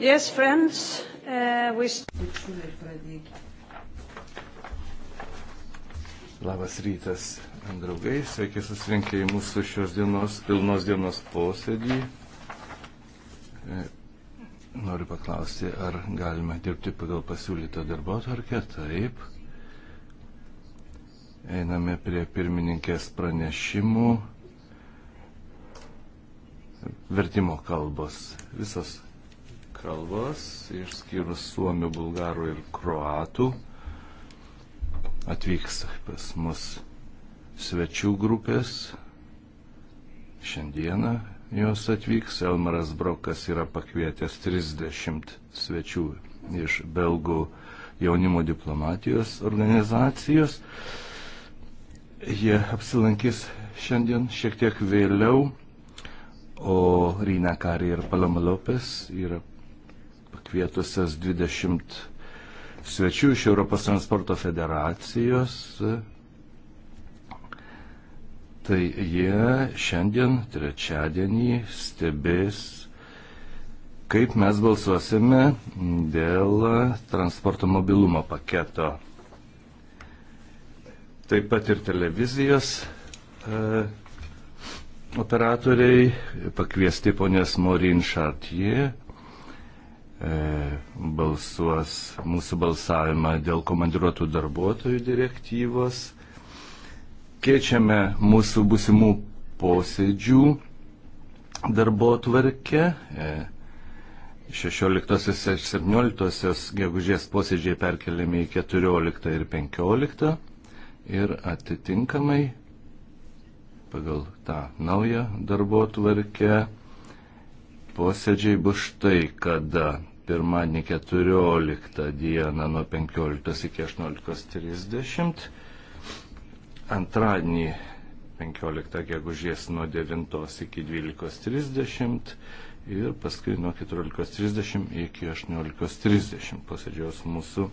Yes, friends, uh, we... Labas rytas, draugai, sveiki susirinkę į mūsų šios dienos, pilnos dienos posėdį. E, noriu paklausti, ar galime dirbti pagal pasiūlytą darbo tvarkę? Taip. Einame prie pirmininkės pranešimų. Vertimo kalbos. Visos kalbas, išskyrus suomių, bulgarų ir kroatų, atvyks pas mus svečių grupės. Šiandieną jos atvyks. Elmaras Brokas yra pakvietęs 30 svečių iš Belgų jaunimo diplomatijos organizacijos. Jie apsilankys šiandien šiek tiek vėliau, o Rina Kari ir Paloma Lopes yra pakvietusias 20 svečių iš Europos transporto federacijos. Tai jie šiandien, trečiadienį, stebės, kaip mes balsuosime dėl transporto mobilumo paketo. Taip pat ir televizijos e, operatoriai pakviesti ponės Morin Šartie, E, balsuos mūsų balsavimą dėl komandiruotų darbuotojų direktyvos. Keičiame mūsų busimų posėdžių darbo tvarkę. 16 e, ir 17 gegužės posėdžiai perkeliami į 14 ir 15 ir atitinkamai pagal tą naują darbo tvarkę posėdžiai bus štai kada pirmadienį 14 dieną nuo 15 iki 18.30, antradienį 15 gegužės nuo 9 iki 12.30 ir paskui nuo 14.30 iki 18.30 posėdžiaus mūsų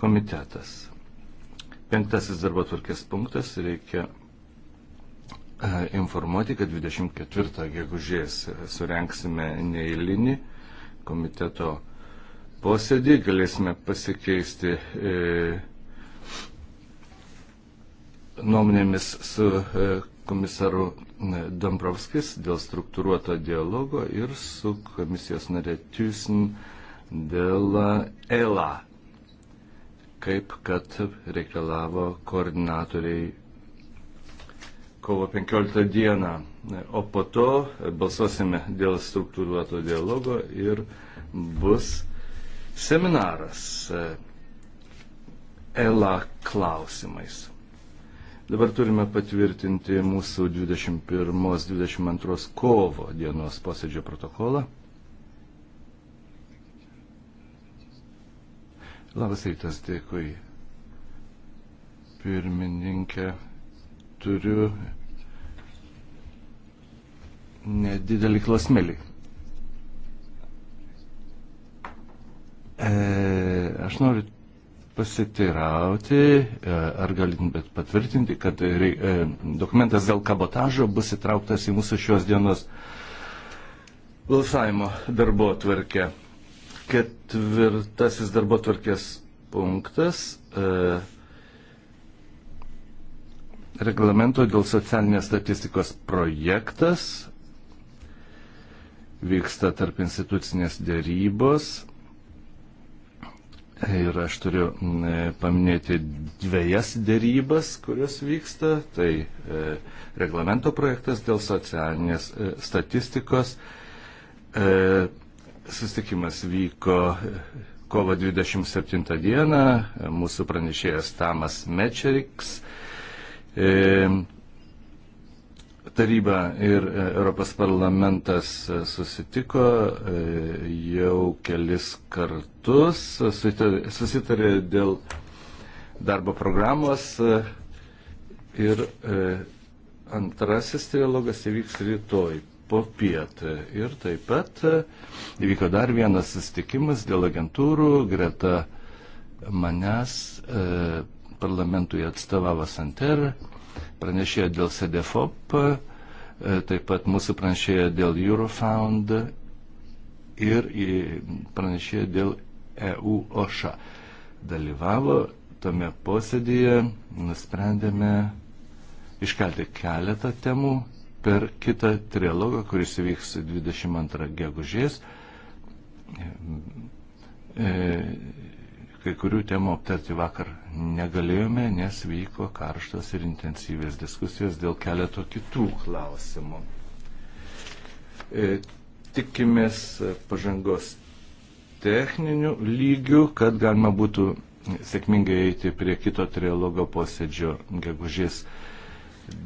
komitetas. Penktasis darbo tvarkės punktas reikia informuoti, kad 24 gegužės surenksime neįlinį komiteto posėdį, galėsime pasikeisti e, nuomonėmis su e, komisaru e, Dombrovskis dėl struktūruoto dialogo ir su komisijos narė Tysin dėl ELA, e kaip kad reikalavo koordinatoriai kovo 15 dieną, o po to balsuosime dėl struktūruoto dialogo ir bus seminaras e, ELA klausimais. Dabar turime patvirtinti mūsų 21-22 kovo dienos posėdžio protokolą. Labas rytas, dėkui. Pirmininkė, turiu nedidelį klasmelį. E, aš noriu pasiteirauti, e, ar galimtumėt patvirtinti, kad e, dokumentas dėl kabotažo bus įtrauktas į mūsų šios dienos balsavimo darbo tvarkę. Ketvirtasis darbo tvarkės punktas. E, reglamento dėl socialinės statistikos projektas vyksta tarp institucinės dėrybos. Ir aš turiu e, paminėti dviejas dėrybas, kurios vyksta. Tai e, reglamento projektas dėl socialinės e, statistikos. E, sustikimas vyko e, kovo 27 dieną. E, mūsų pranešėjas Tamas Mečeriks. E, Taryba ir e, Europos parlamentas e, susitiko e, jau kelis kartus, susitarė dėl darbo programos ir antrasis trilogas įvyks rytoj po pietą. Ir taip pat įvyko dar vienas susitikimas dėl agentūrų. Greta manęs parlamentui atstovavo Santer pranešėja dėl SEDEFOP, e, taip pat mūsų pranešėja dėl Eurofound ir pranešėja dėl EU OŠA. Dalyvavo tame posėdėje, nusprendėme iškelti keletą temų per kitą trilogą, kuris įvyks 22 gegužės. E, e kai kurių temų aptarti vakar negalėjome, nes vyko karštos ir intensyvės diskusijos dėl keleto kitų klausimų. E, tikimės pažangos techninių lygių, kad galima būtų sėkmingai eiti prie kito trilogo posėdžio gegužės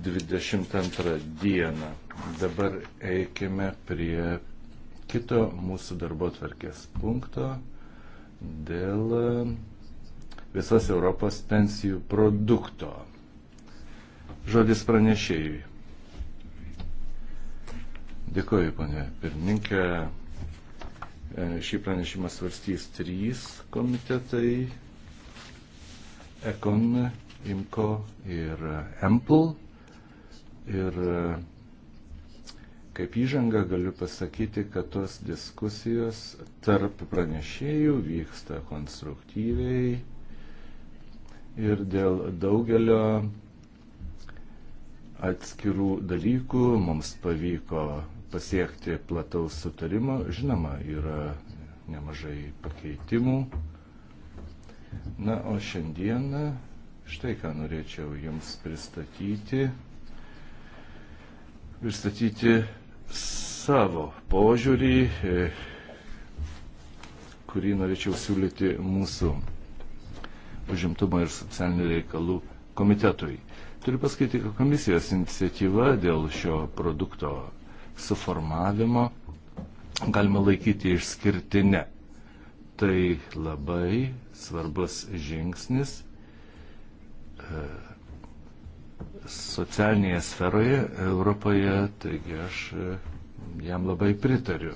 22 dieną. Dabar eikime prie kito mūsų darbo tvarkės punkto dėl e, visas Europos pensijų produkto. Žodis pranešėjui. Dėkuoju, ponė pirmininkė. E, šį pranešimą svarstys trys komitetai - Ekon, Imko ir Empl. Ir e, Kaip įžanga galiu pasakyti, kad tos diskusijos tarp pranešėjų vyksta konstruktyviai ir dėl daugelio atskirų dalykų mums pavyko pasiekti plataus sutarimo. Žinoma, yra nemažai pakeitimų. Na, o šiandieną štai ką norėčiau Jums pristatyti. Pristatyti savo požiūrį, e, kurį norėčiau siūlyti mūsų užimtumo ir socialinių reikalų komitetui. Turiu pasakyti, kad komisijos iniciatyva dėl šio produkto suformavimo galima laikyti išskirtinę. Tai labai svarbus žingsnis. E, socialinėje sferoje Europoje, taigi aš e, jam labai pritariu.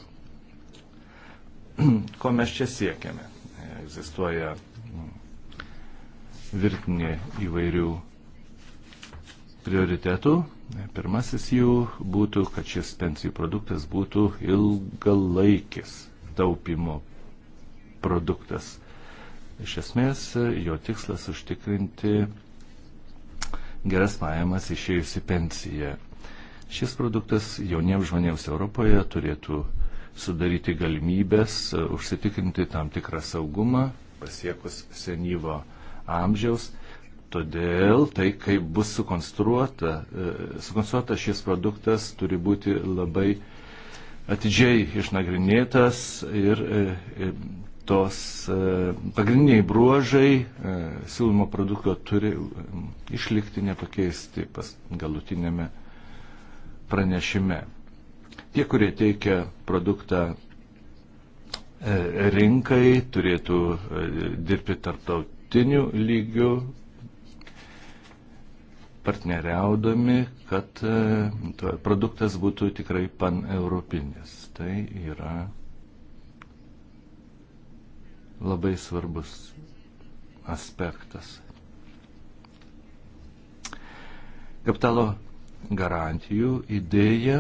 Ko mes čia siekiame? E, egzistuoja virtinė įvairių prioritetų. E, pirmasis jų būtų, kad šis pensijų produktas būtų ilgalaikis taupimo produktas. Iš esmės, jo tikslas užtikrinti geras pajamas išėjusi pensiją. Šis produktas jauniems žmonėms Europoje turėtų sudaryti galimybės e, užsitikrinti tam tikrą saugumą pasiekus senyvo amžiaus. Todėl tai, kaip bus sukonstruota, e, sukonstruota šis produktas, turi būti labai atidžiai išnagrinėtas ir e, tos e, pagrindiniai bruožai e, siūlymo produkto turi išlikti nepakeisti pas galutinėme pranešime. Tie, kurie teikia produktą e, rinkai, turėtų dirbti tarptautiniu lygiu, partneriaudami, kad produktas būtų tikrai paneuropinis. Tai yra labai svarbus aspektas. Kapitalo garantijų idėja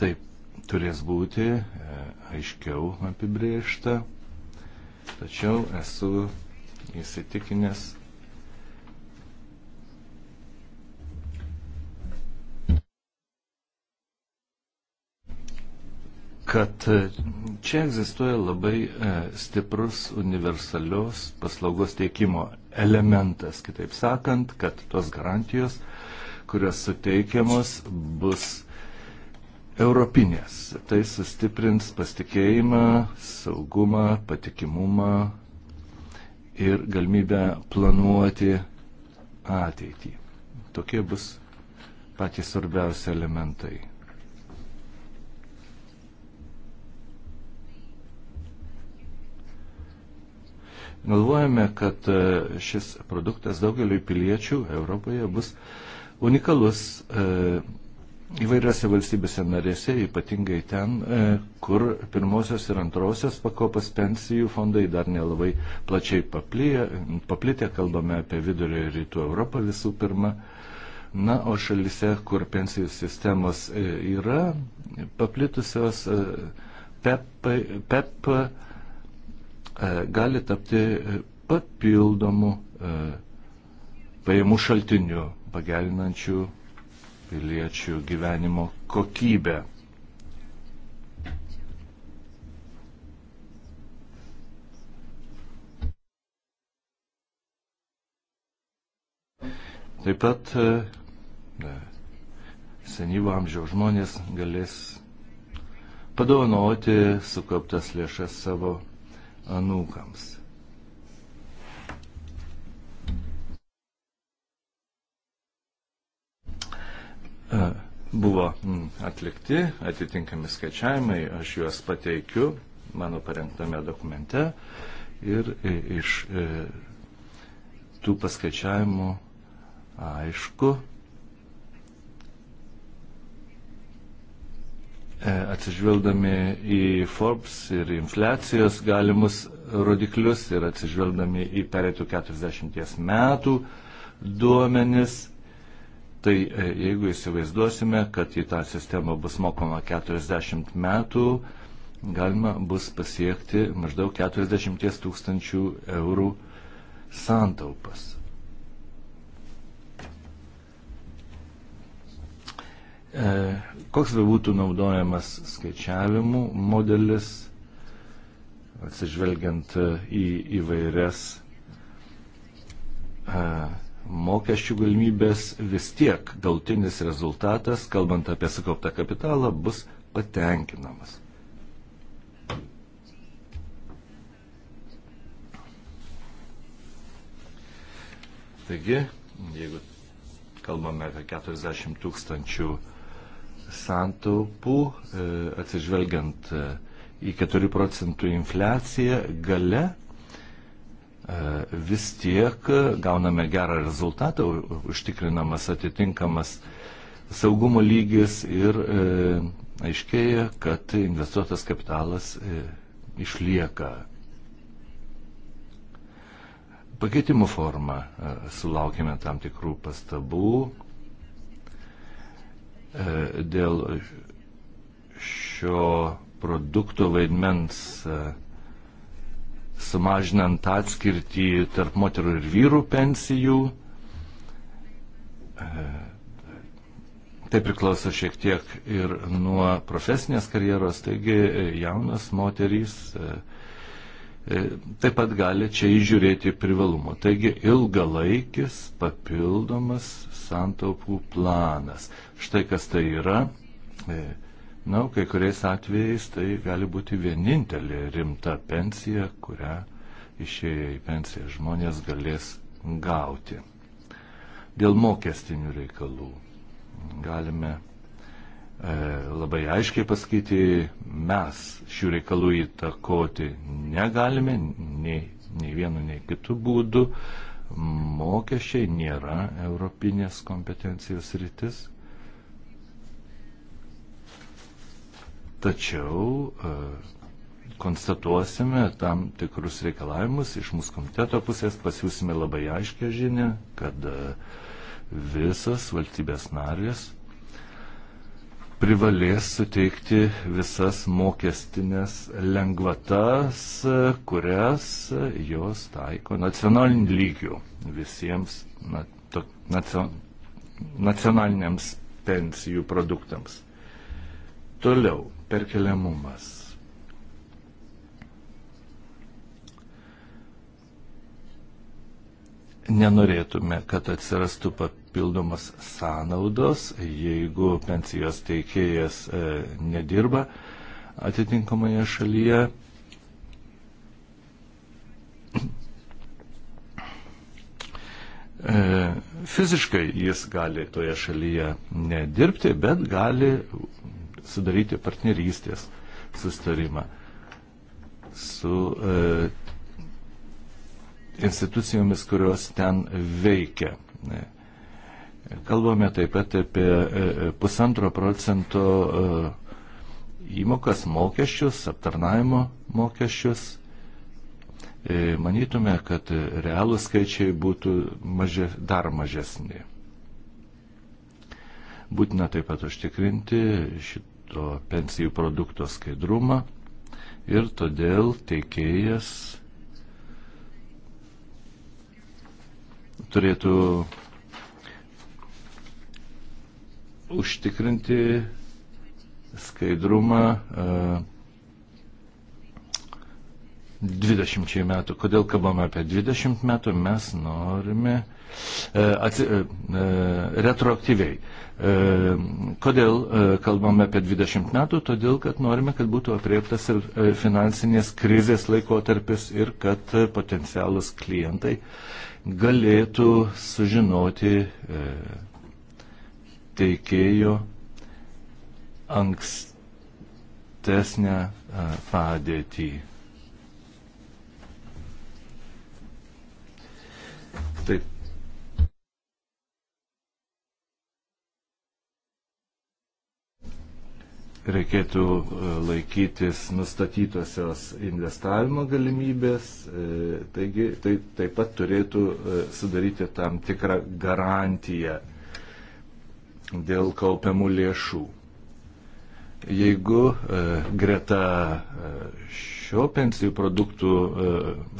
taip turės būti e, aiškiau apibriešta, tačiau esu įsitikinęs, kad e, čia egzistuoja labai e, stiprus universalios paslaugos teikimo elementas. Kitaip sakant, kad tos garantijos, kurios suteikiamos, bus europinės. Tai sustiprins pasitikėjimą, saugumą, patikimumą ir galimybę planuoti ateitį. Tokie bus patys svarbiausi elementai. Galvojame, kad e, šis produktas daugeliu piliečių Europoje bus unikalus e, įvairiose valstybėse narėse, ypatingai ten, e, kur pirmosios ir antrosios pakopas pensijų fondai dar nelabai plačiai paplitę, kalbame apie vidurio ir rytų Europą visų pirma. Na, o šalise, kur pensijų sistemos yra paplitusios, PEP, PEP E, gali tapti e, papildomų e, pajamų šaltinių, pagelinančių piliečių gyvenimo kokybę. Taip pat senyvo amžiaus žmonės galės padovanoti sukauptas lėšas savo anūkams. E, buvo mm, atlikti atitinkami skaičiavimai, aš juos pateikiu mano parengtame dokumente ir iš e, tų paskaičiavimų aišku, E, atsižvelgdami į Forbes ir infliacijos galimus rodiklius ir atsižvelgdami į pereitų 40 metų duomenis. Tai e, jeigu įsivaizduosime, kad į tą sistemą bus mokoma 40 metų, galima bus pasiekti maždaug 40 tūkstančių eurų santaupas. E, koks bebūtų naudojamas skaičiavimų modelis, atsižvelgiant e, į įvairias e, mokesčių galimybės, vis tiek galtinis rezultatas, kalbant apie sukauptą kapitalą, bus patenkinamas. Taigi, jeigu kalbame apie 40 tūkstančių 000 santaupų, e, atsižvelgiant e, į 4 procentų infliaciją, gale e, vis tiek gauname gerą rezultatą, užtikrinamas atitinkamas saugumo lygis ir aiškėja, kad investuotas kapitalas išlieka. Pakeitimų forma sulaukime tam tikrų pastabų, E, dėl šio produkto vaidmens e, sumažinant atskirtį tarp moterų ir vyrų pensijų. E, tai priklauso šiek tiek ir nuo profesinės karjeros, taigi jaunas moterys taip pat gali čia įžiūrėti privalumų. Taigi ilgalaikis papildomas santaupų planas. Štai kas tai yra. E, na, kai kuriais atvejais tai gali būti vienintelė rimta pensija, kurią išėję į pensiją žmonės galės gauti. Dėl mokestinių reikalų galime e, labai aiškiai pasakyti, mes šių reikalų įtakoti negalime, nei, nei vienu, nei kitu būdu. Mokesčiai nėra europinės kompetencijos rytis. tačiau e, konstatuosime tam tikrus reikalavimus iš mūsų komiteto pusės, pasiūsime labai aiškę žinę, kad e, visas valstybės narės privalės suteikti visas mokestinės lengvatas, e, kurias jos taiko nacionaliniu lygiu visiems na, to, nacio, nacionaliniams pensijų produktams. Toliau perkeliamumas. Nenorėtume, kad atsirastų papildomas sąnaudos, jeigu pensijos teikėjas e, nedirba atitinkamoje šalyje. E, fiziškai jis gali toje šalyje nedirbti, bet gali sudaryti partnerystės sustarimą su e, institucijomis, kurios ten veikia. Kalbame taip pat apie e, e, pusantro procento e, įmokas mokesčius, aptarnaimo mokesčius. Manytume, kad realų skaičiai būtų maže, dar mažesni. Būtina taip pat užtikrinti šit, to pensijų produkto skaidrumą ir todėl teikėjas turėtų užtikrinti skaidrumą uh, e, 20 metų. Kodėl kalbame apie 20 metų? Mes norime uh, E, e, e, retroaktyviai. Kodėl kalbame apie 20 metų? Todėl, kad norime, kad būtų apriektas ir finansinės krizės laikotarpis ir kad potencialus klientai galėtų sužinoti teikėjo ankstesnę padėtį. reikėtų e, laikytis nustatytosios investavimo galimybės, e, taigi tai taip pat turėtų e, sudaryti tam tikrą garantiją dėl kaupiamų lėšų. Jeigu greta šio pensijų produktų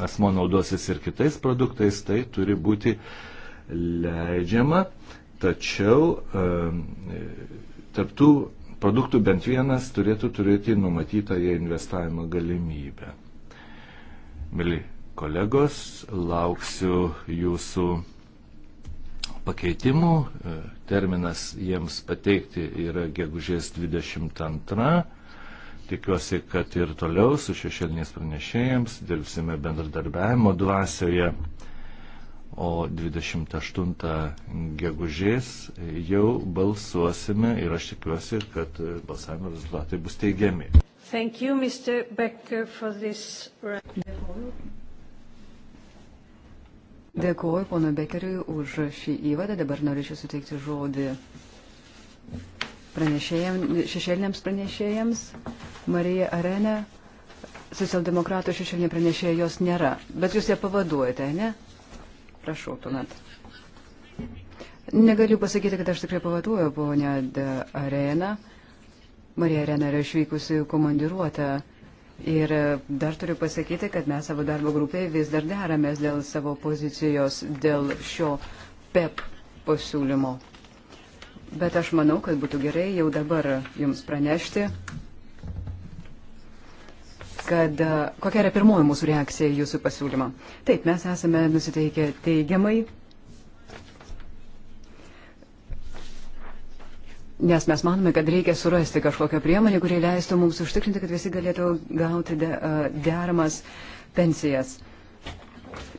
asmo naudosis ir kitais produktais, tai turi būti leidžiama, tačiau tarptų produktų bent vienas turėtų turėti numatytąją investavimo galimybę. Mili kolegos, lauksiu jūsų pakeitimų. E, terminas jiems pateikti yra gegužės 22. Tikiuosi, kad ir toliau su šešėliniais pranešėjams dirbsime bendradarbiavimo dvasioje o 28 gegužės jau balsuosime ir aš tikiuosi, kad balsavimo rezultatai bus teigiami. Thank you, Mr. Becker, for this... Dėkuoju. Dėkuoju, pono Bekeriui, už šį įvadą. Dabar norėčiau suteikti žodį pranešėjams, šešėliniams pranešėjams. Marija Arena, socialdemokratų šešėlinė pranešėja jos nėra, bet jūs ją pavaduojate, ne? Prašau, tuomet. Negaliu pasakyti, kad aš tikrai pavaduoju ponę Areną. Marija Arena yra išvykusi komandiruotę. Ir dar turiu pasakyti, kad mes savo darbo grupėje vis dar deramės dėl savo pozicijos, dėl šio PEP pasiūlymo. Bet aš manau, kad būtų gerai jau dabar jums pranešti, kad e, kokia yra pirmoji mūsų reakcija į jūsų pasiūlymą. Taip, mes esame nusiteikę teigiamai, nes mes manome, kad reikia surasti kažkokią priemonę, kuri leistų mums užtikrinti, kad visi galėtų gauti de, e, deramas pensijas.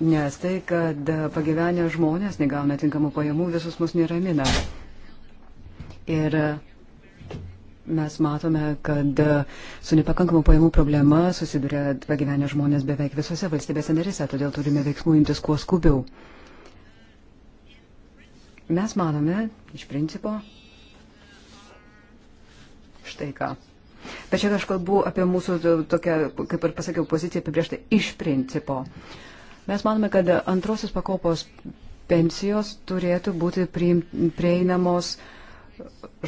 Nes tai, kad e, pagyvenę žmonės negauna tinkamų pajamų, visus mus neramina. Ir uh, Mes matome, kad su nepakankamu pajamų problema susiduria pagyvenę žmonės beveik visose valstybėse narise, todėl turime veiksmų imtis kuo skubiau. Mes manome, iš principo, štai ką. Bet čia aš kalbu apie mūsų tokią, kaip ir pasakiau, poziciją apibriešta iš principo. Mes manome, kad antrosios pakopos pensijos turėtų būti prieinamos uh,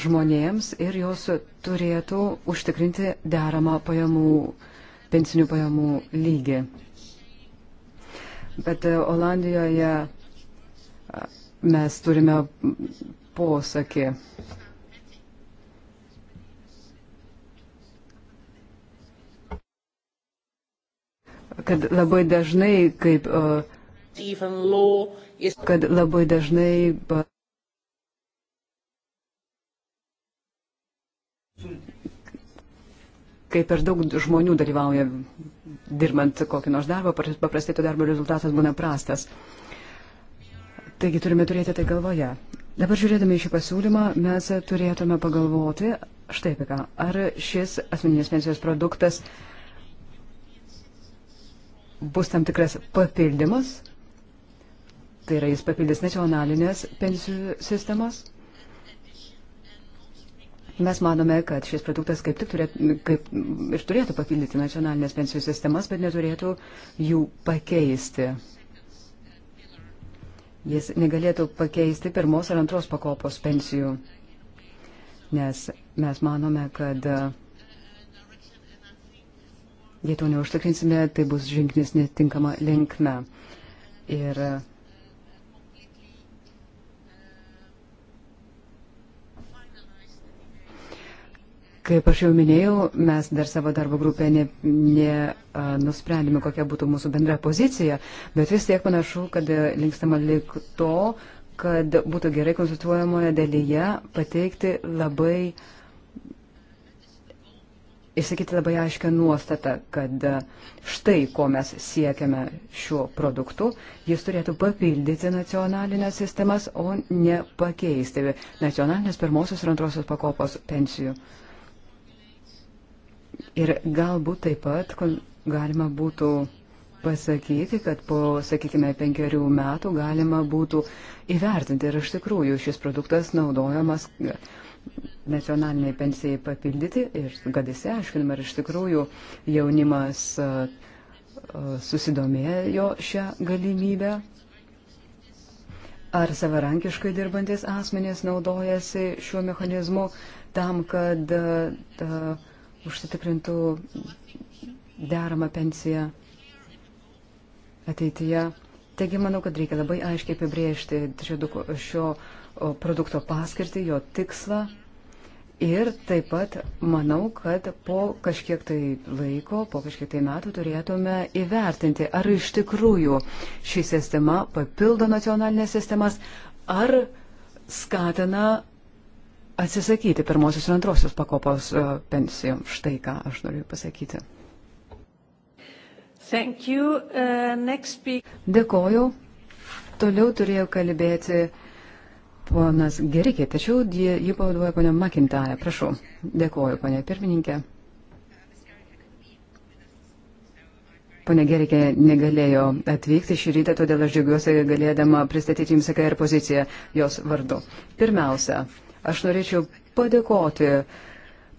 žmonėms ir jos turėtų užtikrinti deramą pajamų, pensinių pajamų lygį. Bet e, Olandijoje e, mes turime posakį. Kad labai dažnai, kaip. E, kad labai dažnai kai per daug žmonių dalyvauja dirbant kokį nors darbą, paprastai to darbo rezultatas būna prastas. Taigi turime turėti tai galvoje. Dabar žiūrėdami šį pasiūlymą, mes turėtume pagalvoti, štai apie ką, ar šis asmeninės pensijos produktas bus tam tikras papildymas, tai yra jis papildys nacionalinės pensijų sistemas, Mes manome, kad šis produktas kaip tik turėtų, kaip ir turėtų papildyti nacionalinės pensijų sistemas, bet neturėtų jų pakeisti. Jis negalėtų pakeisti pirmos ar antros pakopos pensijų, nes mes manome, kad jei to neužtikrinsime, tai bus žingsnis netinkama linkme. Ir Kaip aš jau minėjau, mes dar savo darbo grupėje nenusprendėme, ne, ne kokia būtų mūsų bendra pozicija, bet vis tiek panašu, kad e, linkstama lik to, kad būtų gerai konsultuojamoje dalyje pateikti labai, išsakyti labai aiškę nuostatą, kad e, štai ko mes siekiame šiuo produktu, jis turėtų papildyti nacionalinės sistemas, o ne pakeisti nacionalinės pirmosios ir antrosios pakopos pensijų Ir galbūt taip pat galima būtų pasakyti, kad po, sakykime, penkerių metų galima būtų įvertinti, ar iš tikrųjų šis produktas naudojamas nacionaliniai pensijai papildyti ir kad įsiaiškinama, ar iš tikrųjų jaunimas susidomėjo šią galimybę, ar savarankiškai dirbantis asmenys naudojasi šiuo mechanizmu tam, kad ta, užsitikrintų deramą pensiją ateityje. Taigi manau, kad reikia labai aiškiai apibriežti šio, šio produkto paskirtį, jo tikslą. Ir taip pat manau, kad po kažkiek tai laiko, po kažkiek tai metų turėtume įvertinti, ar iš tikrųjų ši sistema papildo nacionalinės sistemas, ar skatina atsisakyti pirmosios ir antrosios pakopos e, pensijų. Štai ką aš noriu pasakyti. Uh, Dėkoju. Toliau turėjau kalbėti ponas Gerikė, tačiau jį, jį pavaduoja ponia Makintarė. Prašau. Dėkoju, ponia pirmininkė. Pone Gerikė negalėjo atvykti šį rytą, todėl aš džiaugiuosi galėdama pristatyti jums AKR poziciją jos vardu. Pirmiausia, Aš norėčiau padėkoti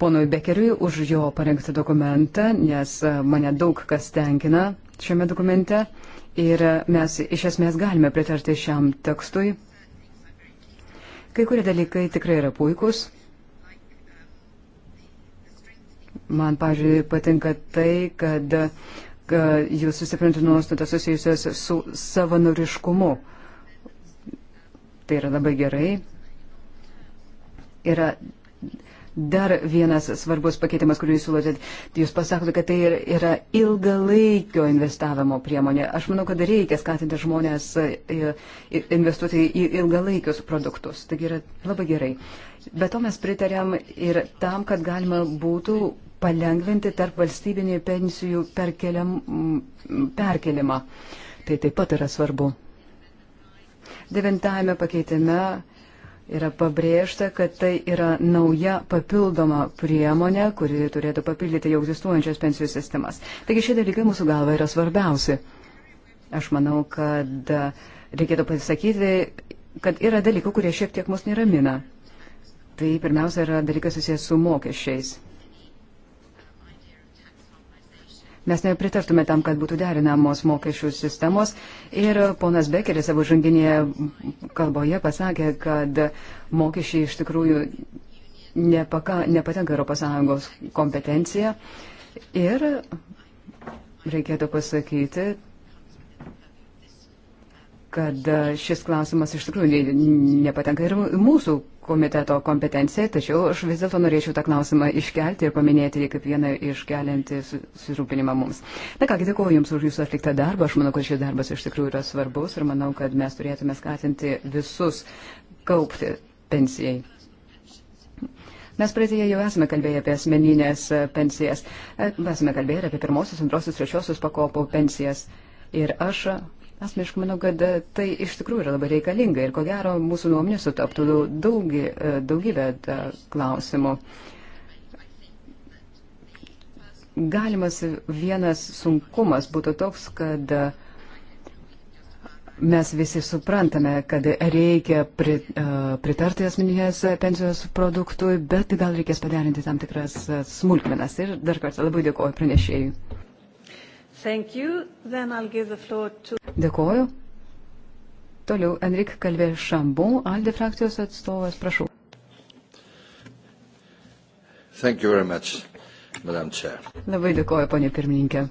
ponui Bekeriui už jo parengtą dokumentą, nes e, mane daug kas tenkina šiame dokumente ir e, mes iš esmės galime pritarti šiam tekstui. Kai kurie dalykai tikrai yra puikus. Man, pažiūrėjau, patinka tai, kad, e, kad jūs sustiprinti nuostatas susijusios su savanoriškumu. Tai yra labai gerai yra dar vienas svarbus pakeitimas, kurį jūs siūlote. Jūs pasakote, kad tai yra ilgalaikio investavimo priemonė. Aš manau, kad reikia skatinti žmonės e, e, investuoti į ilgalaikius produktus. Taigi yra labai gerai. Be to mes pritarėm ir tam, kad galima būtų palengventi tarp valstybinį pensijų perkeliam, perkelimą. Tai taip pat yra svarbu. Devintajame pakeitime yra pabrėžta, kad tai yra nauja papildoma priemonė, kuri turėtų papildyti jau egzistuojančias pensijų sistemas. Taigi šie dalykai mūsų galva yra svarbiausi. Aš manau, kad reikėtų pasakyti, kad yra dalykų, kurie šiek tiek mus neramina. Tai pirmiausia yra dalykas susijęs su mokesčiais. Mes nepritartume tam, kad būtų derinamos mokesčių sistemos. Ir ponas Bekeris savo žanginėje kalboje pasakė, kad mokesčiai iš tikrųjų nepaka, nepatenka ES kompetencija. Ir reikėtų pasakyti, kad šis klausimas iš tikrųjų nepatenka ir mūsų komiteto kompetencija, tačiau aš vis dėlto norėčiau tą klausimą iškelti ir paminėti jį kaip vieną iškelinti susirūpinimą mums. Na kągi, dėkuoju Jums už Jūsų atliktą darbą. Aš manau, kad šis darbas iš tikrųjų yra svarbus ir manau, kad mes turėtume skatinti visus kaupti pensijai. Mes praeitėje jau esame kalbėję apie asmeninės pensijas. Mes esame kalbėję apie pirmosios, antrosios, trečiosios pakopų pensijas. Ir aš Asmeniškai manau, kad e, tai iš tikrųjų yra labai reikalinga ir ko gero mūsų nuomonė sutaptų daug, e, daugybę e, klausimų. Galimas vienas sunkumas būtų toks, kad mes visi suprantame, kad reikia pritarti asmeninės pensijos produktui, bet gal reikės paderinti tam tikras smulkmenas. Ir dar kartą labai dėkoju pranešėjai. Thank you. Then I'll give the floor to... Dėkoju. Toliau Enrik kalbė Šambu, Aldi frakcijos atstovas, prašau. Thank you very much, Madam Chair. Labai dėkoju, ponė pirmininkė.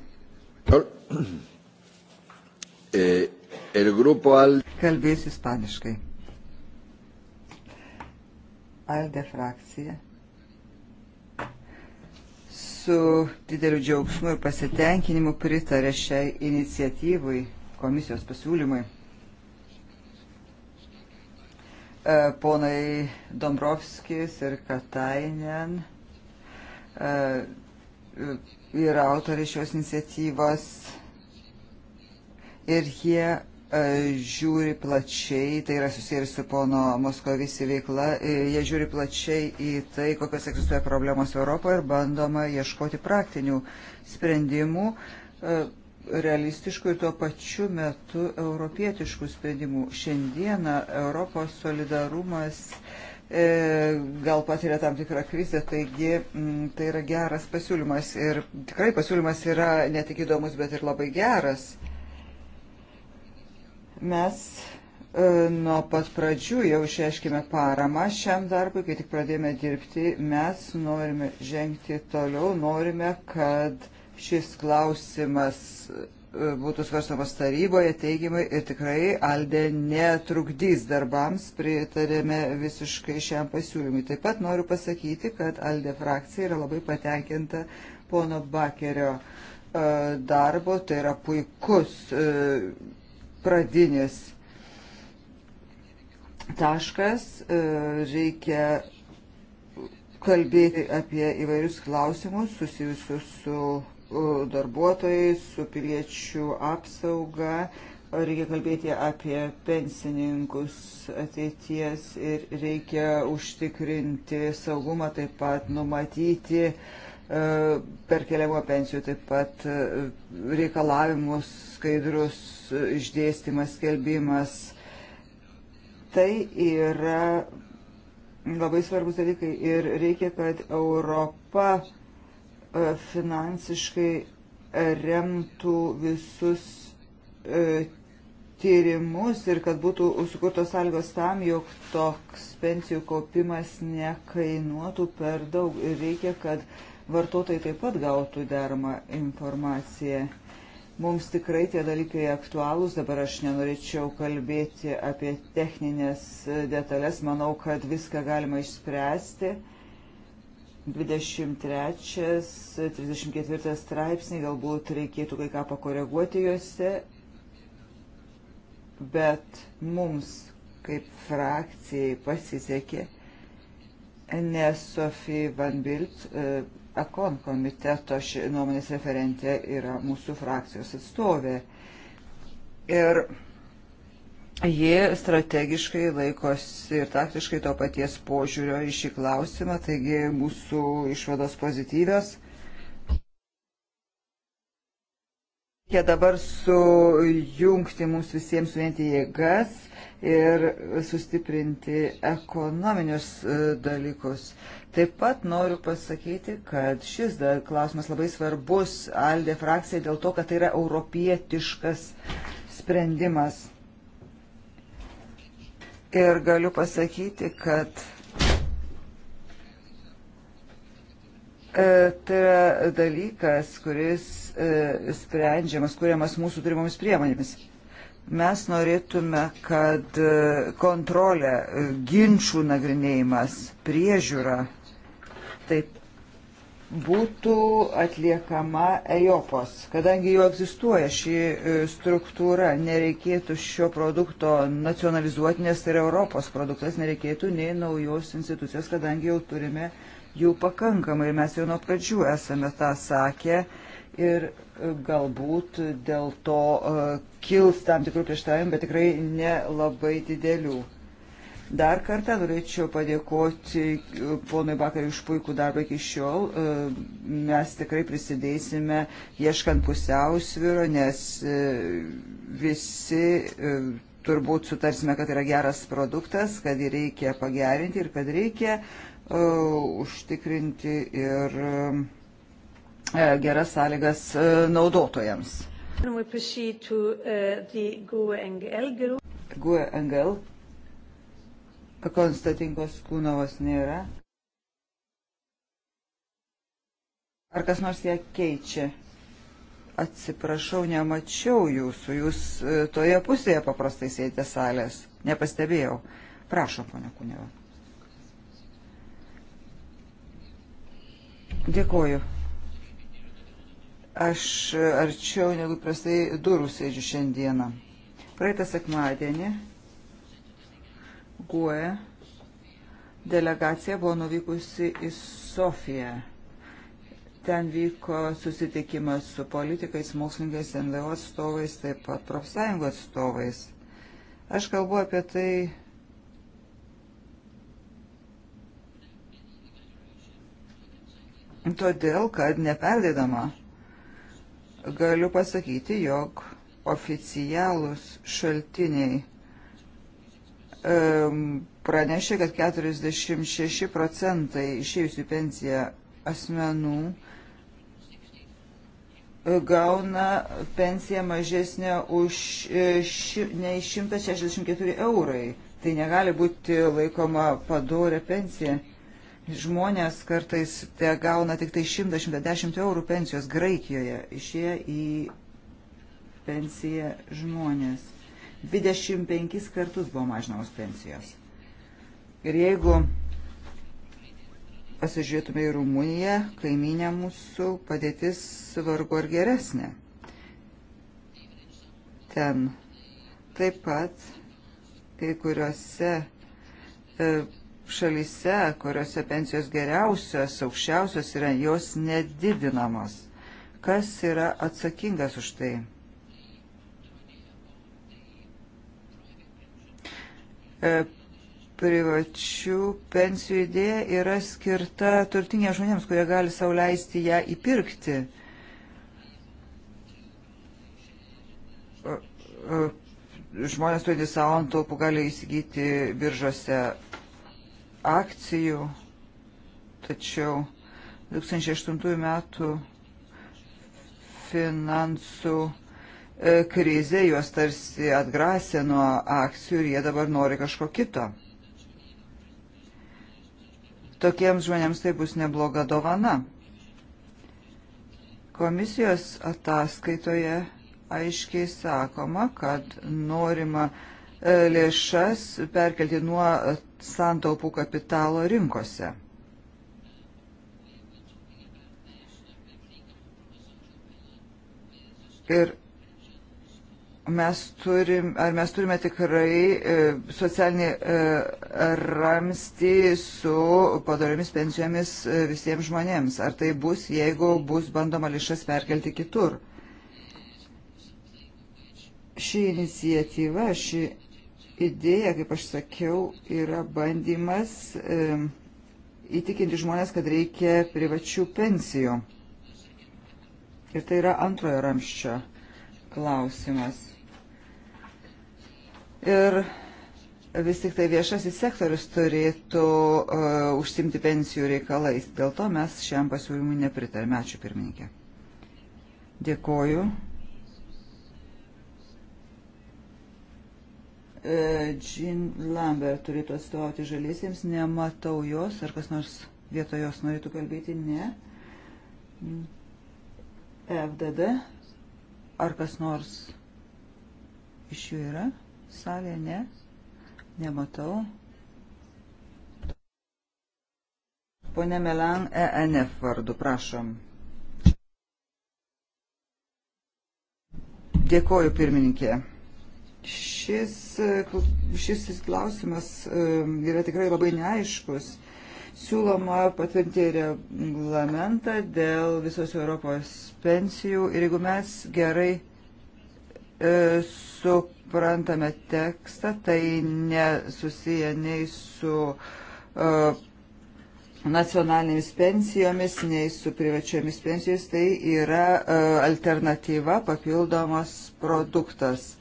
Eh, Kalbėsiu ispaniškai. Alde frakcija su dideliu džiaugsmu ir pasitenkinimu pritarė šiai iniciatyvai, komisijos pasiūlymui. E, ponai Dombrovskis ir Katainen e, yra autoriai šios iniciatyvos ir jie E, žiūri plačiai, tai yra susijęs su pono Moskovisi veikla, e, jie žiūri plačiai į tai, kokios egzistuoja problemos Europoje ir bandoma ieškoti praktinių sprendimų, e, realistiškų ir tuo pačiu metu europietiškų sprendimų. Šiandieną Europos solidarumas gal patiria tam tikrą krizę, taigi mm, tai yra geras pasiūlymas ir tikrai pasiūlymas yra ne tik įdomus, bet ir labai geras. Mes e, nuo pat pradžių jau išreiškime paramą šiam darbui, kai tik pradėjome dirbti, mes norime žengti toliau, norime, kad šis klausimas e, būtų svarstamas taryboje teigiamai ir tikrai Aldė netrukdys darbams, pritarėme visiškai šiam pasiūlymui. Taip pat noriu pasakyti, kad Aldė frakcija yra labai patenkinta pono Bakerio e, darbo, tai yra puikus pradinis taškas. E, reikia kalbėti apie įvairius klausimus susijusius su e, darbuotojais, su piliečių apsauga. Reikia kalbėti apie pensininkus ateities ir reikia užtikrinti saugumą, taip pat numatyti e, perkeliamo pensijų, taip pat reikalavimus skaidrus išdėstymas, skelbimas. Tai yra labai svarbus dalykai ir reikia, kad Europa e, finansiškai remtų visus e, tyrimus ir kad būtų sukurtos sąlygos tam, jog toks pensijų kaupimas nekainuotų per daug ir reikia, kad vartotojai taip pat gautų deramą informaciją. Mums tikrai tie dalykai aktualūs, dabar aš nenorėčiau kalbėti apie techninės detalės, manau, kad viską galima išspręsti. 23-34 straipsniai, galbūt reikėtų kai ką pakoreguoti juose, bet mums kaip frakcijai pasisekė, nes Sofija Van Bilt Ekon komiteto ši nuomonės referentė yra mūsų frakcijos atstovė. Ir ji strategiškai laikosi ir taktiškai to paties požiūrio į šį klausimą, taigi mūsų išvados pozityvios. Reikia dabar sujungti mums visiems suvienyti jėgas ir sustiprinti ekonominius e, dalykus. Taip pat noriu pasakyti, kad šis klausimas labai svarbus Aldė frakcijai dėl to, kad tai yra europietiškas sprendimas. Ir galiu pasakyti, kad E, tai yra dalykas, kuris e, sprendžiamas, kuriamas mūsų turimomis priemonėmis. Mes norėtume, kad e, kontrolė, ginčių nagrinėjimas, priežiūra taip būtų atliekama EJOPOS, kadangi jau egzistuoja ši struktūra, nereikėtų šio produkto nacionalizuoti, nes tai yra Europos produktas, nereikėtų nei naujos institucijos, kadangi jau turime uh, jų pakankamai ir mes jau nuo pradžių esame tą sakę ir e, galbūt dėl to e, kils tam tikrų prieštaravimų, bet tikrai nelabai didelių. Dar kartą norėčiau padėkoti e, ponui Bakariui už puikų darbą iki šiol. Mes tikrai prisidėsime ieškant pusiausvyro, nes visi turbūt sutarsime, kad yra geras produktas, kad jį reikia pagerinti ir kad reikia E, užtikrinti ir e, e, geras sąlygas naudotojams. GUE NGL Konstatinkos Kūnovos nėra. Ar kas nors ją keičia? Atsiprašau, nemačiau jūsų. Jūs toje pusėje paprastai sėdite salės. Nepastebėjau. Prašom, ponia Kūnėva. Dėkoju. Aš arčiau negu prastai durų sėdžiu šiandieną. Praeitą sekmadienį GUE delegacija buvo nuvykusi į Sofiją. Ten vyko susitikimas su politikais, mokslininkais, NVO atstovais, taip pat profsąjungų atstovais. Aš kalbu apie tai todėl kad neperdėdama galiu pasakyti, jog oficialūs šaltiniai pranešė, kad 46 procentai išėjusių pensiją asmenų e, gauna pensiją mažesnę už e, ši, nei 164 eurai. Tai negali būti laikoma padorė pensija. Žmonės kartais te gauna tik tai 100-110 eurų pensijos Graikijoje, išėję į pensiją žmonės. 25 kartus buvo mažinamos pensijos. Ir jeigu pasižiūrėtume į Rumuniją, kaiminę mūsų padėtis vargu ar geresnė. Ten taip pat kai kuriuose e, šalyse, kuriuose pensijos geriausios, aukščiausios yra, jos nedidinamos. Kas yra atsakingas už tai? E, privačių pensijų idėja yra skirta turtingiems žmonėms, kurie gali sauliaisti ją įpirkti žmonės turintys savo antaupų gali įsigyti biržose akcijų, tačiau 2008 metų finansų e, krizė juos tarsi atgrasė nuo akcijų ir jie dabar nori kažko kito. Tokiems žmonėms tai bus nebloga dovana. Komisijos ataskaitoje aiškiai sakoma, kad norima uh, lėšas perkelti nuo santaupų kapitalo rinkose. Ir mes turim, ar mes turime tikrai e, socialinį e, ramstį su padariomis pensijomis e, visiems žmonėms? Ar tai bus, jeigu bus bandoma lišas perkelti kitur? Ši iniciatyva, ši idėja, kaip aš sakiau, yra bandymas e, įtikinti žmonės, kad reikia privačių pensijų. Ir tai yra antrojo ramščio klausimas. Ir vis tik tai viešasis sektorius turėtų uh, e, užsimti pensijų reikalais. Dėl to mes šiam pasiūlymui nepritarėme. Ačiū pirmininkė. Dėkoju. E, Jean Lambert turėtų atstovauti žaliesiems, nematau jos, ar kas nors vietoj jos norėtų kalbėti, ne. FDD, ar kas nors iš jų yra, salė, ne, nematau. Pone Melan, ENF vardu, prašom. Dėkoju pirmininkė. Šis, e, šis klausimas e, yra tikrai labai neaiškus. Siūloma patvirtinti reglamentą dėl visos Europos pensijų ir jeigu mes gerai e, suprantame tekstą, tai nesusiję nei su e, nacionalinėmis pensijomis, nei su privačiomis pensijomis, tai yra e, alternatyva, papildomas produktas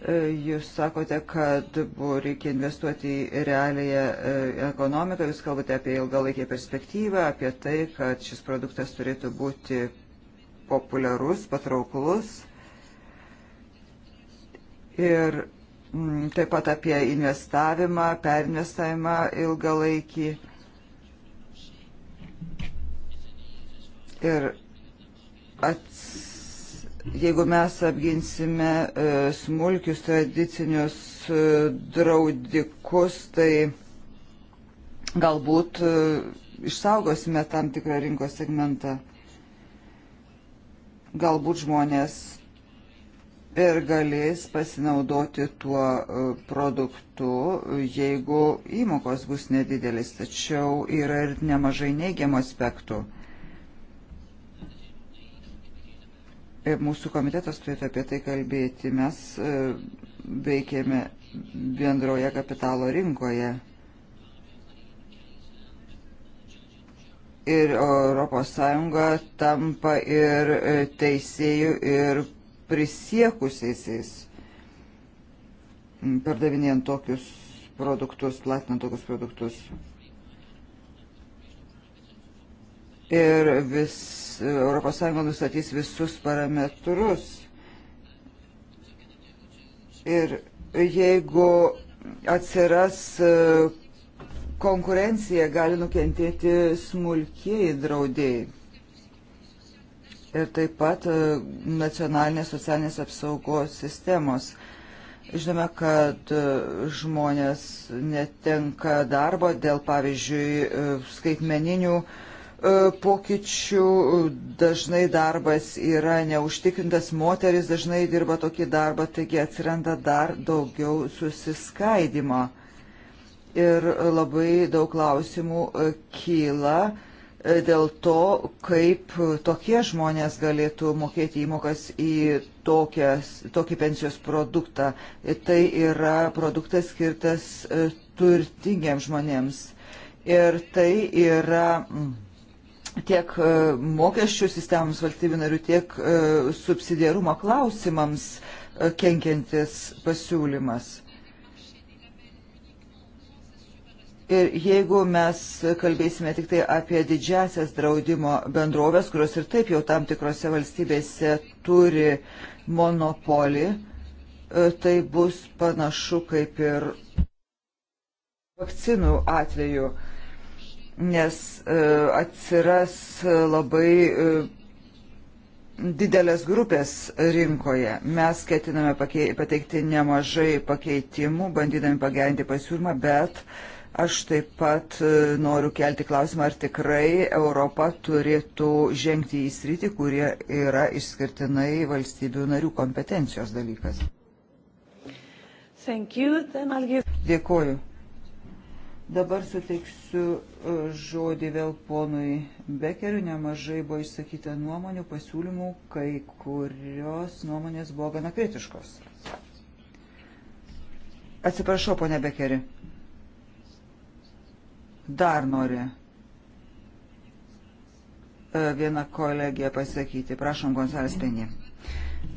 E, jūs sakote, kad buvo reikia investuoti į realiją e, ekonomiką, jūs kalbate apie ilgalaikę perspektyvą, apie tai, kad šis produktas turėtų būti populiarus, patrauklus. Ir m, mm, taip pat apie investavimą, perinvestavimą ilgalaikį. Ir at, jeigu mes apginsime e, smulkius tradicinius e, draudikus, tai galbūt e, išsaugosime tam tikrą rinkos segmentą. Galbūt žmonės ir galės pasinaudoti tuo produktu, jeigu įmokos bus nedidelis, tačiau yra ir nemažai neigiamų aspektų. E, mūsų komitetas turėtų apie tai kalbėti. Mes e, veikėme bendroje kapitalo rinkoje. Ir ES tampa ir e, teisėjų, ir prisiekusiais pardavinėjant tokius produktus, platinant tokius produktus. ir vis, ES nustatys visus parametrus. Ir jeigu atsiras e, konkurencija, gali nukentėti smulkiai draudėjai. Ir taip pat e, nacionalinės socialinės apsaugos sistemos. Žinome, kad e, žmonės netenka darbo dėl, pavyzdžiui, skaitmeninių uh, E, pokyčių, dažnai darbas yra neužtikrintas, moteris dažnai dirba tokį darbą, taigi atsiranda dar daugiau susiskaidimo. Ir labai daug klausimų e, kyla e, dėl to, kaip tokie žmonės galėtų mokėti įmokas į tokias, tokį pensijos produktą. Tai yra produktas skirtas turtingiems žmonėms. Ir tai yra. Mm, tiek e, mokesčių sistemams valstybių narių, tiek e, subsidiarumo klausimams e, kenkiantis pasiūlymas. Ir jeigu mes kalbėsime tik tai apie didžiasias draudimo bendrovės, kurios ir taip jau tam tikrose valstybėse turi monopolį, tai bus panašu kaip ir vakcinų atveju nes e, atsiras labai e, didelės grupės rinkoje. Mes ketiname pakei, pateikti nemažai pakeitimų, bandydami pagerinti pasiūlymą, bet aš taip pat e, noriu kelti klausimą, ar tikrai Europa turėtų žengti į sritį, kurie yra išskirtinai valstybių narių kompetencijos dalykas. Give... Dėkuoju. Dabar suteiksiu e, žodį vėl ponui Bekeriu. Nemažai buvo išsakyta nuomonių, pasiūlymų, kai kurios nuomonės buvo gana kritiškos. Atsiprašau, ponė Bekeri. Dar nori e, vieną kolegiją pasakyti. Prašom, Gonzales Penė. Mm.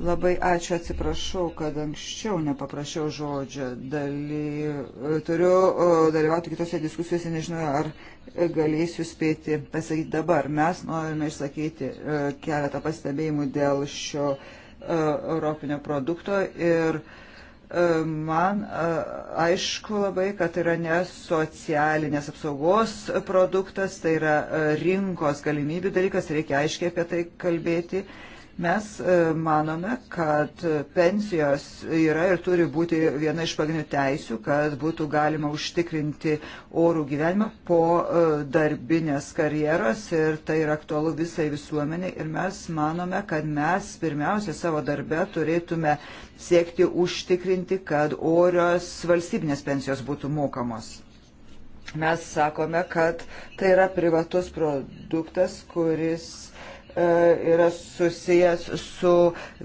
Labai ačiū, atsiprašau, kad anksčiau nepaprašiau žodžio. Daly, e, turiu e, dalyvauti kitose diskusijose, nežinau, ar galėsiu spėti pasakyti dabar. Mes norime išsakyti e, keletą pastebėjimų dėl šio europinio produkto ir man aišku labai, kad tai yra ne socialinės apsaugos produktas, tai yra rinkos galimybių dalykas, reikia aiškiai apie tai kalbėti Mes e, manome, kad pensijos yra ir turi būti viena iš pagrindinių teisių, kad būtų galima užtikrinti orų gyvenimą po e, darbinės karjeros ir tai yra aktualu visai visuomeniai. Ir mes manome, kad mes pirmiausia savo darbe turėtume siekti užtikrinti, kad orios valstybinės pensijos būtų mokamos. Mes sakome, kad tai yra privatus produktas, kuris E, yra susijęs su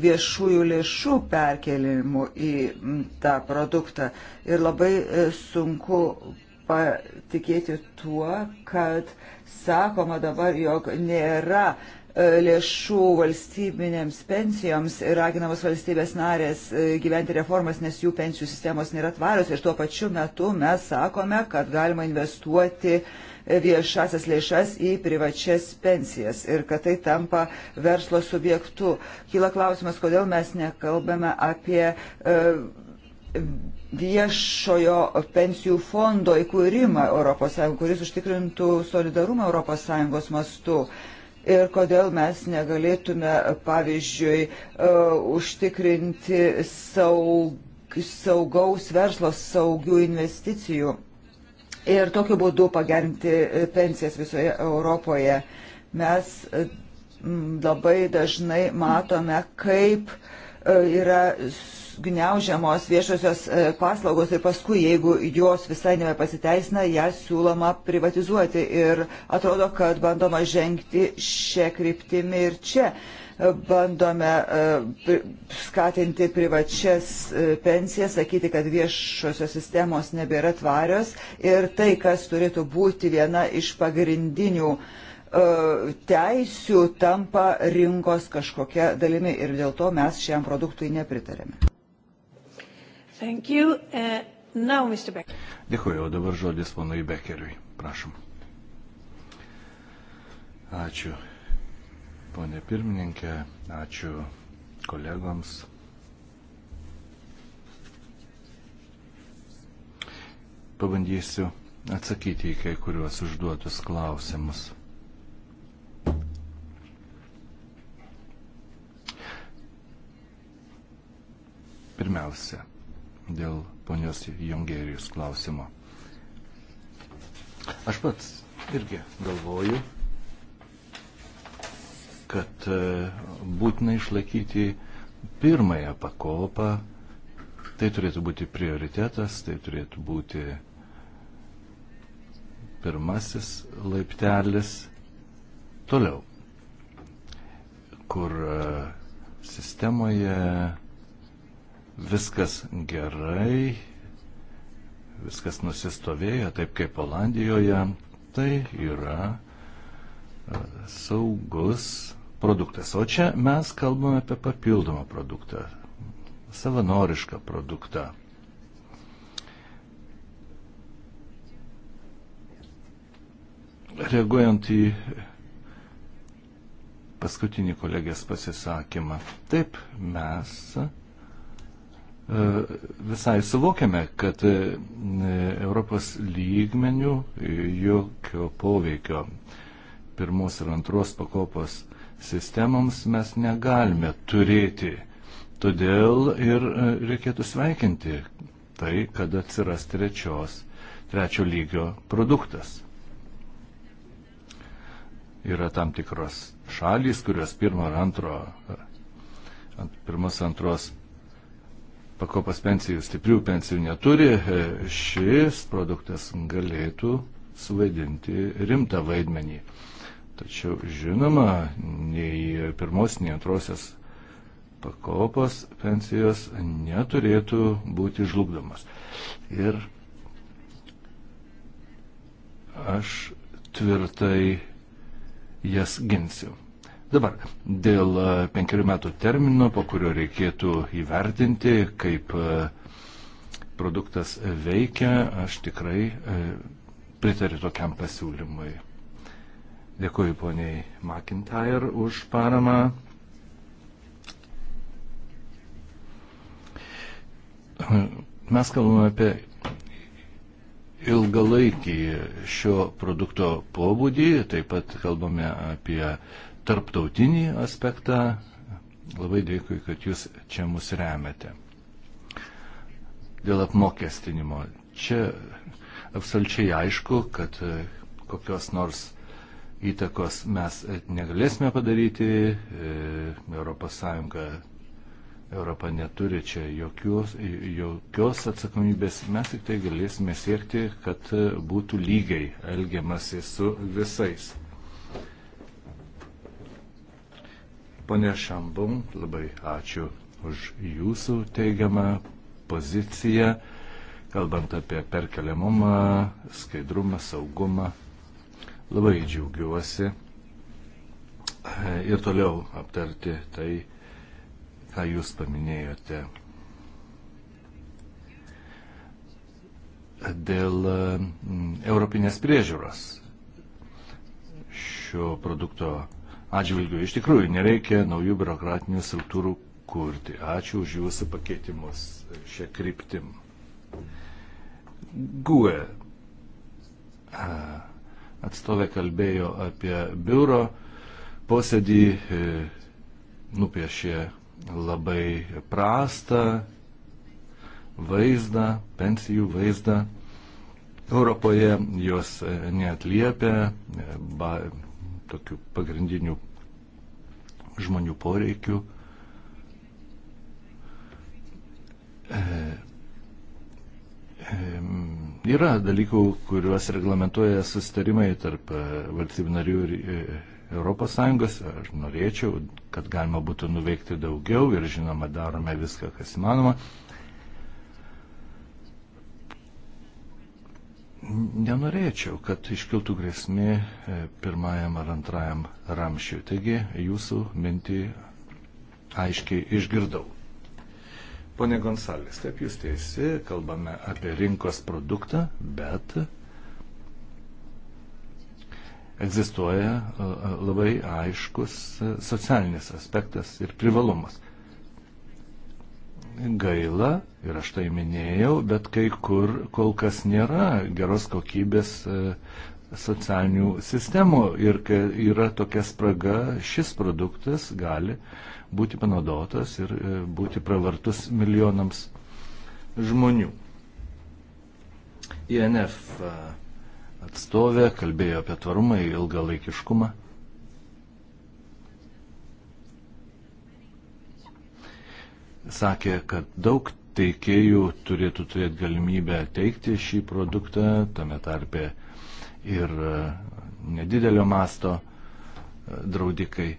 viešųjų lėšų perkelimu į tą produktą. Ir labai e, sunku patikėti tuo, kad sakoma dabar, jog nėra e, lėšų valstybinėms pensijoms ir raginamos valstybės narės gyventi reformas, nes jų pensijų sistemos nėra tvarios ir tuo pačiu metu mes sakome, kad galima investuoti uh, viešasias lėšas į privačias pensijas ir kad tai tampa verslo subjektu. Kyla klausimas, kodėl mes nekalbame apie e, viešojo pensijų fondo įkūrimą ES, kuris užtikrintų solidarumą ES mastu ir kodėl mes negalėtume, pavyzdžiui, e, užtikrinti saug, saugaus verslo, saugių investicijų ir tokiu būdu pagerinti e, pensijas visoje Europoje. Mes e, labai dažnai matome, kaip e, yra gniaužiamos viešosios paslaugos ir paskui, jeigu jos visai nebepasiteisina, jas siūloma privatizuoti. Ir atrodo, kad bandoma žengti šią kryptimį ir čia bandome e, skatinti privačias e, pensijas, sakyti, kad viešosios sistemos nebėra tvarios ir tai, kas turėtų būti viena iš pagrindinių e, teisių, tampa rinkos kažkokia dalimi ir dėl to mes šiam produktui nepritarėme. Thank you. Uh, now, Mr. Becker. Dėkuoju, o dabar žodis ponui Beckeriui. Prašom. Ačiū ponė pirmininkė, ačiū kolegoms. Pabandysiu atsakyti į kai kuriuos užduotus klausimus. Pirmiausia, dėl ponios Jongerijos klausimo. Aš pats irgi galvoju, kad e, būtina išlaikyti pirmąją pakopą. Tai turėtų būti prioritetas, tai turėtų būti pirmasis laiptelis. Toliau, kur e, sistemoje viskas gerai, viskas nusistovėjo, taip kaip Olandijoje, tai yra e, saugus produktas. O čia mes kalbame apie papildomą produktą, savanorišką produktą. Reaguojant į paskutinį kolegės pasisakymą, taip mes e, visai suvokiame, kad e, Europos lygmenių jokio poveikio pirmos ir antros pakopos sistemoms mes negalime turėti. Todėl ir e, reikėtų sveikinti tai, kad atsiras trečios, trečio lygio produktas. Yra tam tikros šalys, kurios pirmo ar antro, e, ant pirmos antros pakopas pensijų, stiprių pensijų neturi, e, šis produktas galėtų suvaidinti rimtą vaidmenį. Tačiau žinoma, nei pirmos, nei antrosios pakopos pensijos neturėtų būti žlugdomas. Ir aš tvirtai jas ginsiu. Dabar, dėl penkerių metų termino, po kurio reikėtų įvertinti, kaip e, produktas veikia, aš tikrai e, pritariu tokiam pasiūlymui. Dėkuoju poniai McIntyre už paramą. Mes kalbame apie ilgalaikį šio produkto pobūdį, taip pat kalbame apie tarptautinį aspektą. Labai dėkui, kad jūs čia mus remiate. Dėl apmokestinimo. Čia absoliučiai aišku, kad kokios nors įtakos mes negalėsime padaryti, ES Europa neturi čia jokios, jokios atsakomybės, mes tik tai galėsime siekti, kad būtų lygiai elgiamasi su visais. Pone Šambum, labai ačiū už jūsų teigiamą poziciją, kalbant apie perkeliamumą, skaidrumą, saugumą Labai džiaugiuosi e, ir toliau aptarti tai, ką jūs paminėjote. Dėl e, europinės priežiūros šio produkto atžvilgiu iš tikrųjų nereikia naujų biurokratinių struktūrų kurti. Ačiū už jūsų pakeitimus šią kryptim. GUE e, atstovė kalbėjo apie biuro posėdį, e, nupiešė labai prastą vaizdą, pensijų vaizdą. Europoje jos e, neatliepia e, ba, tokių pagrindinių žmonių poreikių. Yra dalykų, kuriuos reglamentuoja sustarimai tarp e, valstybių narių ir ES. Aš norėčiau, kad galima būtų nuveikti daugiau ir žinoma darome viską, kas įmanoma. Nenorėčiau, kad iškiltų grėsmė e, pirmajam ar antrajam ramšiui. Taigi jūsų mintį aiškiai išgirdau. Pone Gonsalės, taip jūs teisi, kalbame apie rinkos produktą, bet egzistuoja labai aiškus socialinis aspektas ir privalumas. Gaila, ir aš tai minėjau, bet kai kur kol kas nėra geros kokybės socialinių sistemų ir kai yra tokia spraga, šis produktas gali uh, būti panaudotas ir e, būti pravartus milijonams žmonių. INF e, atstovė kalbėjo apie tvarumą ir ilgalaikiškumą. Sakė, kad daug teikėjų turėtų turėti galimybę teikti šį produktą, tame tarpe ir e, nedidelio masto draudikai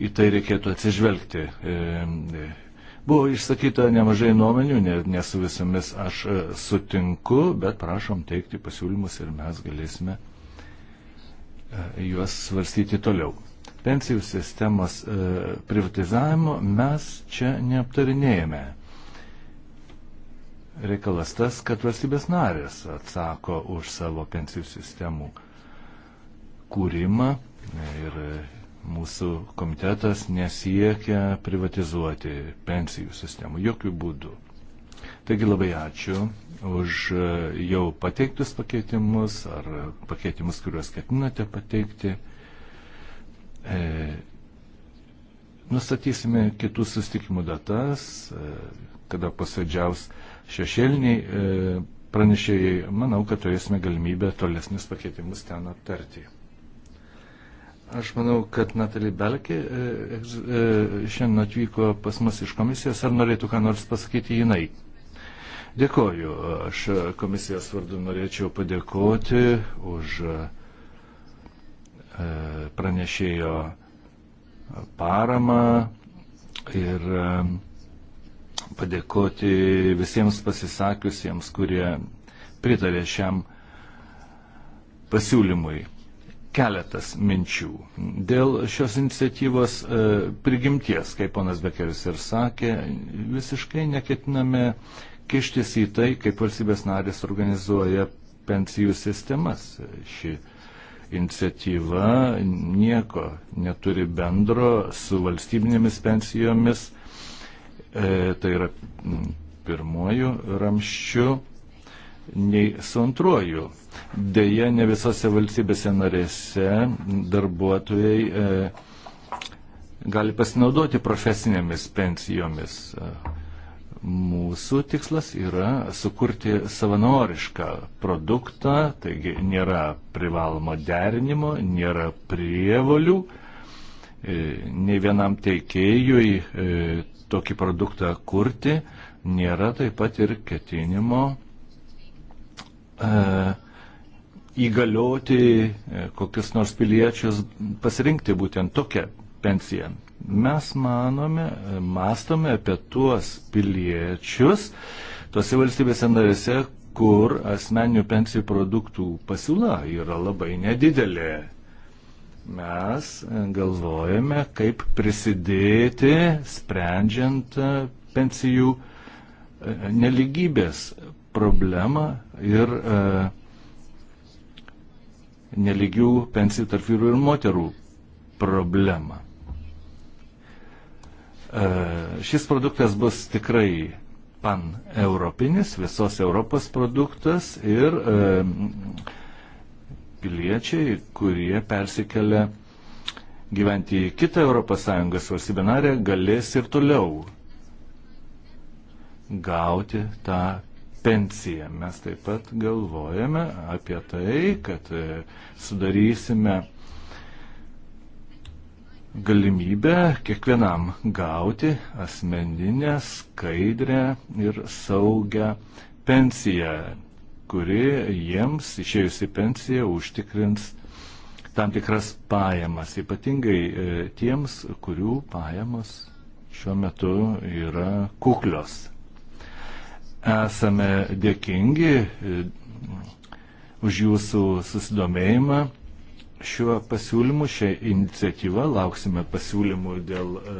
į tai reikėtų atsižvelgti. E, e, buvo išsakyta nemažai nuomenių, ne su visomis aš e, sutinku, bet prašom teikti pasiūlymus ir mes galėsime juos svarstyti toliau. Pensijų sistemos privatizavimo mes čia neaptarinėjame. Reikalas tas, kad valstybės narės atsako už savo pensijų sistemų kūrimą ir mūsų komitetas nesiekia privatizuoti pensijų sistemų, jokių būdų. Taigi labai ačiū už e, jau pateiktus pakeitimus ar pakeitimus, kuriuos ketinate pateikti. E, nustatysime kitų sustikimų datas, e, kada posėdžiaus šešėliniai e, pranešėjai. Manau, kad turėsime galimybę tolesnius pakeitimus ten aptarti. Aš manau, kad Natalija Belkė e, e, šiandien atvyko pas mus iš komisijos. Ar norėtų ką nors pasakyti jinai? Dėkoju. Aš komisijos vardu norėčiau padėkoti už e, pranešėjo paramą ir padėkoti visiems pasisakiusiems, kurie pritarė šiam pasiūlymui keletas minčių. Dėl šios iniciatyvos e, prigimties, kaip ponas Bekeris ir sakė, visiškai neketiname kištis į tai, kaip valstybės narės organizuoja pensijų sistemas. Ši iniciatyva nieko neturi bendro su valstybinėmis pensijomis. E, tai yra pirmojų ramščių nei su antruoju. Deja, ne visose valstybėse narėse darbuotojai e, gali pasinaudoti profesinėmis pensijomis. E, mūsų tikslas yra sukurti savanorišką produktą, taigi nėra privalomo derinimo, nėra prievolių. E, ne vienam teikėjui e, tokį produktą kurti nėra taip pat ir ketinimo E, įgalioti e, kokius nors piliečius pasirinkti būtent tokią pensiją. Mes manome, e, mastome apie tuos piliečius tose valstybėse narėse, kur asmeninių pensijų produktų pasiūla yra labai nedidelė. Mes galvojame, kaip prisidėti sprendžiant pensijų neligybės problemą ir e, neligių pensijų tarp vyrų ir moterų problemą. E, šis produktas bus tikrai pan-europinis, visos Europos produktas ir e, piliečiai, kurie persikelia gyventi į kitą ES valstybę narę, galės ir toliau gauti tą pensiją. Mes taip pat galvojame apie tai, kad e, sudarysime galimybę kiekvienam gauti asmeninę, skaidrę ir saugę pensiją, kuri jiems išėjusi pensiją užtikrins tam tikras pajamas, ypatingai e, tiems, kurių pajamos šiuo metu yra kuklios esame dėkingi e, už jūsų susidomėjimą šiuo pasiūlymu, šią iniciatyvą. Lauksime pasiūlymų dėl e,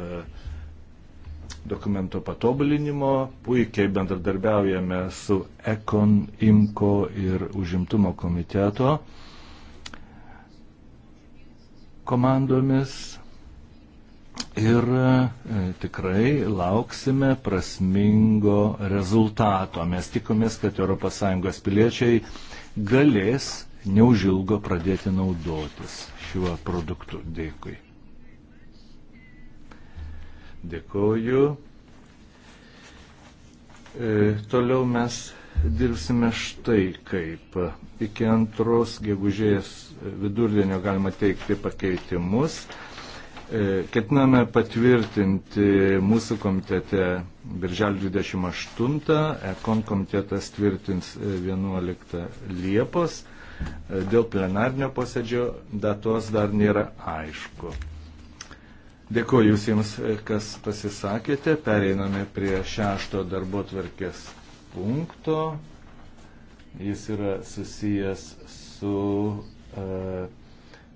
dokumento patobulinimo. Puikiai bendradarbiaujame su Ekon, Imko ir užimtumo komiteto komandomis ir e, tikrai lauksime prasmingo rezultato. Mes tikomės, kad ES piliečiai galės neužilgo pradėti naudotis šiuo produktu. Dėkui. Dėkoju. E, toliau mes dirbsime štai kaip. Iki antros gegužės vidurdienio galima teikti pakeitimus. E, ketiname patvirtinti mūsų komitete birželio 28, ekon komitetas tvirtins 11 e, Liepos. E, dėl plenarnio posėdžio datos dar nėra aišku. Dėkuoju visiems, kas pasisakėte. Pereiname prie šešto darbo tvarkės punkto. Jis yra susijęs su. Uh,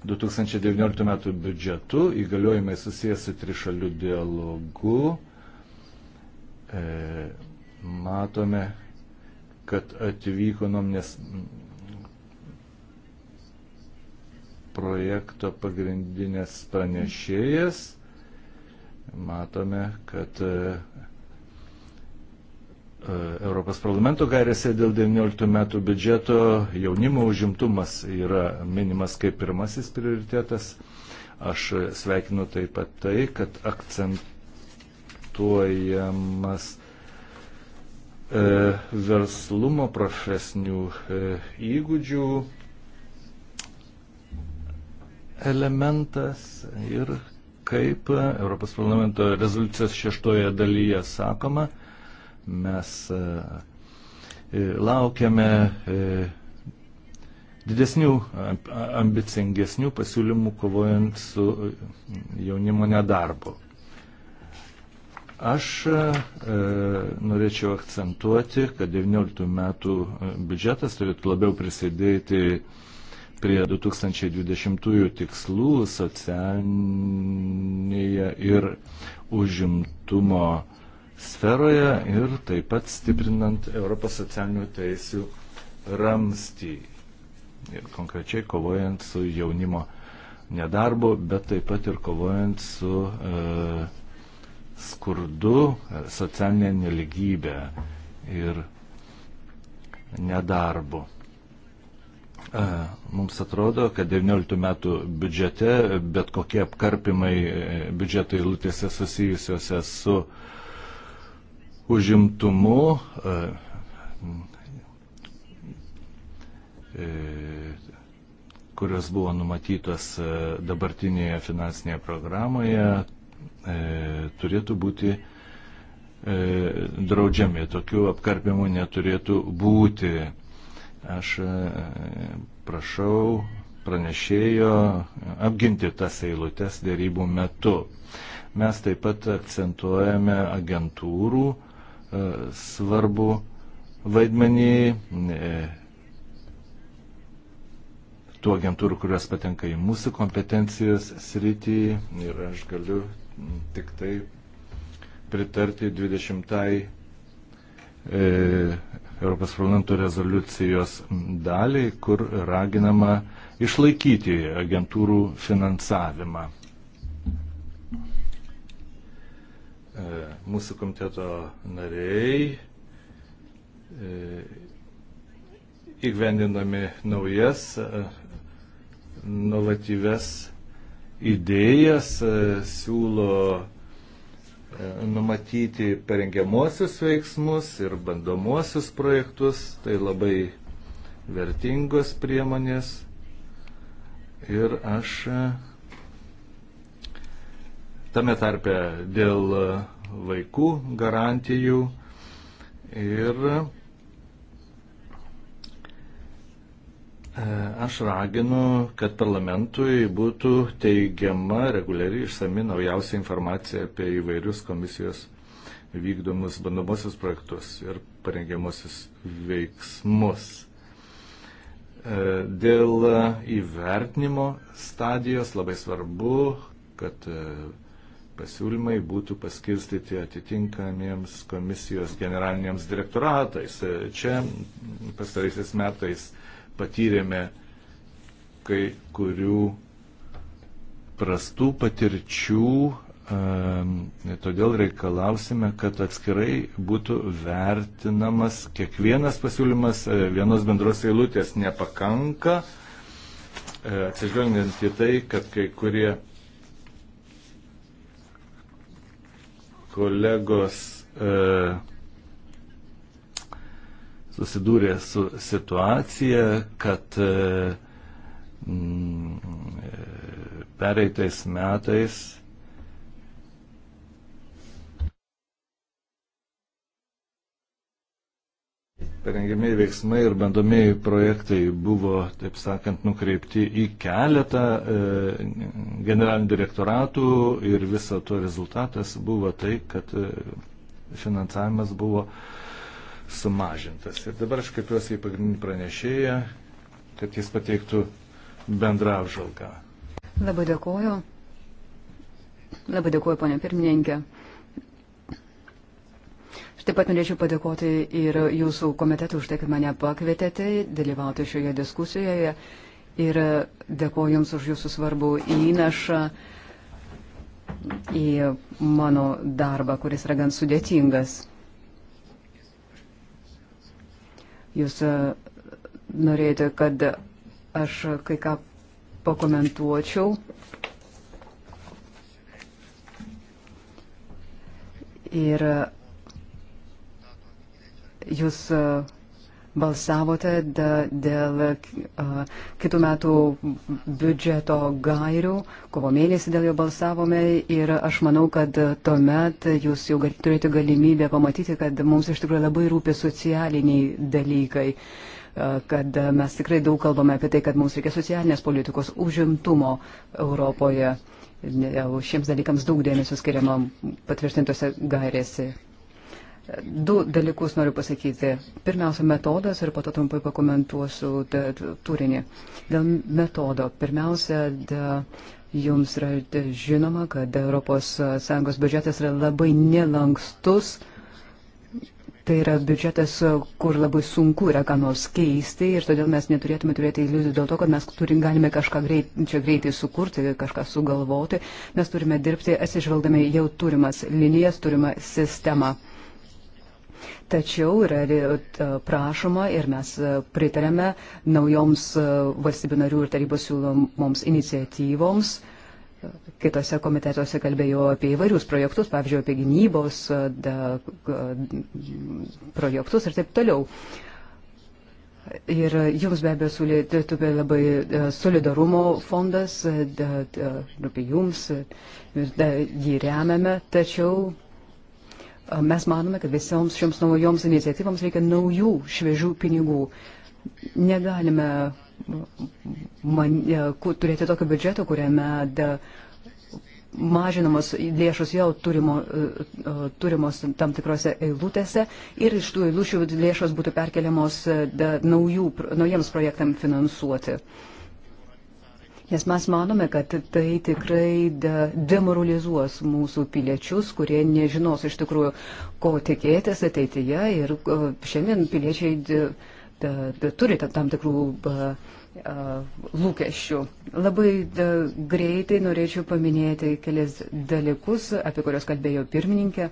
2019 metų biudžetu, įgaliojimai susijęs su trišaliu dialogu. E, matome, kad atvyko nuomonės projekto pagrindinės pranešėjas. Matome, kad e, E, Europos parlamento gairėse dėl 19 metų biudžeto jaunimo užimtumas yra minimas kaip pirmasis prioritetas. Aš sveikinu taip pat tai, kad akcentuojamas e, verslumo profesinių e, įgūdžių elementas ir kaip Europos parlamento rezoliucijos šeštoje dalyje sakoma, e, Mes e, e, laukiame e, didesnių, ambicingesnių pasiūlymų kovojant su jaunimo nedarbu. Aš e, norėčiau akcentuoti, kad 19 metų biudžetas turėtų labiau prisidėti prie 2020 tikslų socialinėje ir užimtumo sferoje ir taip pat stiprinant Europos socialinių teisių ramstį ir konkrečiai kovojant su jaunimo nedarbu, bet taip pat ir kovojant su e, skurdu, e, socialinė neligybė ir nedarbu. E, mums atrodo, kad 19 metų biudžete bet kokie apkarpimai e, biudžeto įlūtėse susijusiuose su e, užimtumu, e, e, kurios buvo numatytos e, dabartinėje finansinėje programoje, turėtų būti draudžiami. Tokių apkarpimų neturėtų būti. Aš prašau pranešėjo apginti tas eilutes dėrybų metu. Mes taip pat akcentuojame agentūrų, E, svarbu vaidmenį e, tų agentūrų, kurios patenka į mūsų kompetencijos sritį ir aš galiu tik tai pritarti 20-ai e, Europos parlamento rezoliucijos daliai, kur raginama išlaikyti agentūrų finansavimą. E, mūsų komiteto nariai e, įgyvendindami naujas e, novatyves idėjas siūlo numatyti parengiamuosius veiksmus ir bandomuosius projektus. Tai labai vertingos priemonės. Ir aš tame tarpe dėl vaikų garantijų ir e, aš raginu, kad parlamentui būtų teigiama reguliariai išsami naujausia informacija apie įvairius komisijos vykdomus bandomosius projektus ir parengiamosius veiksmus. E, dėl įvertinimo stadijos labai svarbu, kad e, pasiūlymai būtų paskirstyti atitinkamiems komisijos generaliniams direktoratais. Čia pastaraisiais metais patyrėme kai kurių prastų patirčių, ehm, todėl reikalausime, kad atskirai būtų vertinamas kiekvienas pasiūlymas, e, vienos bendros eilutės nepakanka, e, atsižvelgiant į tai, kad kai kurie kolegos e, susidūrė su situacija, kad e, e pereitais metais Parengėmiai veiksmai ir bandomieji projektai buvo, taip sakant, nukreipti į keletą e, generalinių direktoratų ir viso to rezultatas buvo tai, kad e, finansavimas buvo sumažintas. Ir dabar aš kreipiuosi į pagrindinį pranešėją, kad jis pateiktų bendrą apžvalgą. Labai dėkuoju. Labai dėkuoju, ponė pirmininkė taip pat norėčiau padėkoti ir jūsų komitetui už tai, kad mane pakvietėte dalyvauti šioje diskusijoje ir dėkoju Jums už Jūsų svarbų įnašą į mano darbą, kuris yra gan sudėtingas. Jūs e, norėjote, kad aš kai ką pakomentuočiau. Ir Jūs e, balsavote dėl e, kitų metų biudžeto gairių, kovo mėnesį dėl jo balsavome ir aš manau, kad tuomet jūs jau turėjote galimybę pamatyti, kad mums iš tikrųjų labai rūpi socialiniai dalykai e, kad mes tikrai daug kalbame apie tai, kad mums reikia socialinės politikos užimtumo Europoje. Šiems dalykams daug dėmesio skiriama patvirtintose gairėse. Du dalykus noriu pasakyti. Pirmiausia, metodas ir po to trumpai pakomentuosiu turinį. Dėl metodo. Pirmiausia, da, jums yra žinoma, kad ES biudžetas yra labai nelankstus. Tai yra biudžetas, kur labai sunku yra ką nors keisti ir todėl mes neturėtume turėti iliuzijų dėl to, kad mes turim, galime kažką greit, čia greitai sukurti, kažką sugalvoti. Mes turime dirbti atsižvelgdami jau turimas linijas, turimą sistemą. Tačiau yra prašoma ir mes e, pritarėme naujoms e, valstybių narių ir tarybos siūlomoms iniciatyvoms. Kitose komitetuose kalbėjau apie įvairius projektus, pavyzdžiui, apie gynybos e, da, projektus ir taip toliau. Ir jums be abejo siūlytume labai solidarumo fondas, rūpi jums, jį remiame, tačiau Mes manome, kad visoms šioms naujoms iniciatyvams reikia naujų, šviežių pinigų. Negalime mm, man, e, turėti tokio biudžeto, kuriame da, mažinamos lėšos jau turimo, e, e, turimos tam tikrose eilutėse ir iš tų eilučių lėšos būtų perkeliamos da, naujų, naujiems projektams finansuoti. Uh, Nes mes manome, kad tai tikrai demoralizuos mūsų piliečius, kurie nežinos iš tikrųjų, ko tikėtis ateityje. Ir šiandien piliečiai da, da, turi tam tikrų ba, a, lūkesčių. Labai da, greitai norėčiau paminėti kelias dalykus, apie kurios kalbėjo pirmininkė.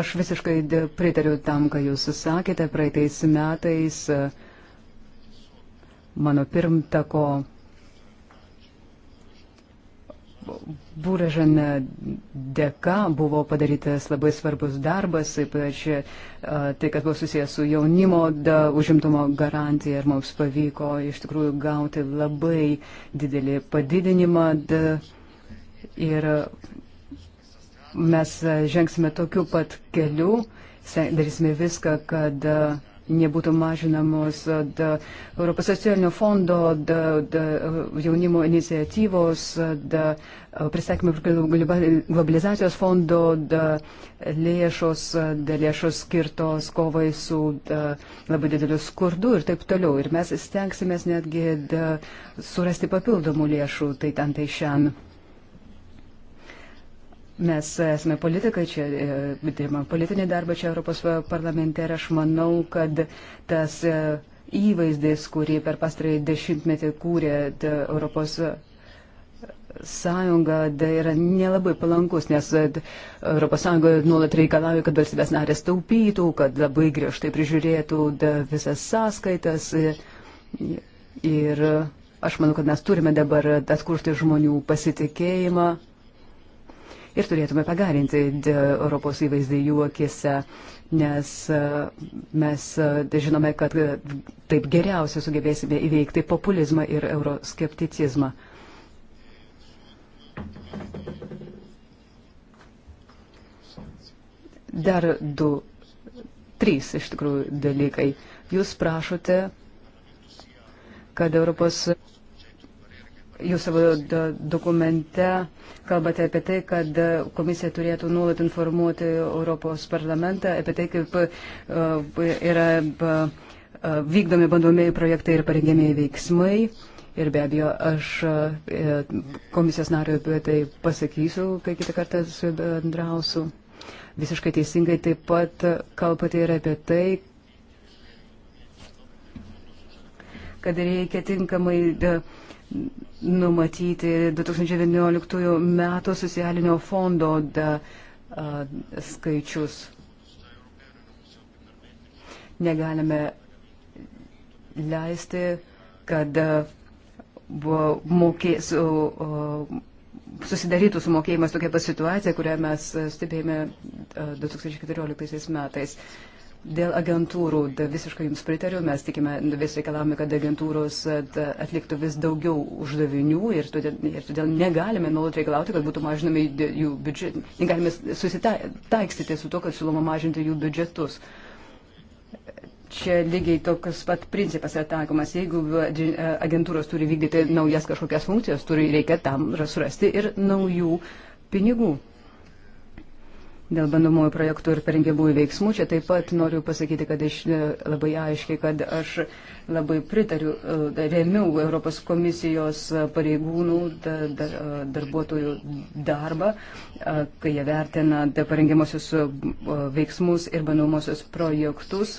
Aš visiškai pritariu tam, ką jūs sakėte praeitais metais. A, mano pirmtako Būrežan dėka buvo padarytas labai svarbus darbas, ypač e, tai, kas buvo susijęs su jaunimo da, užimtumo garantija ir mums pavyko iš tikrųjų gauti labai didelį padidinimą da, ir mes e, žengsime tokiu pat keliu, darysime viską, kad da, e, nebūtų mažinamos da, Europos socialinio fondo da, da, jaunimo iniciatyvos, da, pristatymų globalizacijos fondo da, lėšos, da, lėšos skirtos kovai su da, labai dideliu skurdu ir taip toliau. Ir mes stengsimės netgi da, surasti papildomų lėšų, tai ten tai šiandien. Mes esame politikai, čia e, dirbame politinį darbą čia Europos parlamente ir aš manau, kad tas e, įvaizdis, kurį per pastarąjį dešimtmetį kūrė e, Europos sąjunga yra nelabai palankus, nes Europos sąjunga nuolat reikalauja, kad valstybės narės taupytų, kad labai griežtai prižiūrėtų visas sąskaitas. Ir aš manau, kad mes turime dabar atkurti žmonių pasitikėjimą ir turėtume pagarinti Europos įvaizdį jų akise, nes e, mes e, žinome, kad e, taip geriausia sugebėsime įveikti populizmą ir euroskepticizmą. Dar du, trys iš tikrųjų dalykai. Jūs prašote, kad Europos Jūs savo dokumente kalbate apie tai, kad komisija turėtų nuolat informuoti Europos parlamentą apie tai, kaip e, yra e, e, vykdomi bandomieji projektai ir parengėmiai veiksmai. Ir be abejo, aš komisijos nariu apie tai pasakysiu, kai kitą kartą su bendrausiu. Visiškai teisingai taip pat kalbate ir apie tai, kad reikia tinkamai. Uh, numatyti 2019 metų socialinio fondo da, a, skaičius. Negalime leisti, kad mokės, susidarytų sumokėjimas tokia pat situacija, kurią mes stebėjome 2014 metais. Dėl agentūrų da, visiškai jums pritariu, mes tikime, vis reikalavome, kad agentūros da, atliktų vis daugiau uždavinių ir todėl, ir todėl negalime nuolat reikalauti, kad būtų mažinami jų biudžetai, negalime susitaikstyti su to, kad siūloma mažinti jų biudžetus. Čia lygiai toks pat principas yra taikomas, jeigu agentūros turi vykdyti naujas kažkokias funkcijas, turi reikia tam surasti ir naujų pinigų dėl bandomųjų projektų ir parengiamųjų veiksmų. Čia taip pat noriu pasakyti, kad aš e, labai aiškiai, kad aš labai pritariu, e, remiu Europos komisijos pareigūnų e, darbuotojų darbą, kai jie vertina parengiamosius veiksmus ir bandomosius projektus.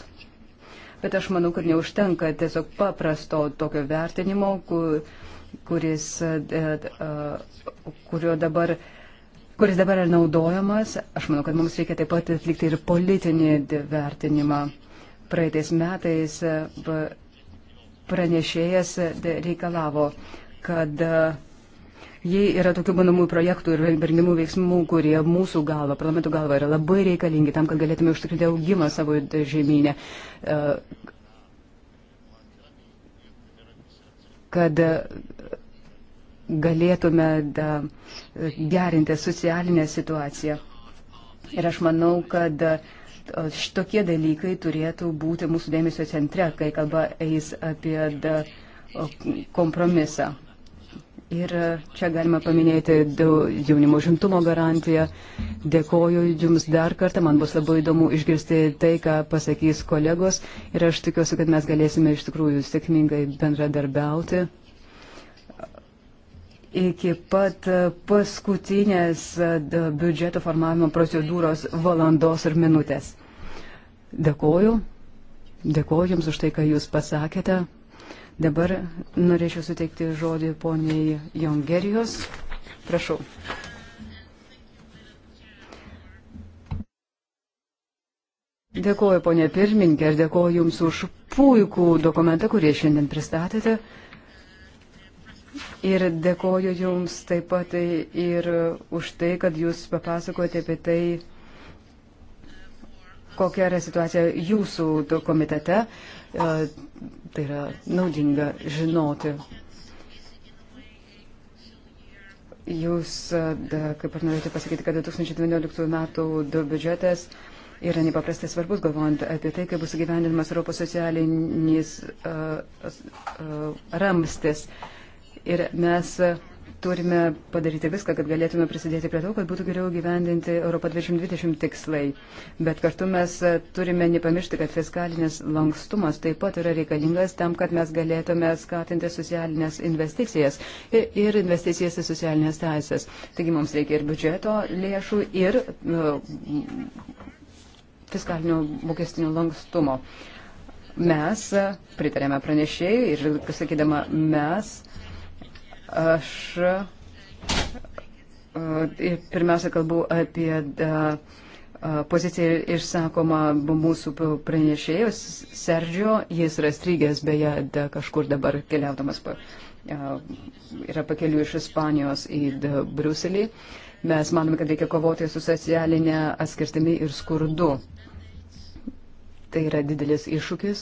Bet aš manau, kad neužtenka tiesiog paprasto tokio vertinimo, kur, kuris, kurio dabar uh, kuris dabar yra naudojamas, aš manau, kad mums reikia taip pat atlikti ir politinį vertinimą. Praeitais metais e, pranešėjas e, reikalavo, kad e, jei yra tokių bandomųjų projektų ir brendimų veiksmų, kurie mūsų galva, parlamentų galva yra labai reikalingi tam, kad galėtume užtikrinti augimą savo žemynę, kad galėtume da, gerinti socialinę situaciją. Ir aš manau, kad šitokie dalykai turėtų būti mūsų dėmesio centre, kai kalba eis apie da, kompromisą. Ir čia galima paminėti jaunimo žimtumo garantiją. Dėkoju Jums dar kartą, man bus labai įdomu išgirsti tai, ką pasakys kolegos ir aš tikiuosi, kad mes galėsime iš tikrųjų sėkmingai bendradarbiauti iki pat paskutinės e, biudžeto formavimo procedūros valandos ir minutės. Dėkoju. Dėkoju Jums už tai, ką Jūs pasakėte. Dabar norėčiau suteikti žodį poniai Jongerijos. Prašau. Dėkoju, ponė pirmininkė, ir dėkoju Jums už puikų dokumentą, kurį šiandien pristatėte. Ir dėkoju Jums taip pat ir už tai, kad Jūs papasakojate apie tai, kokia yra situacija Jūsų komitete. E, tai yra naudinga žinoti. Jūs, e, kaip ir norėjote pasakyti, kad 2019 metų biudžetas yra nepaprastai svarbus, galvojant apie tai, kaip bus įgyvendinamas Europos socialinis uh, uh, ramstis. Uh, Ir mes turime padaryti viską, kad galėtume prisidėti prie to, kad būtų geriau gyvendinti Europą 2020 tikslai. Bet kartu mes turime nepamiršti, kad fiskalinis lankstumas taip pat yra reikalingas tam, kad mes galėtume skatinti socialinės investicijas ir, ir investicijas į socialinės teisės. Taigi mums reikia ir biudžeto lėšų, ir uh, fiskalinio mokestinio lankstumo. Mes e, pritarėme pranešėjai ir, sakydama, mes uh, Aš e, pirmiausia kalbu apie e, e, poziciją išsakoma mūsų pranešėjus Serdžio, jis yra strygęs beje da, kažkur dabar keliaudamas, pa, yra pakeliu iš Ispanijos į da, Bruselį. Mes manome, kad reikia kovoti su socialinė atskirtimi ir skurdu. Tai yra didelis iššūkis,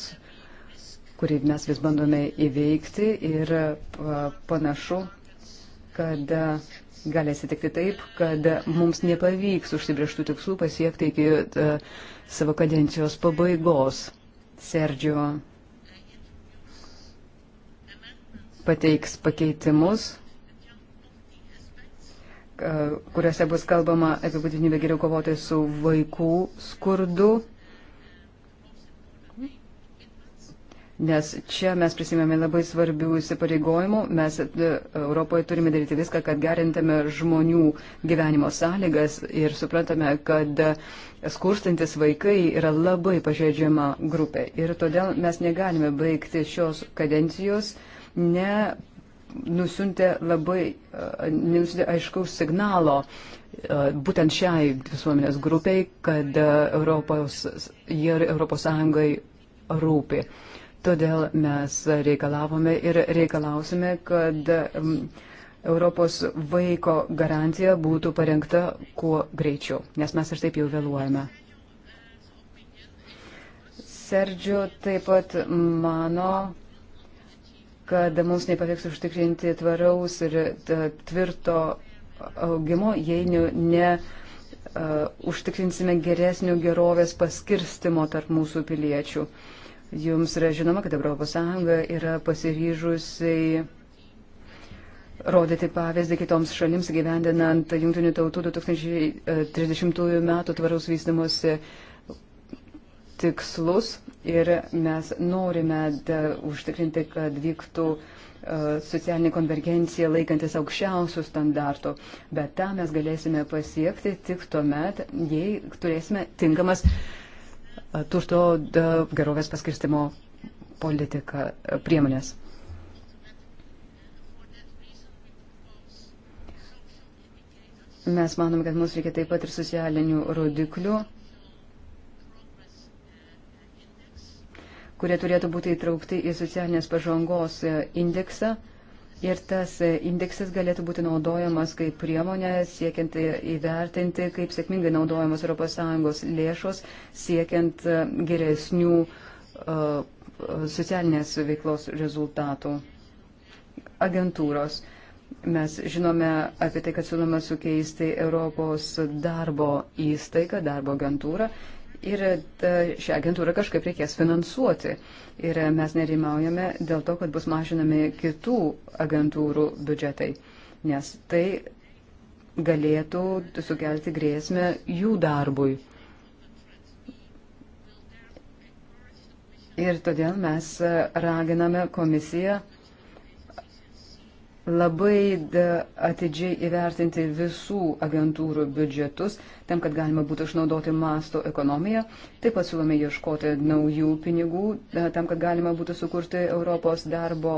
kurį mes vis bandome įveikti ir panašu, kad gali atsitikti taip, kad mums nepavyks užsibrieštų tikslų pasiekti iki savo kadencijos pabaigos. Sergio pateiks pakeitimus kuriuose bus kalbama apie būtinybę geriau kovoti su vaikų skurdu nes čia mes prisimėme labai svarbių įsipareigojimų. Mes e, Europoje turime daryti viską, kad gerintame žmonių gyvenimo sąlygas ir suprantame, kad e, skurstantis vaikai yra labai pažeidžiama grupė. Ir todėl mes negalime baigti šios kadencijos ne nusintė labai e, nusintė aiškaus signalo būtent šiai visuomenės grupiai, kad Europos, jie Europos Sąjungai rūpi. Todėl mes reikalavome ir reikalausime, kad um, Europos vaiko garantija būtų parengta kuo greičiau, nes mes ir taip jau vėluojame. Serdžio taip pat mano, kad mums nepavyks užtikrinti tvaraus ir tvirto augimo, jei ne, ne uh, užtikrinsime geresnio gerovės paskirstimo tarp mūsų piliečių. Uh, Jums yra žinoma, kad ES yra pasiryžusiai rodyti pavyzdį kitoms šalims gyvendinant Junktinių tautų 2030 m. tvaraus vystimosi tikslus ir mes norime užtikrinti, kad vyktų e, socialinė konvergencija laikantis aukščiausių standartų, bet tą mes galėsime pasiekti tik tuomet, jei turėsime tinkamas uh, turto gerovės paskirstimo politika e, priemonės. Mes manome, kad mums reikia taip pat ir socialinių rodiklių, kurie turėtų būti įtraukti į socialinės pažangos e, indeksą. Ir tas indeksas galėtų būti naudojamas kaip priemonė siekiant įvertinti, kaip sėkmingai naudojamos ES lėšos, siekiant e, geresnių e, socialinės veiklos rezultatų. Agentūros. Mes žinome apie tai, kad siūloma sukeisti Europos darbo įstaigą, darbo agentūrą ir e, šią agentūrą kažkaip reikės finansuoti. Ir e, mes nerimaujame dėl to, kad bus mažinami kitų agentūrų biudžetai, nes tai galėtų sukelti grėsmę jų darbui. Ir todėl mes e, raginame komisiją labai atidžiai įvertinti visų agentūrų biudžetus, tam, kad galima būtų išnaudoti masto ekonomiją. Taip pat siūlome ieškoti naujų pinigų, tam, kad galima būtų sukurti Europos darbo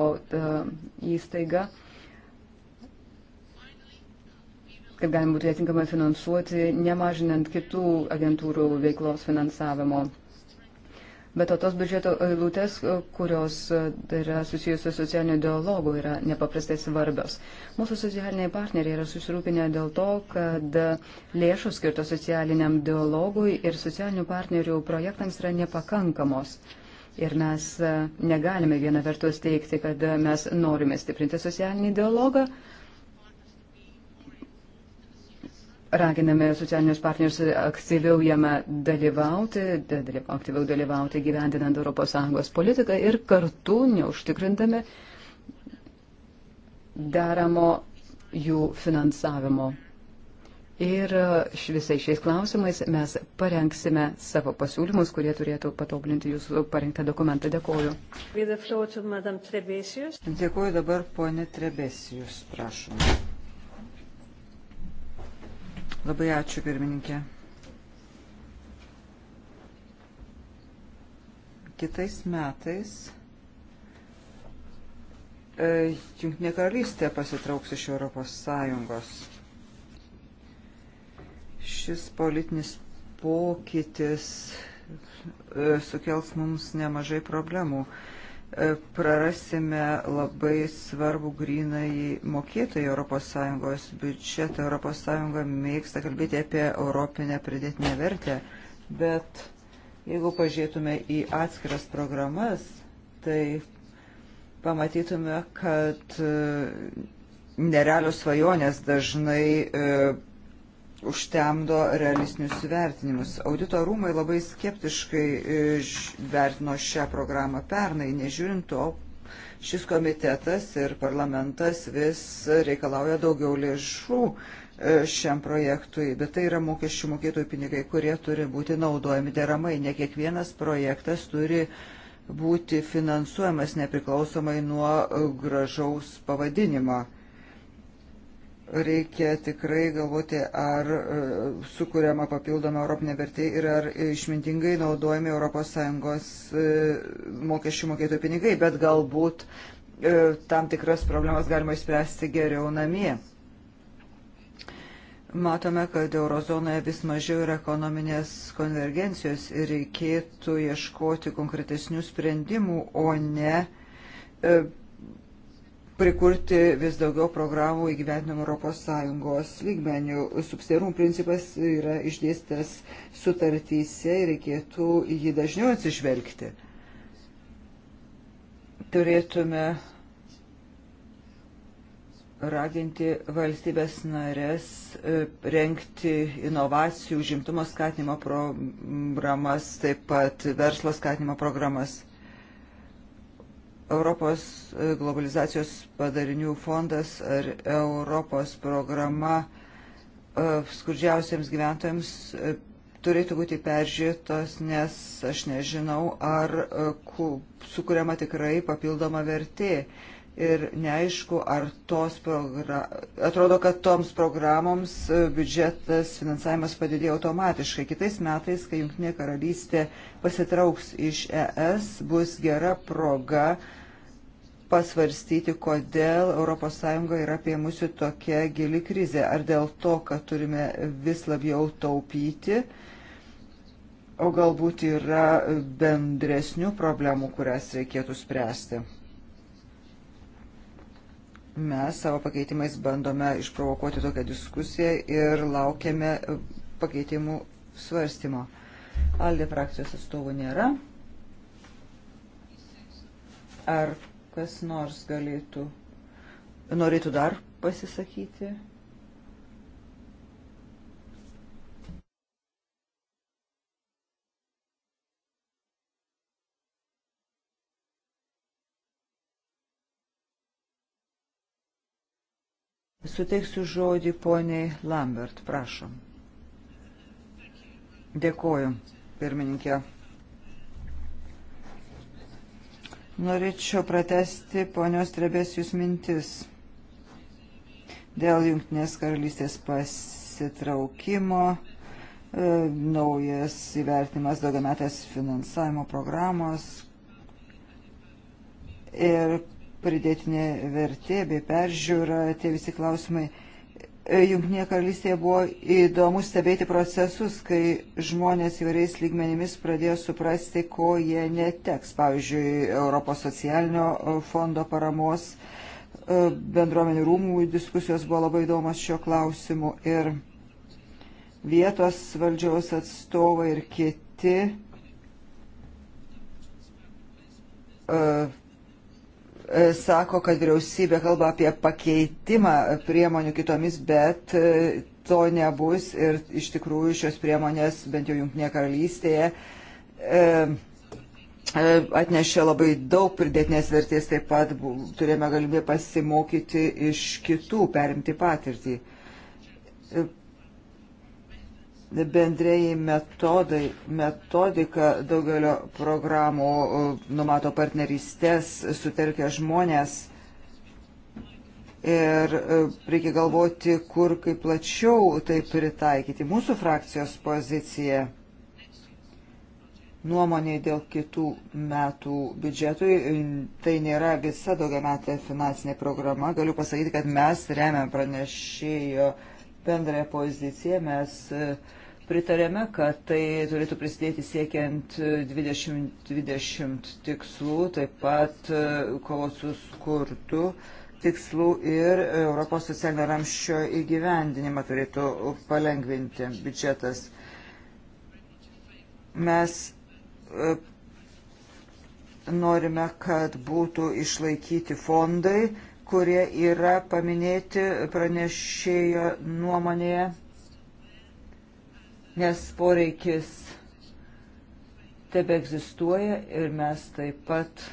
įstaigą, kad galima būtų atitinkamai finansuoti, nemažinant kitų agentūrų veiklos finansavimo. Bet to tos biudžeto eilutės, e, kurios e, tai yra susijusios su socialiniu dialogu, yra nepaprastai svarbios. Mūsų socialiniai partneriai yra susirūpinę dėl to, kad lėšos skirtos socialiniam dialogui ir socialinių partnerių projektams yra nepakankamos. Ir mes e, negalime viena vertus teikti, kad mes norime stiprinti socialinį dialogą, raginame socialinius partnerius aktyviau jame dalyvauti, dalyvau, aktyviau dalyvauti gyvendinant ES politiką ir kartu neužtikrindami deramo jų finansavimo. Ir visais šiais klausimais mes parengsime savo pasiūlymus, kurie turėtų patobulinti jūsų parengtą dokumentą. Dėkoju. Dėkoju dabar, ponė Trebesijus, prašom. Labai ačiū, pirmininkė. Kitais metais e, Junktinė karalystė pasitrauks iš Europos Sąjungos. Šis politinis pokytis e, sukels mums nemažai problemų. E, E, prarasime labai svarbų grinai mokėtojų ES biudžetą. ES mėgsta kalbėti apie europinę pridėtinę vertę, bet jeigu pažiūrėtume į atskiras programas, tai pamatytume, kad e, nerealios svajonės dažnai e, užtemdo realistinius vertinimus. Audito rūmai labai skeptiškai e, vertino šią programą pernai, nežiūrint to, šis komitetas ir parlamentas vis reikalauja daugiau lėšų e, šiam projektui, bet tai yra mokesčių mokėtojų pinigai, kurie turi būti naudojami deramai. Ne kiekvienas projektas turi būti finansuojamas nepriklausomai nuo e, gražaus pavadinimo reikia tikrai galvoti, ar e, sukūriama papildoma europinė vertė ir ar išmintingai naudojami ES e, mokesčių mokėtojų pinigai, bet galbūt e, tam tikras problemas galima išspręsti geriau namie. Matome, kad eurozonoje vis mažiau yra ekonominės konvergencijos ir reikėtų ieškoti konkretesnių sprendimų, o ne prikurti vis daugiau programų įgyvendinamų ES lygmenių. Subsidiarum principas yra išdėstas sutartyse ir reikėtų jį dažniau atsižvelgti. Turėtume raginti valstybės narės e, renkti inovacijų, žimtumo skatinimo programas, taip pat verslo skatinimo programas Europos e, globalizacijos padarinių fondas ar Europos programa e, skurdžiausiems gyventojams e, turėtų būti peržiūrėtos, nes aš nežinau, ar sukuriama tikrai papildoma vertė. Ir neaišku, ar tos programos, atrodo, kad toms programoms biudžetas finansavimas padidėjo automatiškai. Kitais metais, kai Junktinė karalystė pasitrauks iš ES, bus gera proga uh, pasvarstyti, kodėl ES yra apie mūsų tokia gili krizė. Ar dėl to, kad turime vis labiau taupyti, o galbūt yra bendresnių problemų, kurias reikėtų spręsti. Mes savo pakeitimais bandome išprovokuoti tokią diskusiją ir laukiame pakeitimų svarstymo. Aldė frakcijos atstovų nėra. Ar kas nors galėtų, norėtų dar pasisakyti. Suteiksiu žodį poniai Lambert, prašom. Dėkoju, pirmininkė. Norėčiau pratesti ponios Trebės jūs mintis dėl Junktinės karalystės pasitraukimo, e, naujas įvertinimas daugiametės finansavimo programos ir pridėtinė vertė bei peržiūra, tie visi klausimai – E, Junktinėje karalystėje buvo įdomu stebėti procesus, kai žmonės įvairiais lygmenimis pradėjo suprasti, ko jie neteks. Pavyzdžiui, Europos socialinio e, fondo paramos e, bendruomenių rūmų diskusijos buvo labai įdomas šio klausimu ir vietos valdžiaus atstovai ir kiti E, sako, kad vyriausybė kalba apie pakeitimą priemonių kitomis, bet e, to nebus ir iš tikrųjų šios priemonės, bent jau Junktinėje karalystėje, e, atnešė labai daug pridėtinės vertės, taip pat turėjome galimybę pasimokyti iš kitų, perimti patirtį bendrėjai metodai, metodika daugelio programų numato partnerystės, sutelkia žmonės ir e, reikia galvoti, kur kaip plačiau tai pritaikyti. Mūsų frakcijos pozicija nuomonė dėl kitų metų biudžetui, tai nėra visa daugiametė finansinė programa. Galiu pasakyti, kad mes remiam pranešėjo bendrąją poziciją, mes uh, Pritarėme, kad tai turėtų prisidėti siekiant 2020 tikslų, taip pat e, kovos su skurtu tikslų ir Europos socialinio ramščio įgyvendinimą turėtų palengvinti biudžetas. Mes e, norime, kad būtų išlaikyti fondai, kurie yra paminėti pranešėjo nuomonėje nes poreikis tebe egzistuoja ir mes taip pat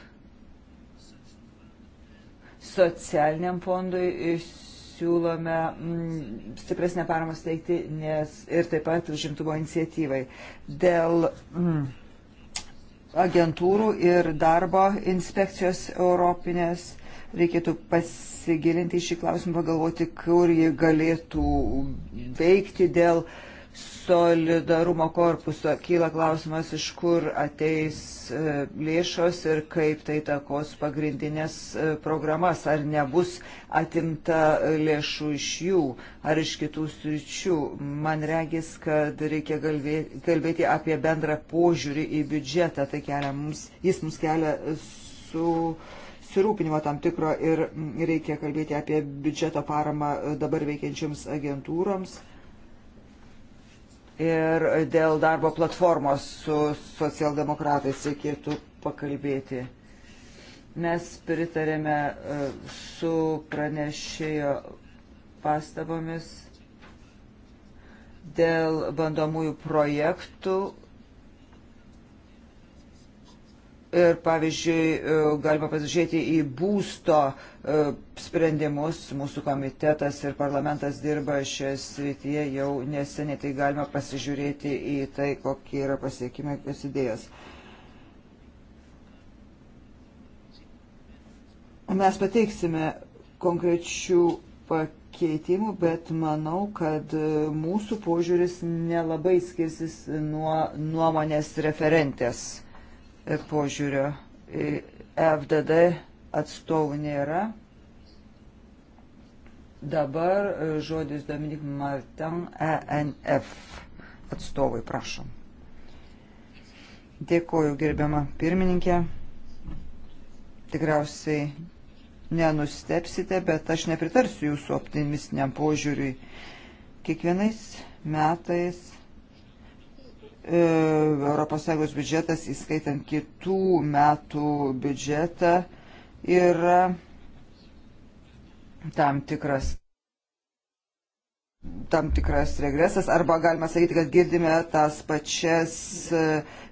socialiniam fondui siūlome mm, stipresnę paramą steigti nes, ir taip pat užimtumo iniciatyvai. Dėl mm, agentūrų ir darbo inspekcijos europinės reikėtų pasigilinti į šį klausimą, pagalvoti, kur jie galėtų veikti dėl uh, solidarumo korpuso kyla klausimas, iš kur ateis e, lėšos ir kaip tai takos pagrindinės e, programas, ar nebus atimta lėšų iš jų ar iš kitų sričių. Man regis, kad reikia kalbėti apie bendrą požiūrį į biudžetą, tai kelia mums, jis mums kelia su susirūpinimo tam tikro ir reikia kalbėti apie biudžeto paramą e, dabar veikiančioms agentūroms ir dėl darbo platformos su socialdemokratais reikėtų pakalbėti. Mes pritarėme e, su pranešėjo pastabomis dėl bandomųjų projektų Ir pavyzdžiui, e, galima pasižiūrėti į būsto e, sprendimus. Mūsų komitetas ir parlamentas dirba šioje srityje jau neseniai, tai galima pasižiūrėti į tai, kokie yra pasiekimai, kokios idėjos. Mes pateiksime konkrečių pakeitimų, bet manau, kad mūsų požiūris nelabai skirsis nuo nuomonės referentės požiūrio. E, FDD atstovų nėra. Dabar e, žodis Dominik Martin, ENF atstovui, prašom. Dėkoju, gerbiama pirmininkė. Tikriausiai nenustepsite, bet aš nepritarsiu jūsų optimistiniam požiūriui. Kiekvienais metais ES biudžetas, įskaitant kitų metų biudžetą, yra tam tikras tam tikras regresas, arba galima sakyti, kad girdime tas pačias e,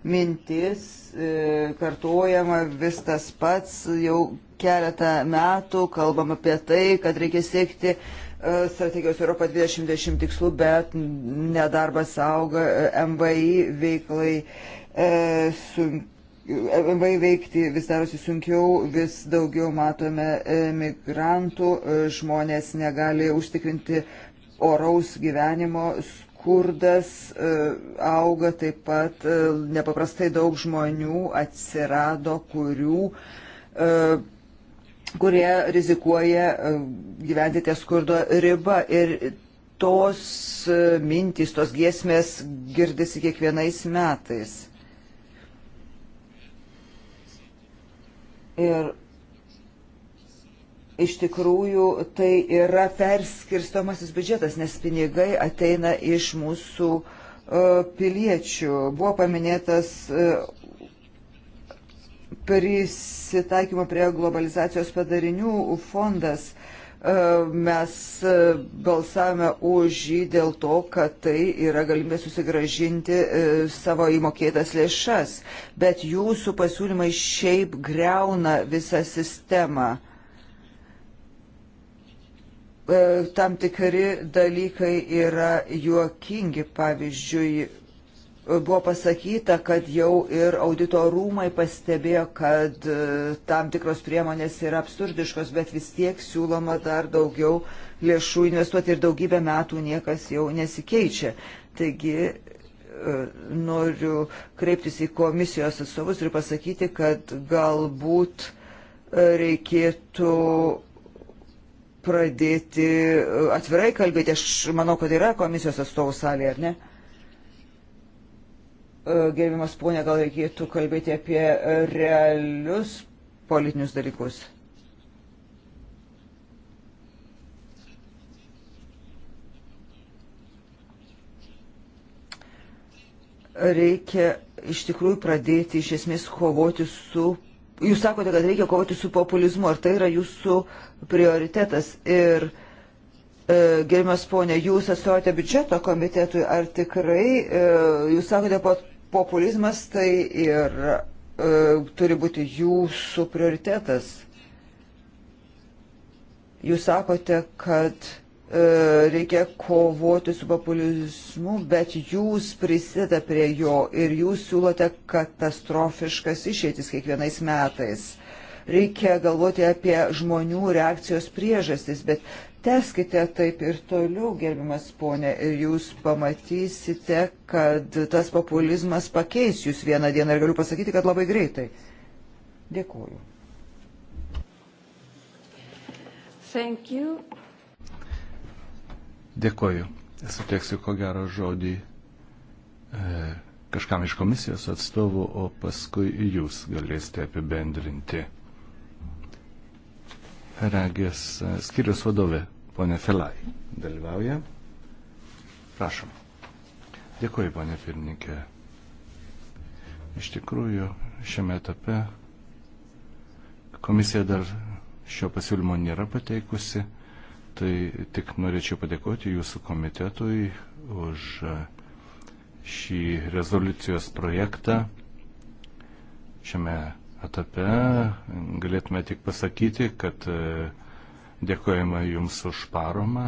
mintis, e, kartuojama vis tas pats, jau keletą metų kalbam apie tai, kad reikia siekti uh, E, strategijos Europa 2020 tikslų, bet nedarbas auga, e, MVI veiklai e, sunkiai. E, MVI veikti vis darosi sunkiau, vis daugiau matome migrantų, žmonės negali užtikrinti oraus gyvenimo, skurdas auga taip pat, nepaprastai daug žmonių atsirado, kurių kurie rizikuoja e, gyventi ties skurdo riba. Ir tos e, mintys, tos giesmės girdisi kiekvienais metais. Ir iš tikrųjų tai yra perskirstomasis biudžetas, nes pinigai ateina iš mūsų e, piliečių. Buvo paminėtas prisitaikymo prie globalizacijos padarinių fondas. E, mes e, balsavome už jį dėl to, kad tai yra galimybė susigražinti e, savo įmokėtas lėšas, bet jūsų pasiūlymai šiaip greuna visą sistemą. Tam tikri dalykai yra juokingi, pavyzdžiui, buvo pasakyta, kad jau ir audito rūmai pastebėjo, kad e, tam tikros priemonės yra absurdiškos, bet vis tiek siūloma dar daugiau lėšų investuoti ir daugybę metų niekas jau nesikeičia. Taigi e, noriu kreiptis į komisijos atstovus ir pasakyti, kad galbūt e, reikėtų pradėti atvirai kalbėti. Aš manau, kad yra komisijos atstovų salė, ar ne? E, gerbimas ponė, gal reikėtų kalbėti apie realius politinius dalykus. Reikia iš tikrųjų pradėti iš esmės kovoti su. Jūs sakote, kad reikia kovoti su populizmu, ar tai yra jūsų prioritetas? Ir e, Gerimas ponė, jūs atstovote biudžeto komitetui, ar tikrai e, jūs sakote, populizmas tai ir e, turi būti jūsų prioritetas. Jūs sakote, kad e, reikia kovoti su populizmu, bet jūs prisideda prie jo ir jūs siūlote katastrofiškas išeitis kiekvienais metais. Reikia galvoti apie žmonių reakcijos priežastis, bet Teskite taip ir toliau, gerbimas ponė, ir jūs pamatysite, kad tas populizmas pakeis jūs vieną dieną ir galiu pasakyti, kad labai greitai. Dėkuoju. Thank you. Dėkoju. Suteiksiu ko gero žodį e, kažkam iš komisijos atstovų, o paskui jūs galėsite apibendrinti. Regės e, skirius vadovė Pone Filai dalyvauja. Prašom. Dėkuoju, ponė pirmininkė. Iš tikrųjų, šiame etape komisija dar šio pasiūlymo nėra pateikusi, tai tik norėčiau padėkoti jūsų komitetui už šį rezoliucijos projektą. Šiame etape galėtume tik pasakyti, kad uh, Dėkojame Jums už paromą.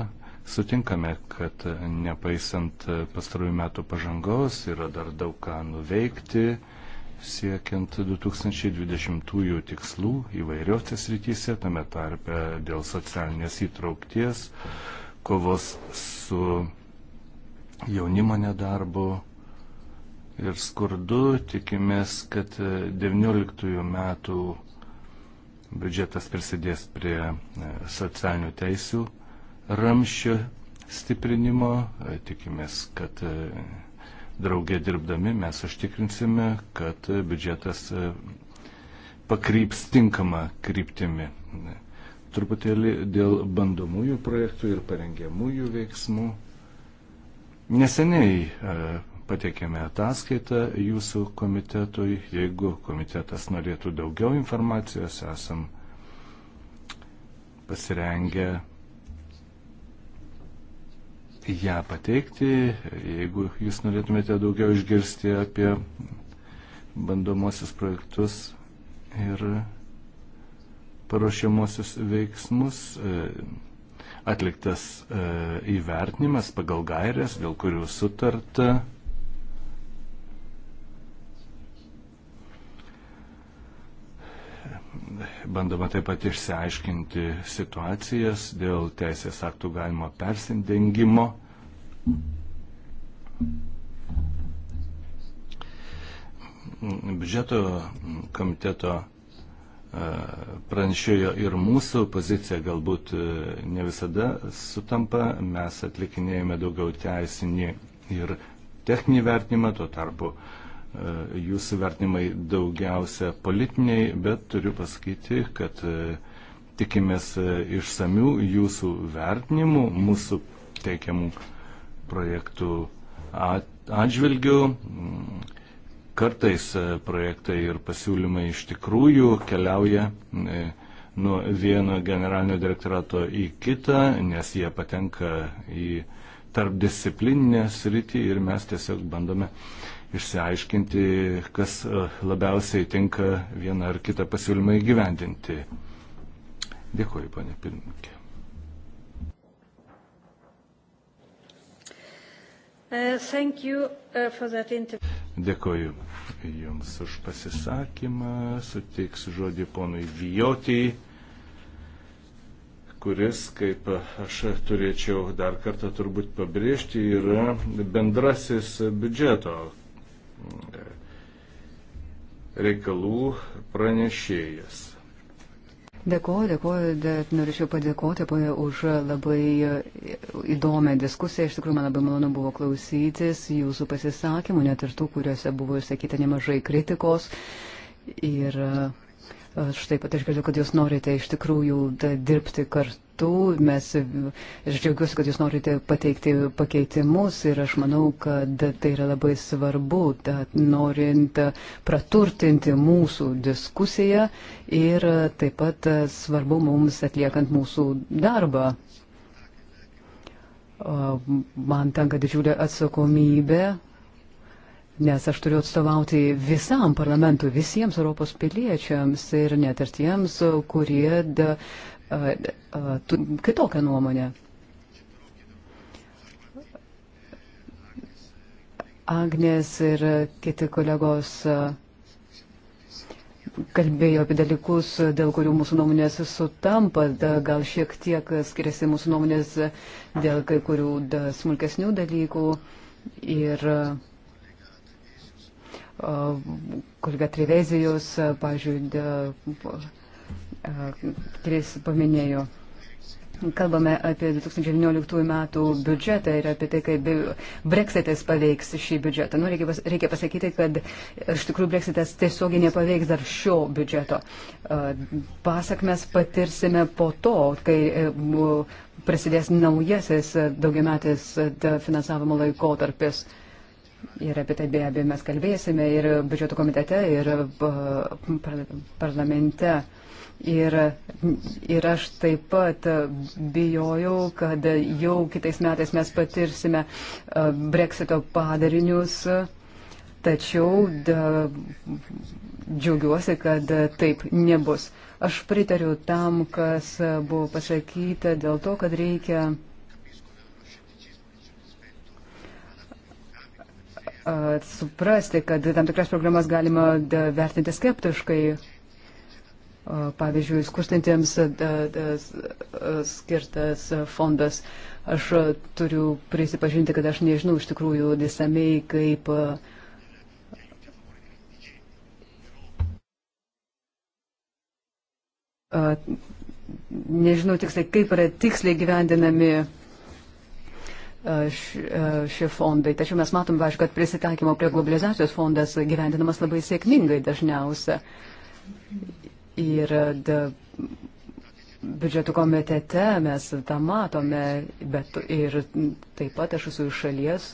Sutinkame, kad nepaisant pastarųjų metų pažangos yra dar daug ką nuveikti, siekiant 2020 tikslų įvairiuose srityse, tame tarpe dėl socialinės įtraukties, kovos su jaunimo nedarbu, ir skurdu, tikimės, kad 19 metų Biudžetas prisidės prie e, socialinių teisių ramščio stiprinimo. E, tikimės, kad e, draugė dirbdami mes užtikrinsime, kad biudžetas pakryps tinkamą kryptimį. Truputėlį dėl bandomųjų projektų ir parengiamųjų veiksmų. Neseniai pateikėme ataskaitą jūsų komitetui. Jeigu komitetas norėtų daugiau informacijos, esam pasirengę ją pateikti. Jeigu jūs norėtumėte daugiau išgirsti apie bandomosius projektus ir paruošiamosius veiksmus, atliktas e, įvertinimas pagal gairias, dėl kurių sutarta bandoma taip pat išsiaiškinti situacijas dėl teisės aktų galimo persidengimo. Biudžeto komiteto e, pranešėjo ir mūsų pozicija galbūt e, ne visada sutampa. Mes atlikinėjame daugiau teisinį ir techninį vertinimą, tuo tarpu uh, E, jūsų vertinimai daugiausia politiniai, bet turiu pasakyti, kad e, tikimės e, išsamių jūsų vertinimų mūsų teikiamų projektų atžvilgių. Mm, kartais projektai ir pasiūlymai iš tikrųjų keliauja nuo vieno generalinio direktorato į kitą, nes jie patenka į tarpdisciplininę sritį ir mes tiesiog bandome uh, išsiaiškinti, kas e, labiausiai tinka vieną ar kitą pasiūlymą įgyvendinti. Dėkuoju, ponė pirmininkė. Uh, uh, Dėkoju Jums už pasisakymą. Suteiksiu žodį ponui Vijotijai, kuris, kaip aš turėčiau dar kartą turbūt pabrėžti, yra bendrasis biudžeto reikalų pranešėjas. Dėkuoju, dėkuoju, bet norėčiau padėkoti už labai įdomią diskusiją. Iš tikrųjų, man labai malonu buvo klausytis jūsų pasisakymų, net ir tų, kuriuose buvo išsakyta nemažai kritikos. Ir štai pat išgirdau, kad jūs norite iš tikrųjų dirbti kartu metu. Mes, aš džiaugiuosi, kad jūs norite pateikti pakeitimus ir aš manau, kad tai yra labai svarbu, tad norint praturtinti mūsų diskusiją ir taip pat svarbu mums atliekant mūsų darbą. Man tenka didžiulė atsakomybė nes aš turiu atstovauti visam parlamentui, visiems Europos piliečiams ir net ir tiems, kurie da, kitokią nuomonę. Agnes ir kiti kolegos kalbėjo apie dalykus, dėl kurių mūsų nuomonės sutampa, gal šiek tiek skiriasi mūsų nuomonės dėl kai kurių smulkesnių dalykų. Ir kolega Trevezijos, pažiūrėjau, kuris paminėjo. Kalbame apie 2019 metų biudžetą ir apie tai, kaip breksitas paveiks šį biudžetą. Nu, reikia, pas, reikia pasakyti, kad iš tikrųjų breksitas tiesiogiai nepaveiks dar šio biudžeto. Pasakmes patirsime po to, kai e, prasidės naujasis daugiametis e, finansavimo laikotarpis. Ir apie tai be abejo mes kalbėsime ir biudžeto komitete, ir e, parlamente. Par Ir, ir aš taip pat bijojau, kad jau kitais metais mes patirsime e, breksito padarinius, tačiau da, džiaugiuosi, kad taip nebus. Aš pritariu tam, kas buvo pasakyta dėl to, kad reikia. E, suprasti, kad tam tikras programas galima vertinti skeptiškai, pavyzdžiui, skurstantiems skirtas fondas. Aš turiu prisipažinti, kad aš nežinau iš tikrųjų disamei, kaip. Nežinau tiksliai, kaip yra tiksliai gyvendinami šie fondai. Tačiau mes matom, aišku, kad prisitaikymo prie globalizacijos fondas gyvendinamas labai sėkmingai dažniausia. Ir biudžeto komitete mes tą matome, bet ir taip pat aš esu iš šalies,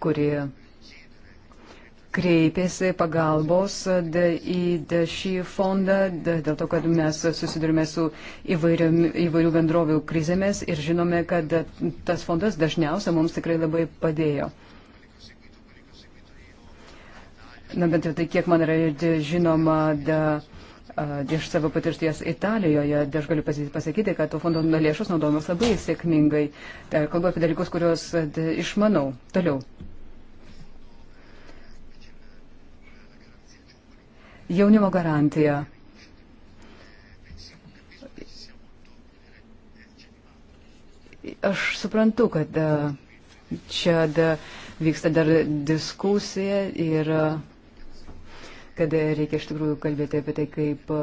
kuri kreipėsi pagalbos į šį fondą dėl to, kad mes susidurime su įvairių, įvairių bendrovių krizėmis ir žinome, kad tas fondas dažniausia mums tikrai labai padėjo. Na bent jau tai, kiek man yra žinoma, da, de Iš savo patirties Italijoje aš galiu pasakyti, kad to fondo lėšos naudojamos labai sėkmingai. Tai kalbu apie dalykus, kuriuos išmanau. Toliau. Jaunimo garantija. Aš suprantu, kad čia vyksta dar diskusija ir. Uh, kad reikia iš tikrųjų kalbėti apie tai, kaip e,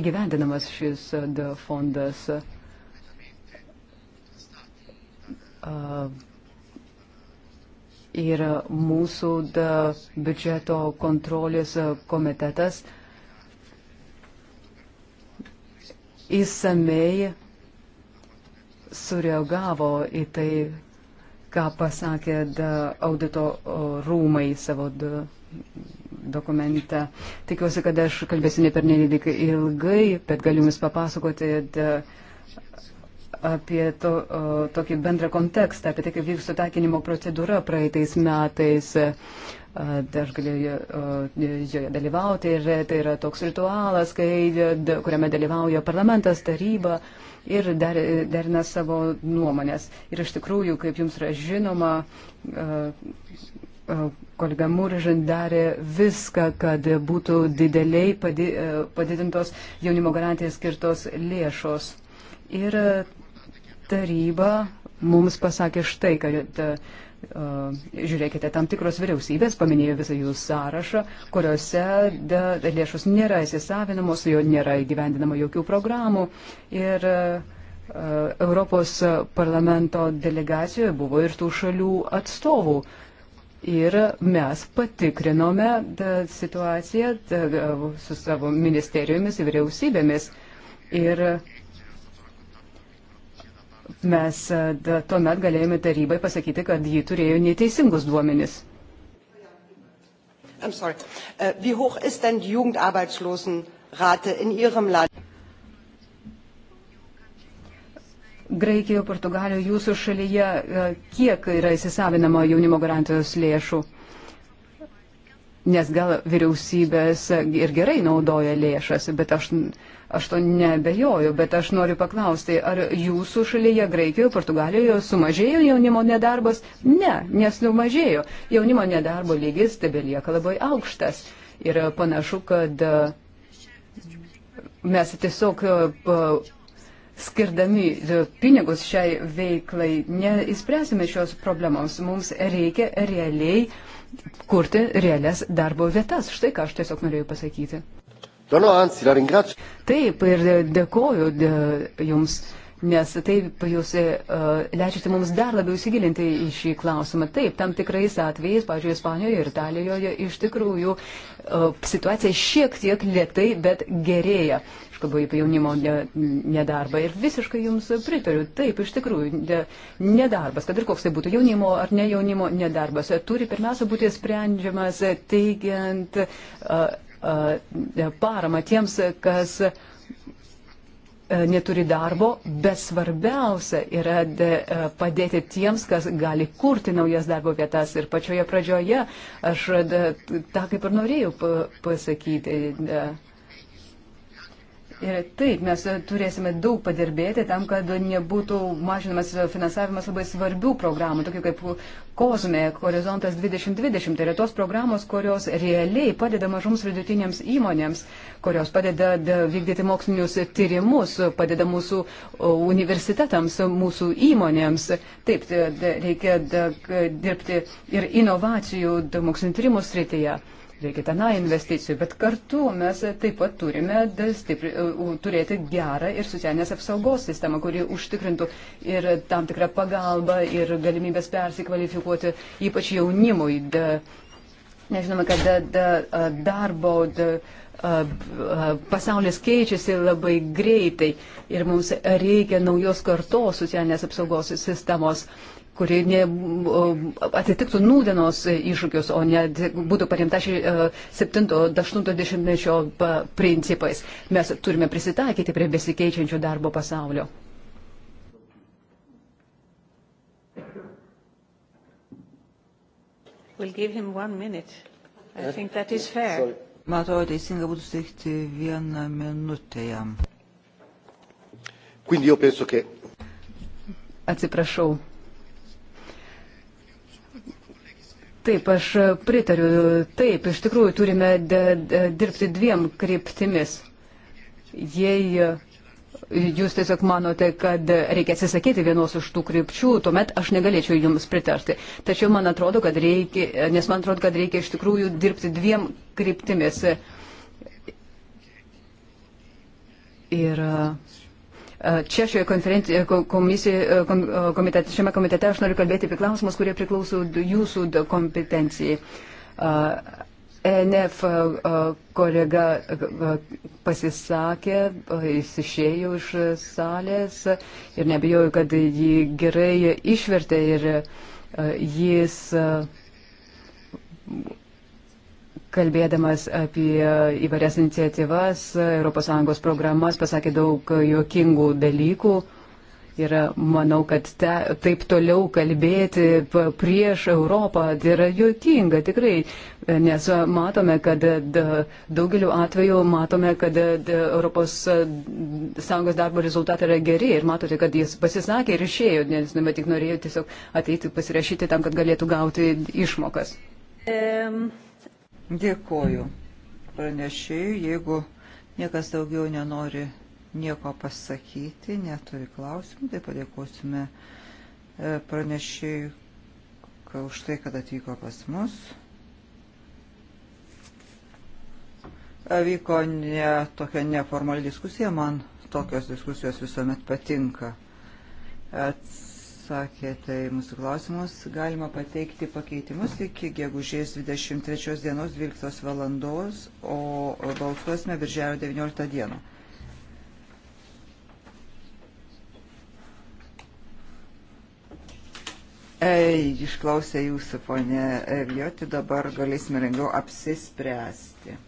įgyvendinamas šis e, fondas. E, ir mūsų biudžeto kontrolės komitetas įsamei sureagavo į tai, ką pasakė audito rūmai savo dokumente. Tikiuosi, kad aš kalbėsiu ne per nedidik ilgai, bet galiu Jums papasakoti apie to, tokį bendrą kontekstą, apie tai, kaip vyksta takinimo procedūra praeitais metais aš galėjau joje dalyvauti ir tai yra toks ritualas, kai, kuriame dalyvauja parlamentas, taryba ir der, derina savo nuomonės. Ir iš tikrųjų, kaip jums yra žinoma, kolega Mūržin darė viską, kad būtų dideliai padidintos jaunimo garantijas skirtos lėšos. Ir taryba mums pasakė štai, kad žiūrėkite, tam tikros vyriausybės, paminėjo visą jų sąrašą, kuriuose lėšos nėra įsisavinamos, jo nėra įgyvendinama jokių programų. Ir Europos parlamento delegacijoje buvo ir tų šalių atstovų. Ir mes patikrinome situaciją su savo ministerijomis ir vyriausybėmis. Ir mes e, tuomet galėjome tarybai pasakyti, kad ji turėjo neteisingus duomenis. Uh, Graikijoje, Portugalijoje, jūsų šalyje, e, kiek yra įsisavinama jaunimo garantijos lėšų? Nes gal vyriausybės ir gerai naudoja lėšas, bet aš, aš to nebejoju, bet aš noriu paklausti, ar jūsų šalyje, Graikijoje, Portugalijoje sumažėjo jaunimo nedarbas? Ne, nesumažėjo. Jaunimo nedarbo lygis tebelieka labai aukštas. Ir panašu, kad e, mes tiesiog e, skirdami e, pinigus šiai veiklai neįspręsime šios problemos. Mums reikia realiai kurti realias darbo vietas. Štai ką aš tiesiog norėjau pasakyti. Taip, ir dėkoju Jums nes taip jūs e, e, leidžiate mums dar labiau įsigilinti į šį klausimą. Taip, tam tikrais atvejais, pavyzdžiui, Ispanijoje ir Italijoje iš tikrųjų e, situacija šiek tiek lietai, bet gerėja. Aš kalbu apie jaunimo nedarbą ir visiškai jums pritariu. Taip, iš tikrųjų, nedarbas, kad ir koks tai būtų jaunimo ar ne jaunimo nedarbas, turi pirmiausia būti sprendžiamas teigiant paramą tiems, kas E, neturi darbo, bet svarbiausia yra de, e, padėti tiems, kas gali kurti naujas darbo vietas. Ir pačioje pradžioje aš de, tą kaip ir norėjau pasakyti. De, Ir taip, mes turėsime daug padirbėti tam, kad nebūtų mažinamas finansavimas labai svarbių programų, tokių kaip Kozme, Horizontas 2020. Tai yra tos programos, kurios realiai padeda mažoms vidutinėms įmonėms, kurios padeda vykdyti mokslinius tyrimus, padeda mūsų universitetams, mūsų įmonėms. Taip, reikia dirbti ir inovacijų mokslinio tyrimų srityje reikia tenai investicijų, bet kartu mes taip pat turime stipri, e, turėti gerą ir socialinės apsaugos sistemą, kuri užtikrintų ir tam tikrą pagalbą ir galimybės persikvalifikuoti ypač jaunimui. De, nežinome, kad de, de, darbo de, pasaulis keičiasi labai greitai ir mums reikia naujos kartos socialinės apsaugos sistemos kuri ne, atitiktų nūdienos iššūkius, o ne būtų paremta 7-80-mečio e, principais. Mes turime prisitaikyti prie besikeičiančių darbo pasaulio. We'll give him one minute. I eh, think that is fair. Sorry. Man atrodo, teisinga būtų steigti vieną minutę jam. Quindi io penso che... Atsiprašau. Taip, aš pritariu. Taip, iš tikrųjų turime dirbti dviem kryptimis. Jei jūs tiesiog manote, kad reikia atsisakyti vienos iš tų krypčių, tuomet aš negalėčiau jums pritarti. Tačiau man atrodo, kad reikia, nes man atrodo, kad reikia iš tikrųjų dirbti dviem kryptimis. Ir uh, Čia šioje komisijoje, komitete, šiame komitete aš noriu kalbėti apie klausimus, kurie priklauso jūsų kompetencijai. E NF kolega pasisakė, jis išėjo iš salės ir nebijoju, kad jį gerai išvertė ir jis kalbėdamas apie įvairias iniciatyvas, ES programas, pasakė daug juokingų dalykų. Ir manau, kad te, taip toliau kalbėti prieš Europą tai yra juokinga tikrai, nes matome, kad daugeliu atveju matome, kad ES darbo rezultatai yra geri ir matote, kad jis pasisakė ir išėjo, nes nu, tik norėjo tiesiog ateiti pasirašyti tam, kad galėtų gauti išmokas. Um. Dėkoju pranešėjui, jeigu niekas daugiau nenori nieko pasakyti, neturi klausimų, tai padėkosime e, pranešėjui už tai, kad atvyko pas mus. E, vyko ne, tokia neformali diskusija, man tokios diskusijos visuomet patinka. Ats atsakė, tai mūsų klausimus galima pateikti pakeitimus iki gegužės 23 dienos 12 valandos, o balsuosime birželio 19 dieną. Ei, išklausė jūsų, ponė Vijoti, dabar galėsime lengviau apsispręsti.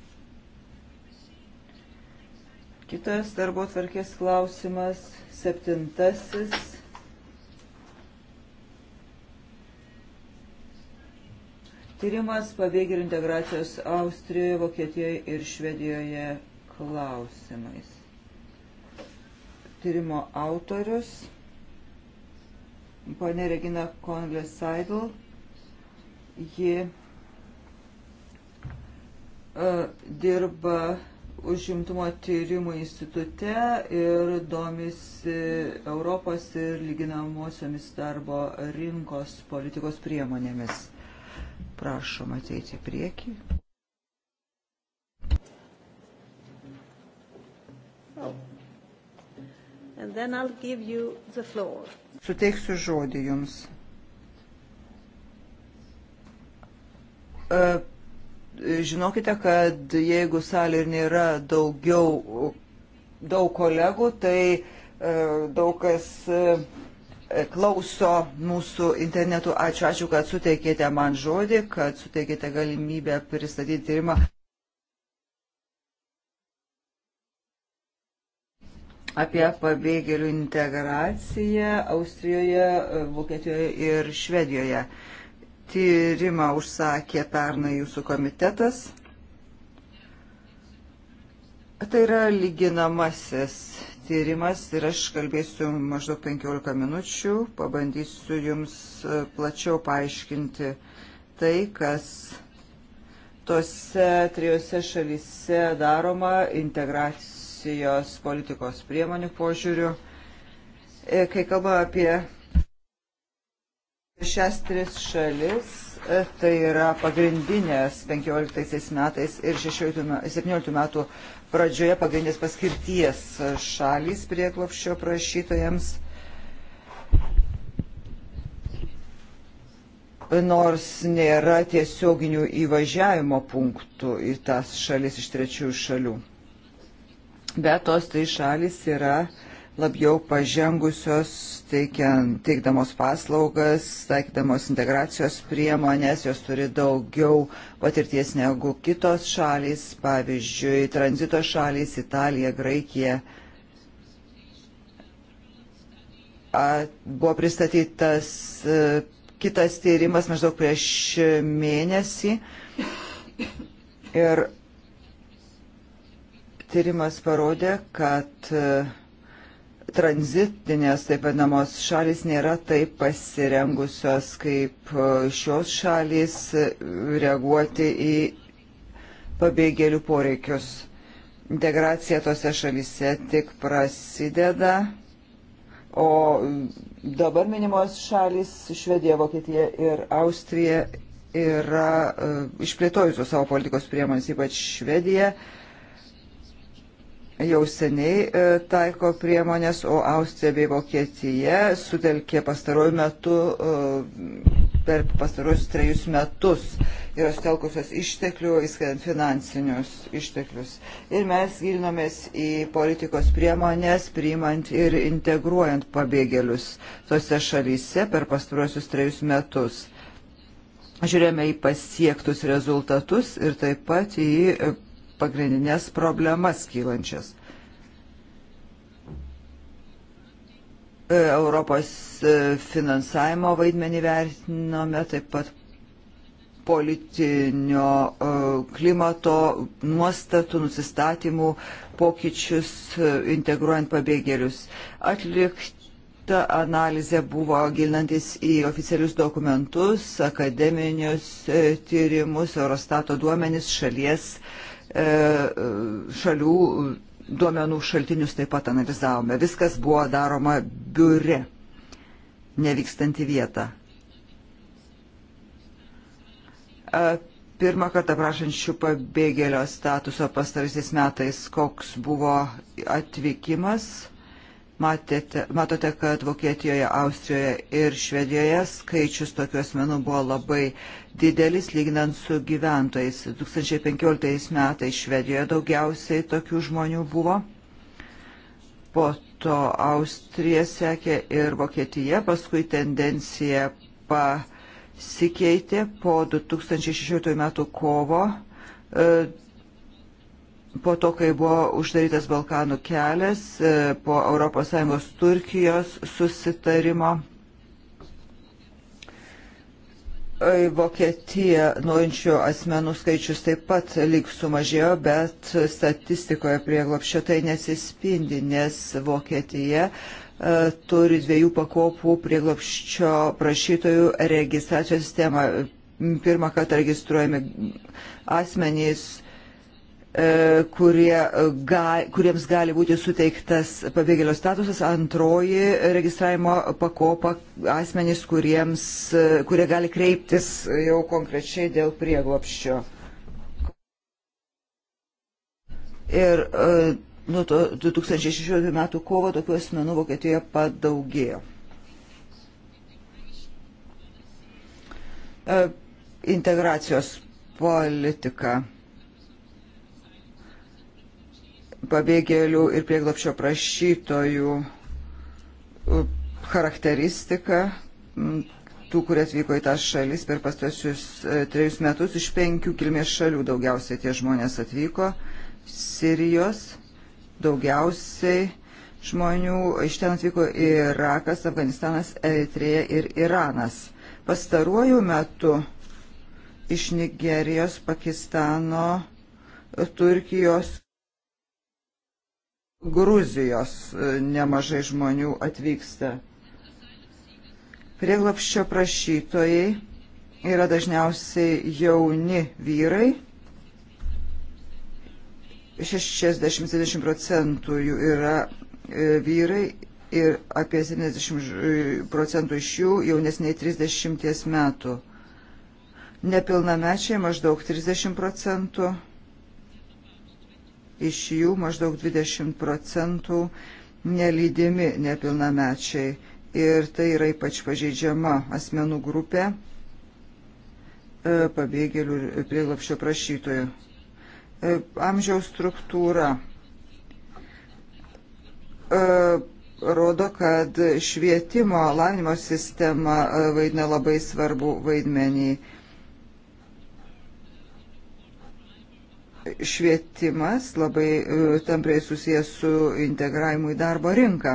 Kitas darbo tvarkės klausimas, septintasis tyrimas pabėgėlių integracijos Austrijoje, Vokietijoje ir Švedijoje klausimais. Tyrimo autorius ponė Regina Konglė Seidl, ji uh, dirba užimtumo tyrimų institute ir domisi Europos ir lyginamosiomis darbo rinkos politikos priemonėmis. Prašom ateiti į priekį. Oh. Suteiksiu žodį jums. E, žinokite, kad jeigu salė ir nėra daugiau daug kolegų, tai e, daug kas e, klauso mūsų internetu. Ačiū, ačiū, kad suteikėte man žodį, kad suteikėte galimybę pristatyti tyrimą. apie pabėgėlių integraciją Austrijoje, Vokietijoje ir Švedijoje. Tyrimą užsakė pernai jūsų komitetas. Tai yra lyginamasis tyrimas ir aš kalbėsiu maždaug 15 minučių, pabandysiu jums e, plačiau paaiškinti tai, kas tose trijose šalyse daroma integracijos politikos priemonių požiūriu. E, kai kalba apie šias tris šalis, e, tai yra pagrindinės 15 metais ir 16, 17 metų pradžioje pagrindės paskirties šalys prieglopščio prašytojams. Nors nėra tiesioginių įvažiavimo punktų į tas šalis iš trečiųjų šalių. Bet tos tai šalis yra uh, labiau pažengusios, teikiant, teikdamos paslaugas, taikydamos integracijos priemonės, jos turi daugiau patirties negu kitos šalys, pavyzdžiui, tranzito šalys Italija, Graikija. A, buvo pristatytas a, e, kitas tyrimas maždaug prieš mėnesį ir tyrimas parodė, kad a, e, tranzitinės taip vadinamos šalis nėra taip pasirengusios kaip e, šios šalis e, reaguoti į pabėgėlių poreikius. Integracija tose šalise tik prasideda, o dabar minimos šalis Švedija, Vokietija ir Austrija yra e, išplėtojusios savo politikos priemonės, ypač Švedija. Uh, jau seniai e, taiko priemonės, o Austrija bei Vokietija sutelkė pastaruoju metu e, per pastaruosius trejus metus yra sutelkusios išteklių, įskaitant finansinius išteklius. Ir mes gilinomės į politikos priemonės, priimant ir integruojant pabėgėlius tose šalyse per pastaruosius trejus metus. Žiūrėjome į pasiektus rezultatus ir taip pat į pagrindinės problemas kylančias. E, Europos e, finansavimo vaidmenį vertinome, taip pat politinio e, klimato nuostatų, nusistatymų pokyčius, integruojant pabėgėlius. Atlikta analizė buvo gilinantis į oficialius dokumentus, akademinius tyrimus, Eurostato duomenis, šalies uh, E, šalių duomenų šaltinius taip pat analizavome. Viskas buvo daroma biure, nevykstant į vietą. E, pirmą kartą prašančių pabėgėlio statuso pastarysiais metais, koks buvo atvykimas Matėte, matote, kad Vokietijoje, Austrijoje ir Švedijoje skaičius tokių asmenų buvo labai didelis, lyginant su gyventojais. 2015 metais Švedijoje daugiausiai tokių žmonių buvo. Po to Austrija sekė ir Vokietija, paskui tendencija pasikeitė po 2016 metų kovo e, po to, kai buvo uždarytas Balkanų kelias, e, po ES Turkijos susitarimo. E, Vokietija norinčių asmenų skaičius taip pat lyg sumažėjo, bet statistikoje prieglopščio tai nesispindi, nes Vokietija e, turi dviejų pakopų prieglopščio prašytojų registracijos sistemą. Pirmą kartą registruojami asmenys E, kurie, e, ga, kuriems gali būti suteiktas pabėgėlio statusas, antroji registravimo pakopa asmenys, kuriems, e, kurie gali kreiptis jau konkrečiai dėl prieglopščio. Ir nuo 2016 metų kovo tokių asmenų Vokietijoje padaugėjo. Integracijos politika pabėgėlių ir prieglopščio prašytojų charakteristika tų, kurie atvyko į tą šalis per pastasius e, trejus metus. Iš penkių kilmės šalių daugiausiai tie žmonės atvyko. Sirijos daugiausiai žmonių iš ten atvyko Irakas, Afganistanas, Eritreja ir Iranas. Pastaruoju metu iš Nigerijos, Pakistano, Turkijos Gruzijos e, nemažai žmonių atvyksta. Prieglapščio prašytojai yra dažniausiai jauni vyrai. 60-70 procentų jų yra e, vyrai ir apie 70 e, procentų iš jų jaunesniai 30 metų. Nepilnamečiai maždaug 30 procentų iš jų maždaug 20 procentų nelydimi nepilnamečiai. Ir tai yra ypač pažeidžiama asmenų grupė e, pabėgėlių ir prieglapščio prašytojų. E, amžiaus struktūra e, rodo, kad švietimo, lavinimo sistema vaidina labai svarbu vaidmenį Švietimas labai e, tampriai susijęs su integravimu į darbo rinką.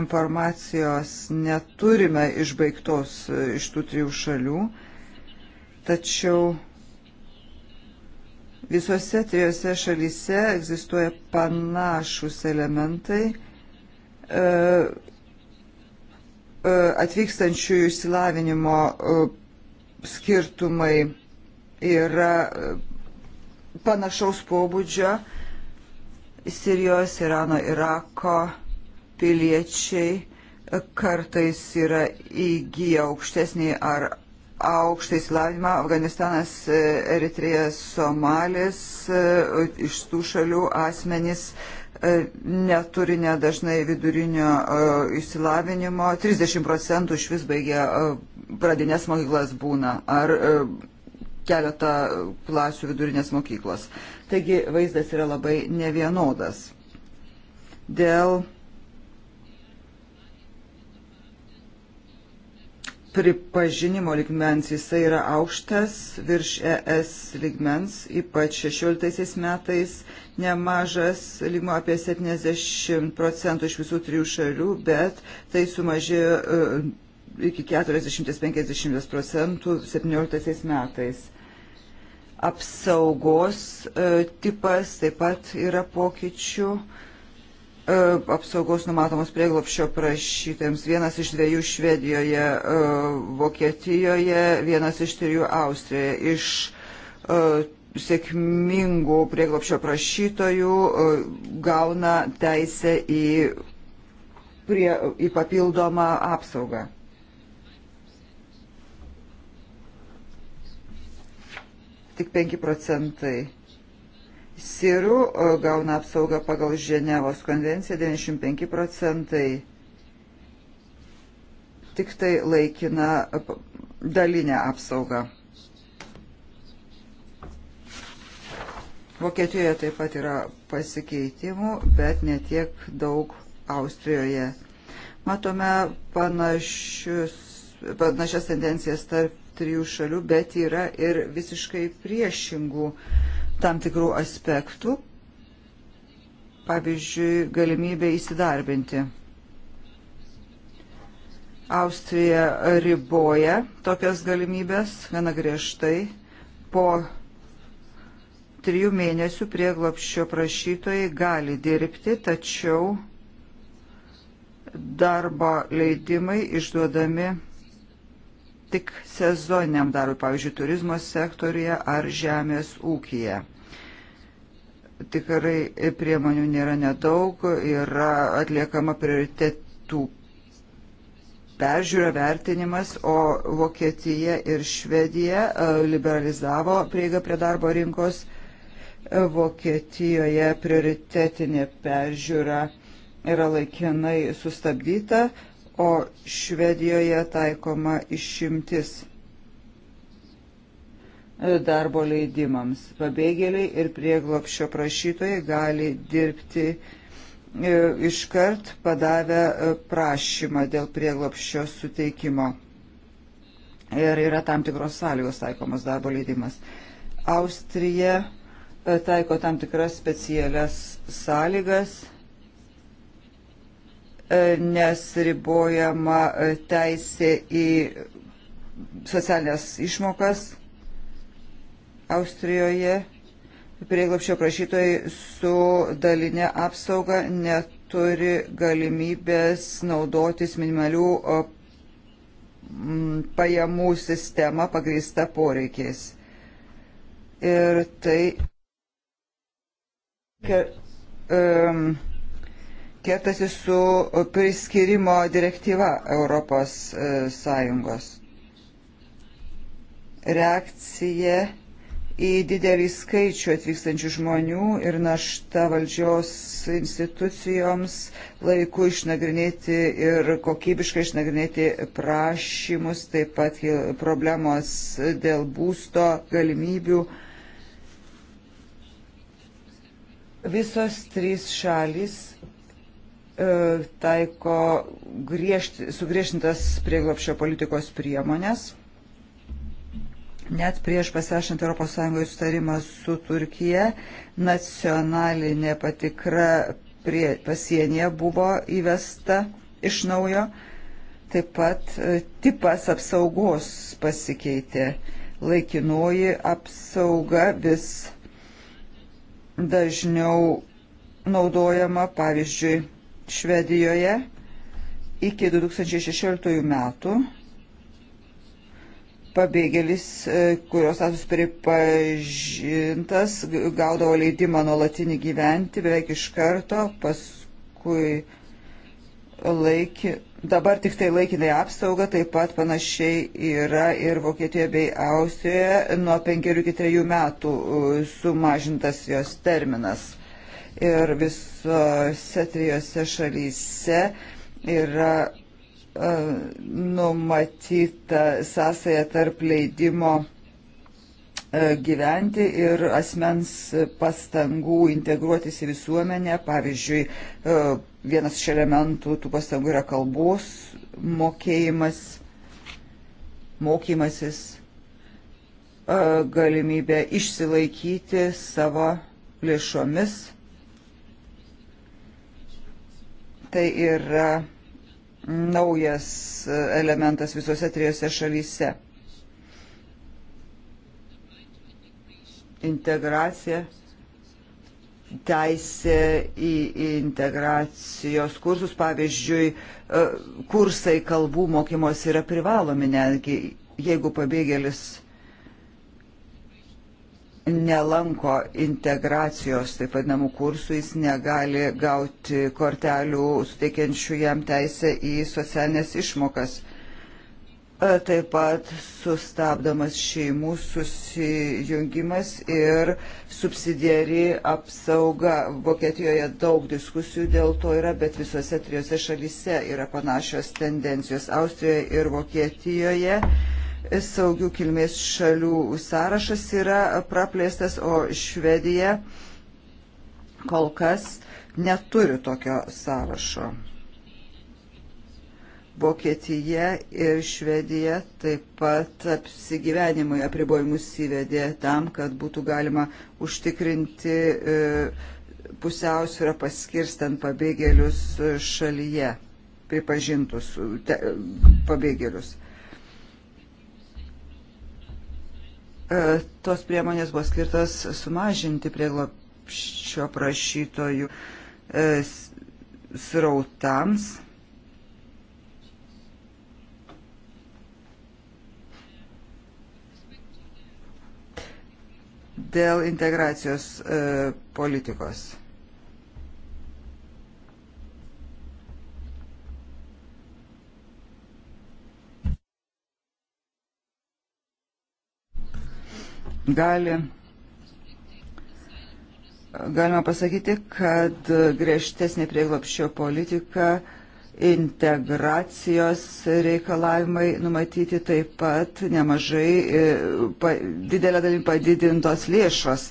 Informacijos neturime išbaigtos e, iš tų trijų šalių, tačiau visose trijose šalyse egzistuoja panašus elementai e, atvykstančiųjų išsilavinimo skirtumai yra e, panašaus pobūdžio Sirijos, Irano, Irako piliečiai e, kartais yra įgyję aukštesnį ar aukštą įsilavinimą Afganistanas, e, Eritreja, Somalis, iš tų šalių asmenys neturi nedažnai vidurinio įsilavinimo, 30 procentų iš vis baigia pradinės mokyklas būna, ar keletą klasių vidurinės mokyklos. Taigi vaizdas yra labai nevienodas. Dėl pripažinimo ligmens jisai yra aukštas virš ES ligmens, ypač 16 metais nemažas lygmo apie 70 procentų iš visų trijų šalių, bet tai sumažėjo e, iki 40-50 procentų 17 metais apsaugos e, tipas, taip pat yra pokyčių e, apsaugos numatomos prieglopščio prašytėms. Vienas iš dviejų Švedijoje, e, Vokietijoje, vienas iš trijų Austrijoje. Iš sėkmingų prieglopščio prašytojų gauna teisę į, prie, į papildomą apsaugą. tik 5 procentai. Sirų gauna apsaugą pagal Ženevos konvenciją 95 procentai. Tik tai laikina dalinę apsaugą. Vokietijoje taip pat yra pasikeitimų, bet netiek daug Austrijoje. Matome panašius, panašias tendencijas tarp trijų šalių, bet yra ir visiškai priešingų tam tikrų aspektų, pavyzdžiui, galimybė įsidarbinti. Austrija riboja tokias galimybės gana griežtai. Po trijų mėnesių prieglopščio prašytojai gali dirbti, tačiau darbo leidimai išduodami tik sezoniniam darbui, pavyzdžiui, turizmo sektorija ar žemės ūkija. Tikrai priemonių nėra nedaug, yra atliekama prioritetų peržiūra vertinimas, o Vokietija ir Švedija e, liberalizavo prieigą prie darbo rinkos. E, Vokietijoje prioritetinė peržiūra yra laikinai sustabdyta, o Švedijoje taikoma išimtis darbo leidimams. Pabėgėliai ir prieglopščio prašytojai gali dirbti e, iškart padavę e, prašymą dėl prieglopščio suteikimo. Ir yra tam tikros sąlygos taikomas darbo leidimas. Austrija e, taiko tam tikras specialias sąlygas E, nes ribojama e, teisė į socialinės išmokas Austrijoje. Prieglapščio prašytojai su dalinė apsauga neturi galimybės naudotis minimalių pajamų sistema pagrįsta poreikiais. Ir tai um, kertasi su priskirimo direktyva Europos e, Sąjungos. Reakcija į didelį skaičių atvykstančių žmonių ir našta valdžios institucijoms laiku išnagrinėti ir kokybiškai išnagrinėti prašymus, taip pat problemos dėl būsto galimybių. Visos trys šalis E, taiko griežt, sugriešintas prieglopščio politikos priemonės. Net prieš pasirašant ES sutarimą su Turkija, nacionalinė patikra prie pasienyje buvo įvesta iš naujo. Taip pat e, tipas apsaugos pasikeitė. Laikinoji apsauga vis dažniau naudojama, pavyzdžiui, Švedijoje iki 2016 metų pabėgėlis, e, kurios status pripažintas, gaudavo leidimą nuolatinį gyventi beveik iš karto, paskui laikį, dabar tik tai laikinai apsauga, taip pat panašiai yra ir Vokietijoje bei Austrijoje nuo 5 iki 3 metų sumažintas jos terminas ir visose trijose šalyse yra e, numatyta sąsaja tarp leidimo e, gyventi ir asmens pastangų integruotis į visuomenę. Pavyzdžiui, e, vienas iš elementų tų pastangų yra kalbos mokėjimas, mokymasis, galimybė išsilaikyti savo lėšomis Tai yra naujas elementas visose trijose šalyse. Integracija teisė į integracijos kursus, pavyzdžiui, e, kursai kalbų mokymos yra privalomi netgi, jeigu pabėgėlis nelanko integracijos, taip vadinamų kursų, jis negali gauti kortelių suteikiančių jam teisę į socialinės išmokas. E, taip pat sustabdomas šeimų susijungimas ir subsidiari apsauga. Vokietijoje daug diskusijų dėl to yra, bet visose trijose šalyse yra panašios tendencijos. Austrijoje ir Vokietijoje saugių kilmės šalių sąrašas yra praplėstas, o Švedija kol kas neturi tokio sąrašo. Vokietija ir Švedija taip pat apsigyvenimui apribojimus įvedė tam, kad būtų galima užtikrinti e, pusiausvyrą paskirstant pabėgėlius šalyje, pripažintus te, pabėgėlius. E, tos priemonės buvo skirtas sumažinti prieglopščio prašytojų e, srautams. Dėl integracijos e, politikos. gali galima pasakyti, kad griežtesnė prieglopščio politika, integracijos reikalavimai numatyti taip pat nemažai, e, pa, didelė dalim padidintos lėšos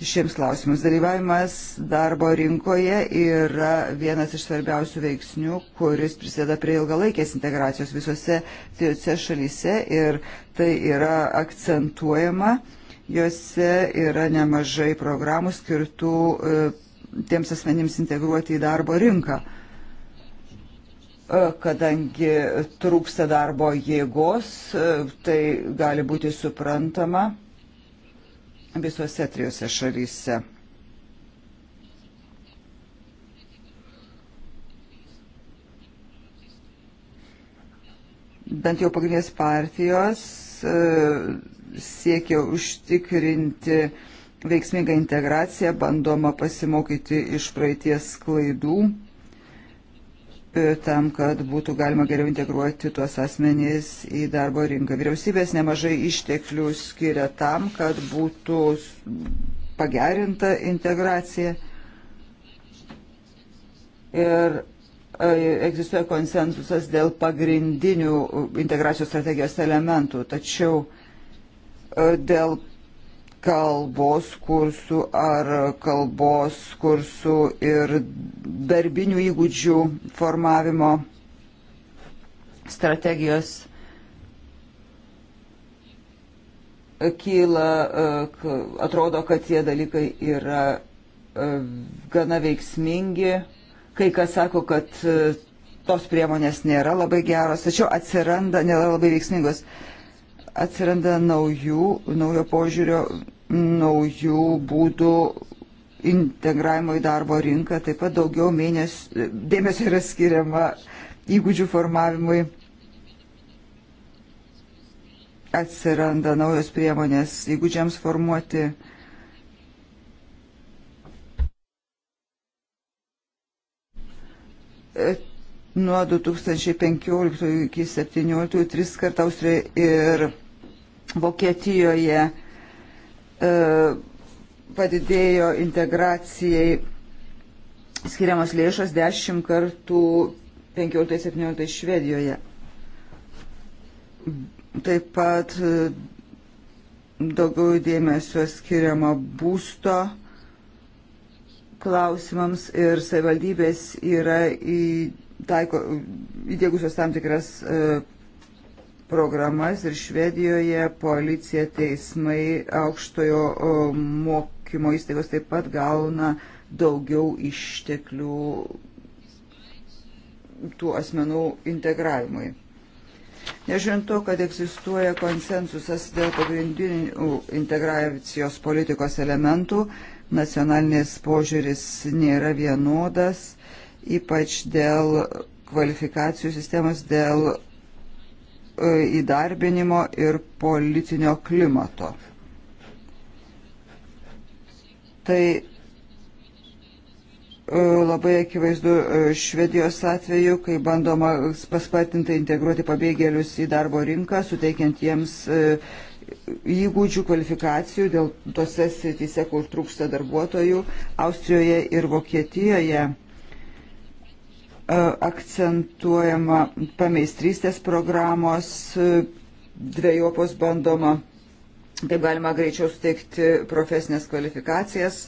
šiems klausimus. Dalyvavimas darbo rinkoje yra vienas iš svarbiausių veiksnių, kuris prisėda prie ilgalaikės integracijos visose trijose šalyse ir tai yra akcentuojama Juose yra nemažai programų skirtų e, tiems asmenims integruoti į darbo rinką e, kadangi trūksta darbo jėgos, e, tai gali būti suprantama visose trijose šalyse. Bent jau pagrindinės partijos siekia užtikrinti veiksmingą integraciją, bandoma pasimokyti iš praeities klaidų e, tam, kad būtų galima geriau integruoti tuos asmenys į darbo rinką. Vyriausybės nemažai išteklių skiria tam, kad būtų pagerinta integracija. Ir e, egzistuoja konsensusas dėl pagrindinių integracijos strategijos elementų, tačiau E, dėl kalbos kursų ar kalbos kursų ir darbinių įgūdžių formavimo strategijos kyla, e, atrodo, kad tie dalykai yra e, gana veiksmingi. Kai kas sako, kad tos priemonės nėra labai geros, tačiau atsiranda, nėra labai veiksmingos. Uh, atsiranda naujų, naujo požiūrio, naujų būdų integravimo į darbo rinką, taip pat daugiau mėnes, dėmesio yra skiriama įgūdžių formavimui, atsiranda naujos priemonės įgūdžiams formuoti. Et Nuo 2015 iki 2017 tris kartą Austrija ir Vokietijoje e, padidėjo integracijai skiriamas lėšas 10 kartų 15-17 Švedijoje. Taip pat e, daugiau dėmesio skiriama būsto klausimams ir savivaldybės yra į taiko, įdėgusios tam tikras e, programas ir Švedijoje policija, teismai, aukštojo o, mokymo įstaigos taip pat gauna daugiau išteklių tų asmenų integravimui. Nežiūrint to, kad egzistuoja konsensusas dėl pagrindinių integracijos politikos elementų, nacionalinės požiūris nėra vienodas ypač dėl kvalifikacijų sistemos, dėl e, įdarbinimo ir politinio klimato. Tai e, labai akivaizdu e, Švedijos atveju, kai bandoma paspartinti integruoti pabėgėlius į darbo rinką, suteikiant jiems įgūdžių, kvalifikacijų dėl tose srityse, kur trūksta darbuotojų, Austrijoje ir Vokietijoje E, akcentuojama pameistrystės programos e, dviejopos bandoma, kaip galima greičiau suteikti profesinės kvalifikacijas.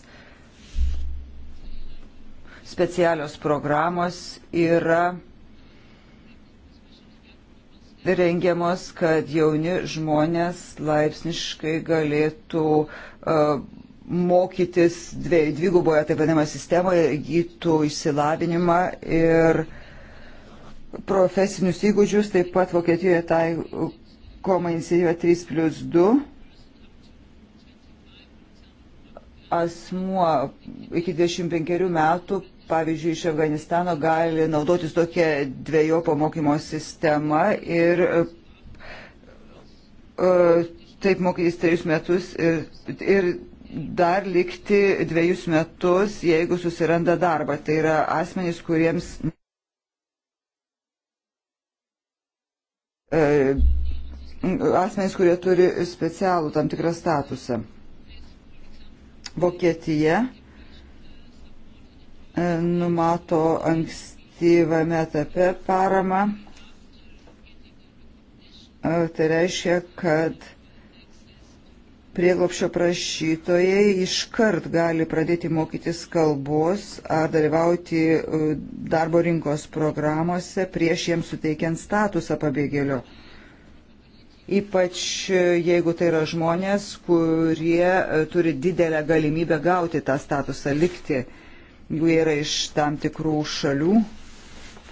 Specialios programos yra rengiamos, kad jauni žmonės laipsniškai galėtų uh, mokytis dviguboje, taip vadinama, sistemoje, įgytų išsilavinimą ir profesinius įgūdžius, taip pat Vokietijoje taikoma iniciatyva 3 plus 2. Asmuo iki 25 metų, pavyzdžiui, iš Afganistano gali naudotis tokia dviejopo mokymo sistema ir uh, taip mokytis trejus metus ir, ir dar likti dviejus metus, jeigu susiranda darbą. Tai yra asmenys, kuriems e, asmenys, kurie turi specialų tam tikrą statusą. Vokietija e, numato ankstyvame etape paramą. E, tai reiškia, kad prieglopšio prašytojai iškart gali pradėti mokytis kalbos ar dalyvauti e, darbo rinkos programuose prieš jiems suteikiant statusą pabėgėlio. Ypač e, jeigu tai yra žmonės, kurie e, turi didelę galimybę gauti tą statusą, likti, jų yra iš tam tikrų šalių,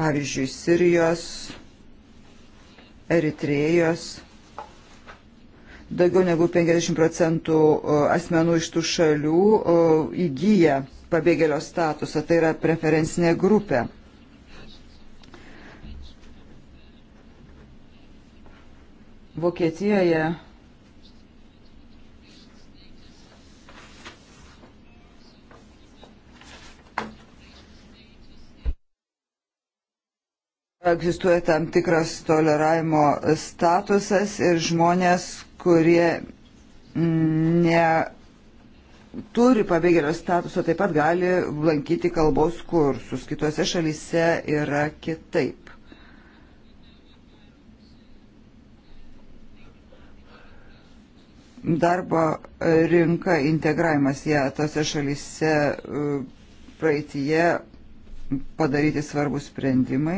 pavyzdžiui, Sirijos, Eritrėjos Daugiau negu 50 procentų asmenų iš tų šalių įgyja pabėgėlio statusą, tai yra preferencinė grupė. Vokietijoje egzistuoja tam tikras toleravimo statusas ir žmonės, kurie neturi pabėgėlio statuso, taip pat gali lankyti kalbos kursus. Kitose šalyse yra kitaip. darbo rinka, integravimas ją tose šalyse e, praeitie padaryti svarbus sprendimai.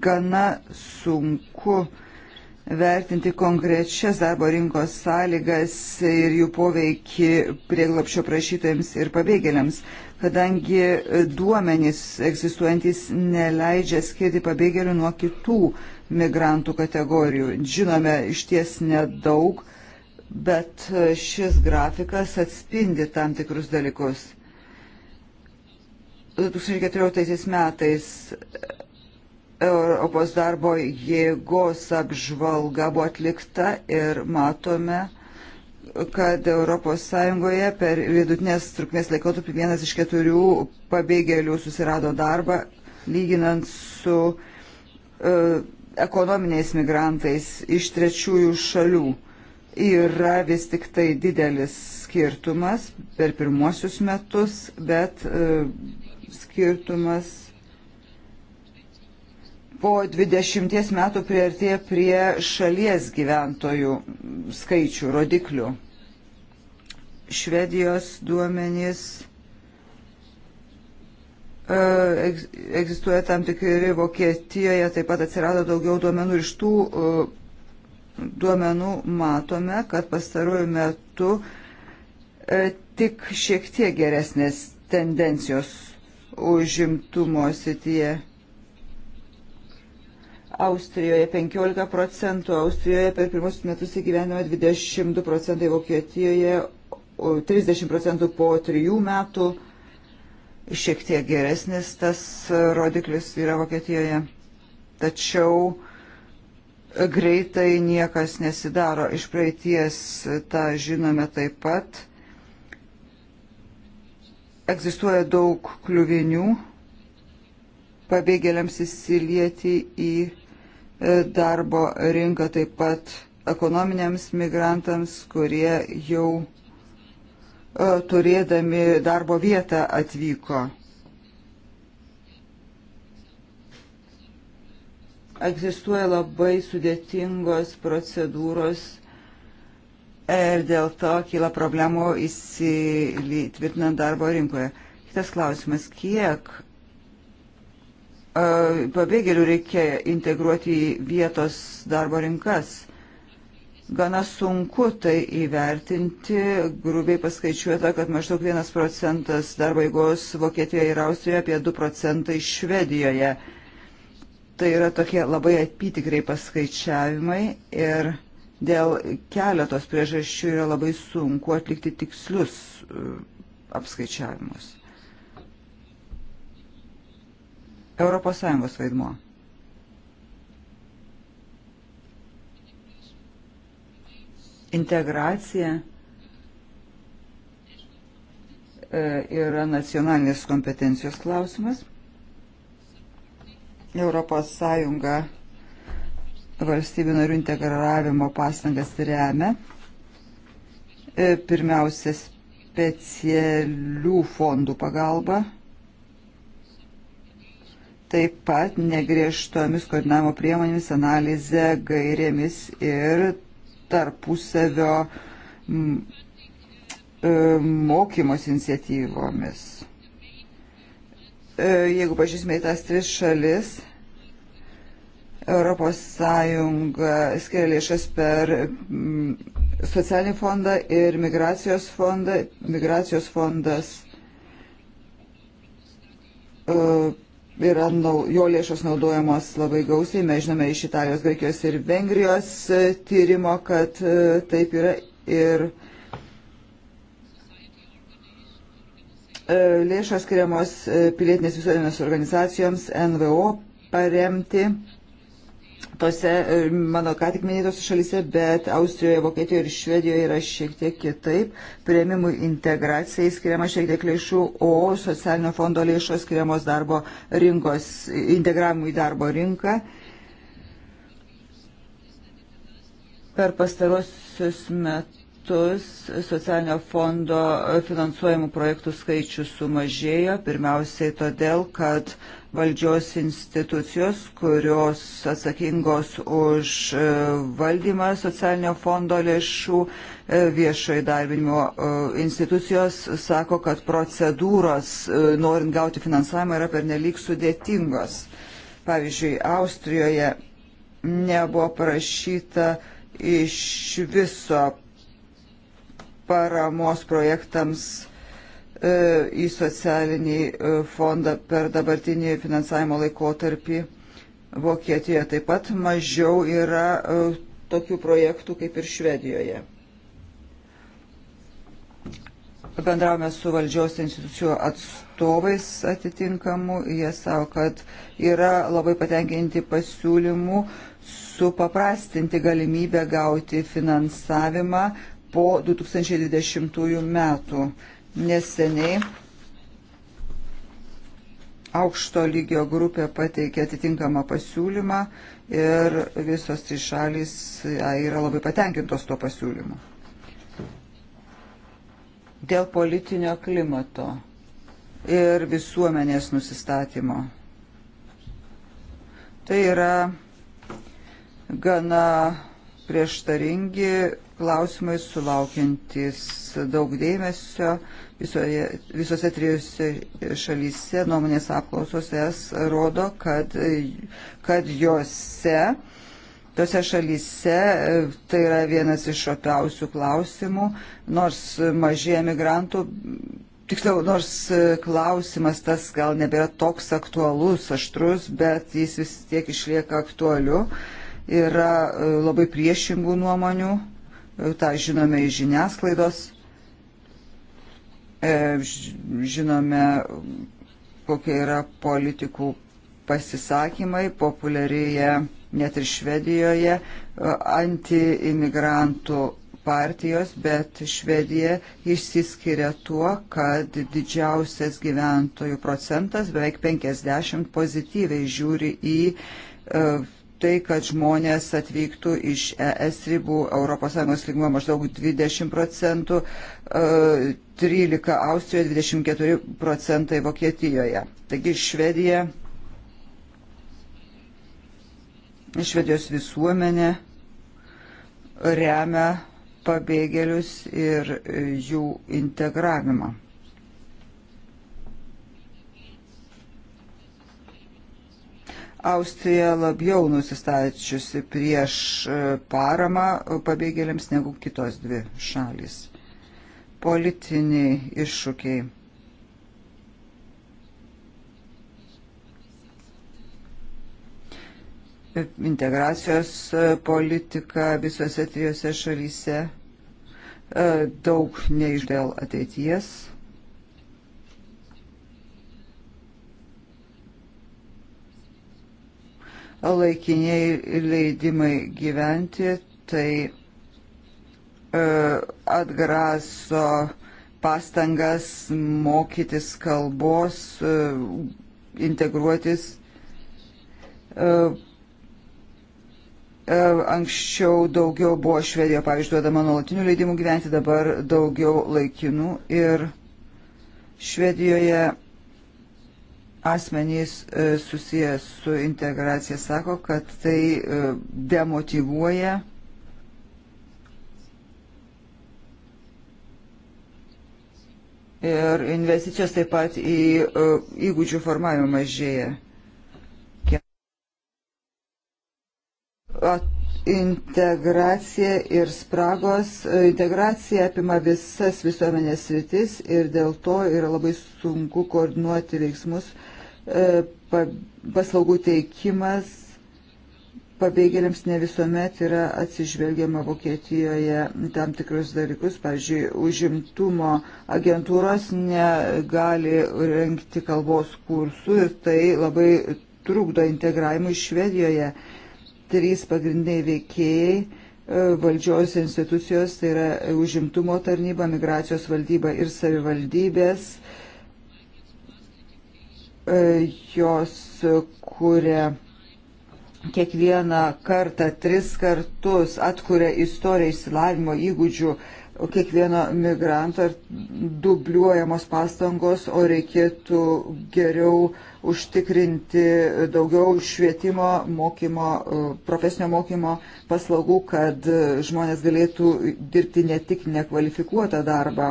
gana sunku vertinti konkrečias darbo rinkos sąlygas ir jų poveikį prieglapšio prašytojams ir pabėgėliams, kadangi duomenys egzistuojantis neleidžia skirti pabėgėlių nuo kitų migrantų kategorijų. Žinome iš ties nedaug, bet šis grafikas atspindi tam tikrus dalykus. 2014 metais Europos darbo jėgos apžvalga buvo atlikta ir matome, kad ES per vidutinės trukmės laikotarpį vienas iš keturių pabėgėlių susirado darbą, lyginant su e, ekonominiais migrantais iš trečiųjų šalių. Yra vis tik tai didelis skirtumas per pirmosius metus, bet e, skirtumas po 20 metų priartėja prie šalies gyventojų skaičių, rodiklių. Švedijos duomenys e, egzistuoja tam tikri Vokietijoje, taip pat atsirado daugiau duomenų iš tų e, duomenų matome, kad pastaruoju metu e, tik šiek tiek geresnės tendencijos užimtumo sityje. Austrijoje 15 procentų, Austrijoje per pirmus metus įgyvenimo 22 procentai, Vokietijoje 30 procentų po trijų metų. Šiek tiek geresnis tas rodiklis yra Vokietijoje. Tačiau greitai niekas nesidaro. Iš praeities tą žinome taip pat. Egzistuoja daug kliuvinių pabėgėliams įsilieti į E, darbo rinką, taip pat ekonominiams migrantams, kurie jau e, turėdami darbo vietą atvyko. Egzistuoja labai sudėtingos procedūros ir dėl to kyla problemų įsitvirtinant darbo rinkoje. Kitas klausimas, kiek pabėgėlių reikia integruoti į vietos darbo rinkas. Gana sunku tai įvertinti, grubiai paskaičiuota, kad maždaug 1 procentas darbo jėgos Vokietijoje ir Austrijoje, apie 2 procentai Švedijoje. Tai yra tokie labai apytikriai paskaičiavimai ir dėl keletos priežasčių yra labai sunku atlikti tikslius e, apskaičiavimus. ES vaidmuo. Integracija e, yra nacionalinės kompetencijos klausimas. Europos Sąjunga valstybių narių integravimo pastangas remia. E, pirmiausia, specialių fondų pagalba taip pat negriežtomis koordinavimo priemonėmis, analize, gairėmis ir tarpusavio e, mokymos iniciatyvomis. E, jeigu pažiūrėsime į tas tris šalis, Europos Sąjunga skiria lėšas per socialinį fondą ir migracijos fondą. Migracijos fondas e, yra nau, jo lėšos naudojamos labai gausiai. Mes žinome iš Italijos, Graikijos ir Vengrijos e, tyrimo, kad e, taip yra ir e, lėšos skiriamos pilietinės visuomenės organizacijoms NVO paremti tose e, mano ką tik minėtose šalise, bet Austrijoje, Vokietijoje ir Švedijoje yra šiek tiek kitaip. Prieimimų integracijai skiriama šiek tiek lėšų, o socialinio fondo lėšos skiriamos darbo rinkos, integravimui į darbo rinką. Per pastarosius metus socialinio fondo finansuojamų projektų skaičius sumažėjo, pirmiausiai todėl, kad uh, valdžios institucijos, kurios atsakingos už e, valdymą socialinio fondo lėšų, e, viešo įdarbinimo e, institucijos sako, kad procedūros norint gauti finansavimą yra pernelyg sudėtingos. Pavyzdžiui, Austrijoje nebuvo parašyta iš viso paramos projektams E, į socialinį e, fondą per dabartinį finansavimo laikotarpį. Vokietijoje taip pat mažiau yra e, tokių projektų kaip ir Švedijoje. Bendravome su valdžios institucijų atstovais atitinkamų. Jie savo, kad yra labai patenkinti pasiūlymų supaprastinti galimybę gauti finansavimą po 2020 metų. Neseniai aukšto lygio grupė pateikė atitinkamą pasiūlymą ir visos trys šalys yra labai patenkintos tuo pasiūlymu. Dėl politinio klimato ir visuomenės nusistatymo. Tai yra gana prieštaringi klausimai sulaukiantis daug dėmesio visoje, visose trijose šalyse nuomonės apklausos es rodo, kad, kad jose, tose šalyse tai yra vienas iš opiausių klausimų, nors mažai emigrantų, tiksliau, nors klausimas tas gal nebėra toks aktualus, aštrus, bet jis vis tiek išlieka aktualiu. Yra e, labai priešingų nuomonių, e, tą žinome iš žiniasklaidos E, žinome, kokie yra politikų pasisakymai, populiarėja net ir Švedijoje e, antiimigrantų partijos, bet Švedija išsiskiria tuo, kad didžiausias gyventojų procentas, beveik 50, pozityviai žiūri į e, tai, kad žmonės atvyktų iš ES ribų, ES lygmo maždaug 20 procentų, 13 Austrijoje, 24 procentai Vokietijoje. Taigi Švedija, Švedijos visuomenė remia pabėgėlius ir jų integravimą. Austrija labiau nusistačiusi prieš e, paramą pabėgėliams negu kitos dvi šalis politiniai iššūkiai. Integracijos politika visose trijose šalyse e, daug neišdėl ateities. Laikiniai leidimai gyventi, tai E, atgraso pastangas mokytis kalbos, e, integruotis. E, anksčiau daugiau buvo Švedija, pavyzdžiui, duodama nuolatinių leidimų gyventi, dabar daugiau laikinų ir Švedijoje asmenys susijęs su integracija sako, kad tai demotivuoja ir investicijos taip pat į e, įgūdžių formavimą mažėja. Integracija ir spragos. E, integracija apima visas visuomenės sritis ir dėl to yra labai sunku koordinuoti veiksmus. E, paslaugų teikimas pabėgėliams ne visuomet yra atsižvelgiama Vokietijoje tam tikrus dalykus. Pavyzdžiui, užimtumo agentūros negali rengti kalbos kursų ir tai labai trukdo integravimui Švedijoje. Trys pagrindiniai veikėjai e, valdžios institucijos, tai yra užimtumo tarnyba, migracijos valdyba ir savivaldybės, e, jos kuria kiekvieną kartą tris kartus atkuria istoriją įsilavinimo įgūdžių kiekvieno migranto ir dubliuojamos pastangos, o reikėtų geriau užtikrinti daugiau švietimo, mokymo, e, profesinio mokymo paslaugų, kad žmonės galėtų dirbti ne tik nekvalifikuotą darbą.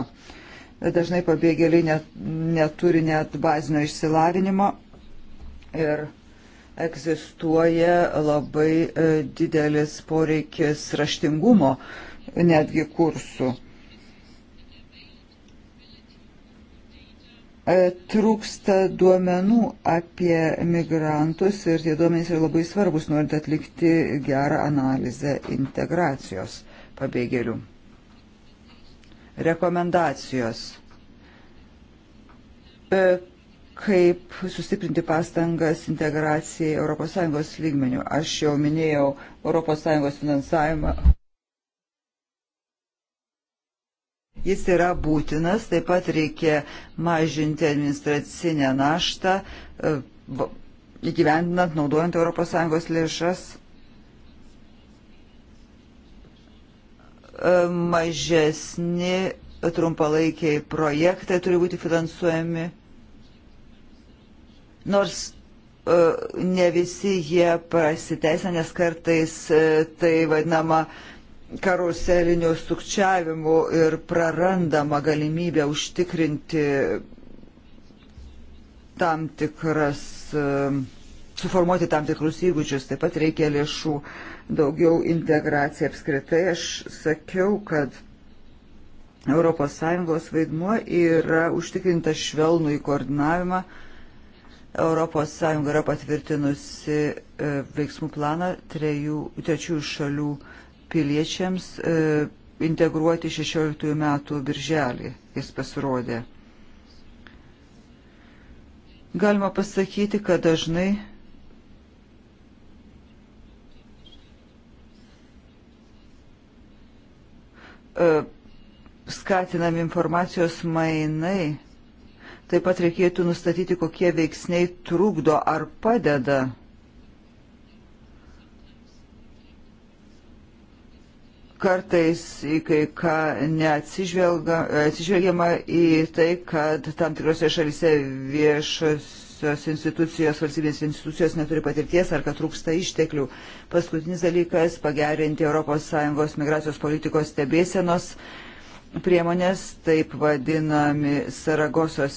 Dažnai pabėgėliai net, neturi net bazinio išsilavinimo. Ir egzistuoja labai e, didelis poreikis raštingumo netgi kursų. E, trūksta duomenų apie migrantus ir tie duomenys yra labai svarbus, norint atlikti gerą analizę integracijos pabėgėlių. Rekomendacijos. E, kaip sustiprinti pastangas integracijai ES lygmenių. Aš jau minėjau ES finansavimą. Jis yra būtinas, taip pat reikia mažinti administracinę naštą, e, įgyvendinant, naudojant ES lėšas. E, mažesni trumpalaikiai projektai turi būti finansuojami Nors e, ne visi jie pasiteisina, nes kartais e, tai vadinama karuseliniu sukčiavimu ir prarandama galimybė užtikrinti tam tikras, e, suformuoti tam tikrus įgūdžius. Taip pat reikia lėšų daugiau integracijai apskritai. Aš sakiau, kad ES vaidmuo yra užtikrinta švelnų į koordinavimą ES yra patvirtinusi e, veiksmų planą trejų, trečių šalių piliečiams e, integruoti 16 metų birželį. Jis pasirodė. Galima pasakyti, kad dažnai e, skatinami informacijos mainai Taip pat reikėtų nustatyti, kokie veiksniai trukdo ar padeda. Kartais į kai ką neatsižvelgiama į tai, kad tam tikrose šalise viešas institucijos, institucijos, valstybės institucijos neturi patirties ar kad trūksta išteklių. Paskutinis dalykas - pagerinti ES migracijos politikos stebėsenos priemonės, taip vadinami Saragosos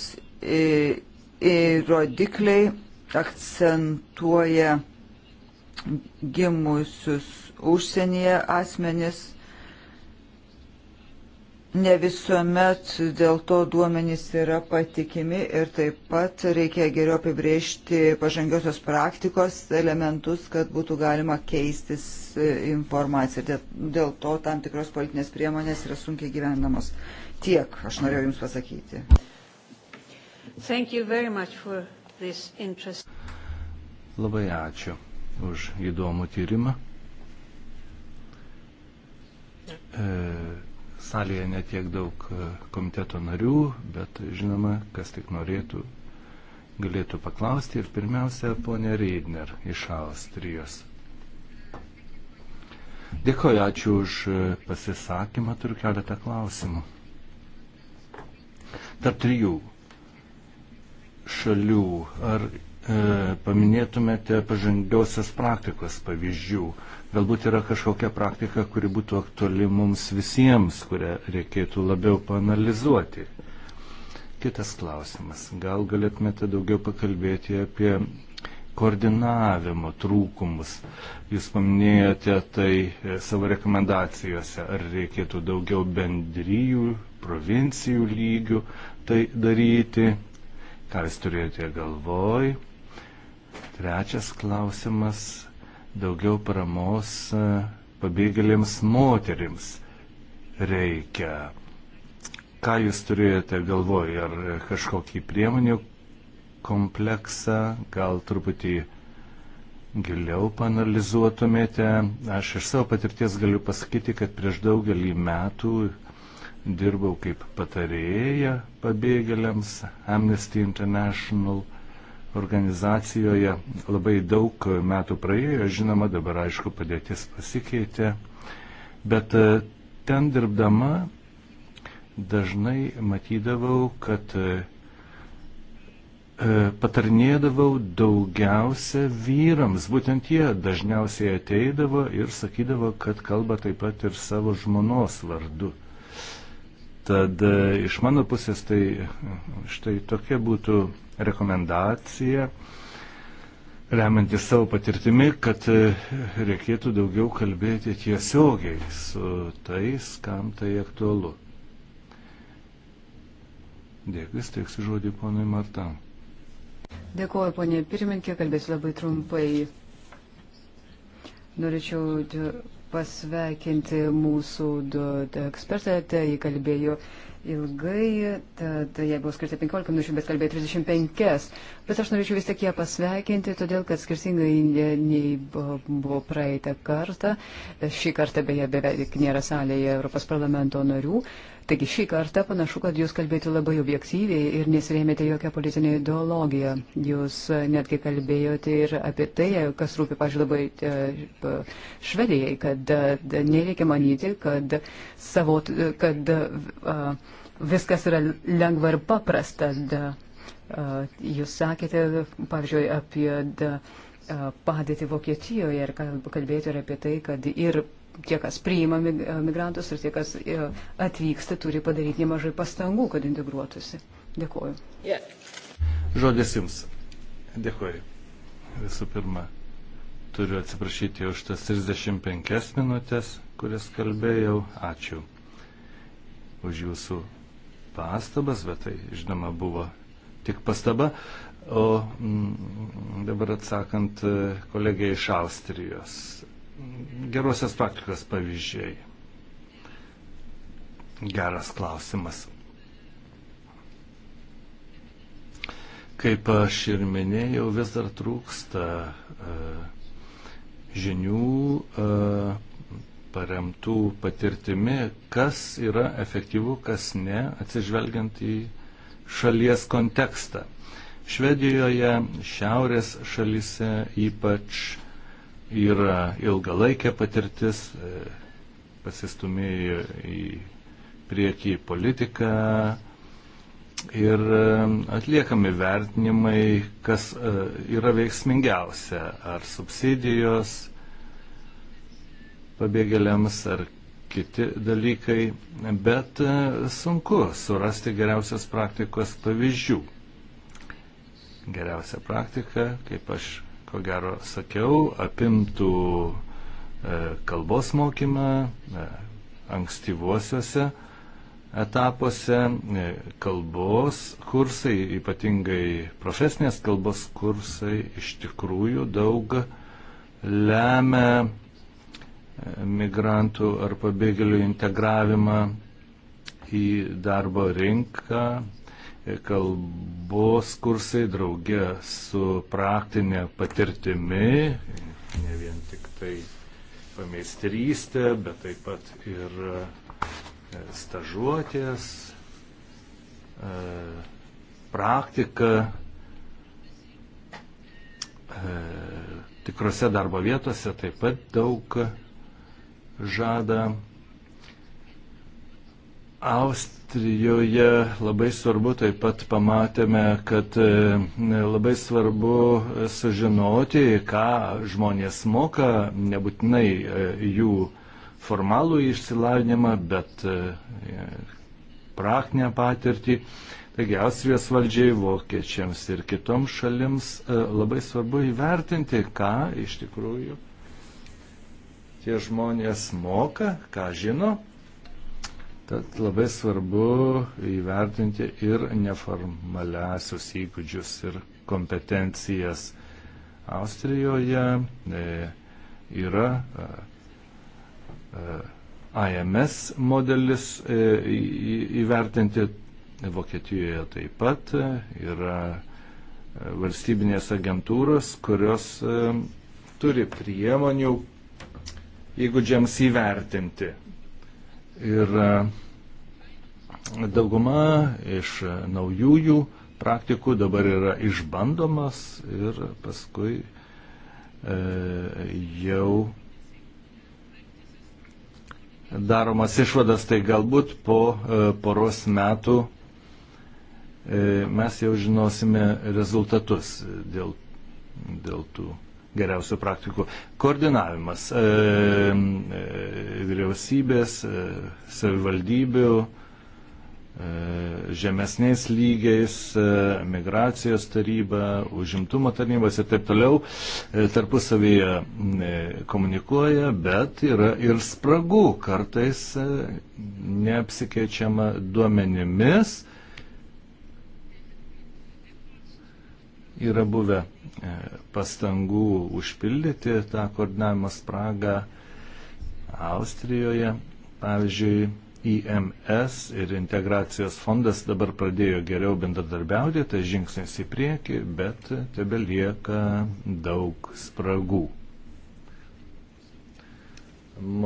įrodikliai, akcentuoja gimusius užsienyje asmenis ne visuomet dėl to duomenys yra patikimi ir taip pat reikia geriau apibriežti pažangiosios praktikos elementus, kad būtų galima keistis e, informaciją. Dėl to tam tikros politinės priemonės yra sunkiai gyvendamos. Tiek aš norėjau Jums pasakyti. Labai ačiū už įdomų tyrimą. E salėje netiek daug e, komiteto narių, bet žinoma, kas tik norėtų, galėtų paklausti. Ir pirmiausia, ponė Reidner iš Austrijos. Dėkoju, ačiū už e, pasisakymą, turiu keletą klausimų. Tarp trijų šalių, ar e, paminėtumėte pažangiausias praktikos pavyzdžių? E, Galbūt yra kažkokia praktika, kuri būtų aktuali mums visiems, kurią reikėtų labiau panalizuoti. Kitas klausimas. Gal galėtumėte daugiau pakalbėti apie koordinavimo trūkumus. Jūs paminėjote tai e, savo rekomendacijose, ar reikėtų daugiau bendryjų, provincijų lygių tai daryti, ką jūs turėjote galvoj. Trečias klausimas daugiau paramos e, pabėgėlėms moterims reikia. Ką jūs turėjote galvoje, ar kažkokį priemonių kompleksą, gal truputį giliau panalizuotumėte. Aš iš savo patirties galiu pasakyti, kad prieš daugelį metų dirbau kaip patarėja pabėgėliams Amnesty International – organizacijoje labai daug metų praėjo, žinoma, dabar aišku padėtis pasikeitė, bet e, ten dirbdama dažnai matydavau, kad e, e, patarnėdavau daugiausia vyrams, būtent jie dažniausiai ateidavo ir sakydavo, kad kalba taip pat ir savo žmonos vardu. Tad e, iš mano pusės tai štai tokia būtų rekomendacija, remiantis savo patirtimi, kad e, reikėtų daugiau kalbėti tiesiogiai su tais, kam tai aktualu. Dėkui, steiksiu žodį ponui Martam. Dėkuoju, ponė pirmininkė, kalbėsiu labai trumpai. Norėčiau pasveikinti mūsų ekspertą, tai jį kalbėjo ilgai, tad jai buvo skirta 15 minučių, bet kalbėjo 35. Bet aš norėčiau vis tiek ją pasveikinti, todėl kad skirtingai nei buvo praeitą kartą, šį kartą beje beveik nėra salėje Europos parlamento narių. Uh, Taigi šį kartą panašu, kad jūs kalbėjote labai objektyviai ir nesirėmėte jokią politinę ideologiją. Jūs netgi kalbėjote ir apie tai, kas rūpi, pažiūrėjau, labai e, švedijai, kad e, nereikia manyti, kad, savo, kad e, viskas yra lengva ir paprasta. Jūs sakėte, pavyzdžiui, apie padėtį Vokietijoje ir kalbėjote ir apie tai, kad ir tie, kas priima migrantus ir tie, kas e, atvyksta, turi padaryti nemažai pastangų, kad integruotųsi. Dėkuoju. Yeah. Žodis Jums. Dėkuoju. Visų pirma, turiu atsiprašyti už tas 35 minutės, kurias kalbėjau. Ačiū už Jūsų pastabas, bet tai, žinoma, buvo tik pastaba. O m, mm, dabar atsakant e, kolegiai iš Austrijos gerosios praktikos pavyzdžiai? Geras klausimas. Kaip aš ir minėjau, vis dar trūksta e, žinių e, paremtų patirtimi, kas yra efektyvu, kas ne, atsižvelgiant į šalies kontekstą. Švedijoje, šiaurės šalise ypač yra ilgalaikė patirtis, e, pasistumėjo į priekį politiką ir e, atliekami vertinimai, kas e, yra veiksmingiausia, ar subsidijos pabėgėliams, ar kiti dalykai, bet sunku surasti geriausios praktikos pavyzdžių. Geriausia praktika, kaip aš ko gero sakiau, apimtų e, kalbos mokymą e, ankstyvuosiuose etapuose, e, kalbos kursai, ypatingai profesinės kalbos kursai iš tikrųjų daug lemia migrantų ar pabėgėlių integravimą į darbo rinką, kalbos kursai draugė su praktinė patirtimi, ne vien tik tai pameistrystė, bet taip pat ir e, stažuotės, e, praktika e, tikrose darbo vietose taip pat daug žada Austrijoje labai svarbu taip pat pamatėme, kad e, labai svarbu e, sužinoti, ką žmonės moka, nebūtinai e, jų formalų išsilavinimą, bet praktinę patirtį. Taigi Austrijos valdžiai, vokiečiams ir kitoms šalims labai svarbu įvertinti, ką iš tikrųjų tie žmonės moka, ką žino Tad labai svarbu įvertinti ir neformaliasius įgūdžius ir kompetencijas. Austrijoje e, yra e, e, AMS modelis įvertinti, Vokietijoje taip pat yra valstybinės agentūros, kurios turi priemonių įgūdžiams įvertinti. Ir e, dauguma iš naujųjų praktikų dabar yra išbandomas ir paskui e, jau daromas išvadas, tai galbūt po e, poros metų e, mes jau žinosime rezultatus dėl, dėl tų geriausių praktikų. Koordinavimas e, e, vyriausybės, e, savivaldybių, e, žemesniais lygiais, e, migracijos taryba, užimtumo tarnybos ir taip toliau e, tarpusavyje e, komunikuoja, bet yra ir spragų, kartais e, neapsikeičiama duomenimis. Yra buvę E, pastangų užpildyti tą koordinavimo spragą Austrijoje. Pavyzdžiui, IMS ir integracijos fondas dabar pradėjo geriau bendradarbiauti, tai žingsnis į priekį, bet tebe lieka daug spragų.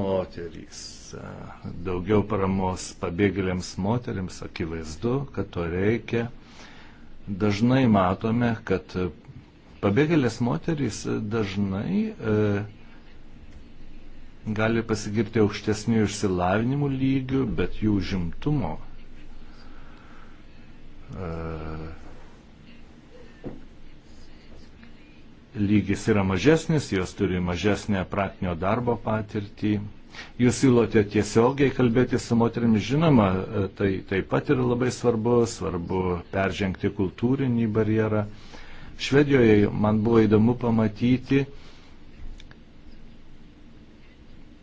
Moterys. Daugiau paramos pabėgėliams moteriams akivaizdu, kad to reikia. Dažnai matome, kad Pabėgėlės moterys dažnai e, gali pasigirti aukštesnių išsilavinimų lygių, bet jų žimtumo e, lygis yra mažesnis, jos turi mažesnę praktinio darbo patirtį. Jūs siūlote tiesiogiai kalbėti su moterimi, žinoma, e, tai taip pat yra labai svarbu, svarbu peržengti kultūrinį barjerą. Švedijoje man buvo įdomu pamatyti,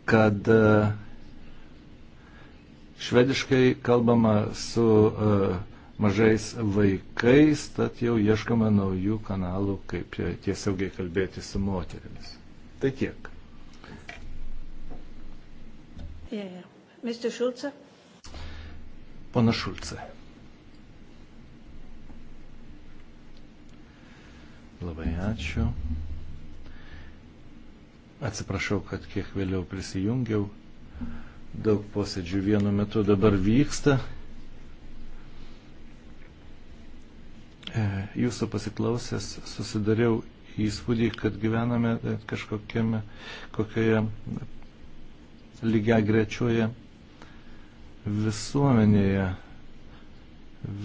kad e, švediškai kalbama su e, mažais vaikais, tad jau ieškama naujų kanalų, kaip e, tiesiogiai kalbėti su moterimis. Tai tiek. Yeah, yeah. Mr. Šulce. Pana Šulce. Labai ačiū. Atsiprašau, kad kiek vėliau prisijungiau. Daug posėdžių vienu metu dabar vyksta. E, jūsų pasiklausęs susidariau įspūdį, kad gyvename e, kažkokiame, kokioje lygia grečioje visuomenėje,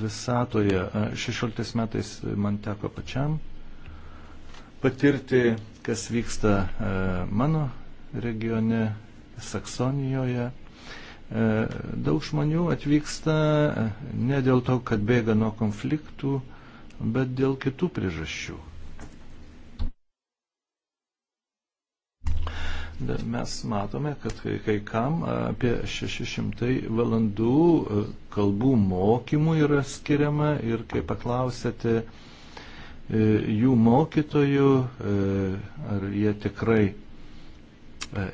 visatoje. 16 e, metais man teko pačiam patirti, kas vyksta e, mano regione, Saksonijoje. E, daug žmonių atvyksta e, ne dėl to, kad bėga nuo konfliktų, bet dėl kitų priežasčių. Mes matome, kad kai, kai kam apie 600 valandų kalbų mokymų yra skiriama ir kai paklausėte, E, jų mokytojų, e, ar jie tikrai e,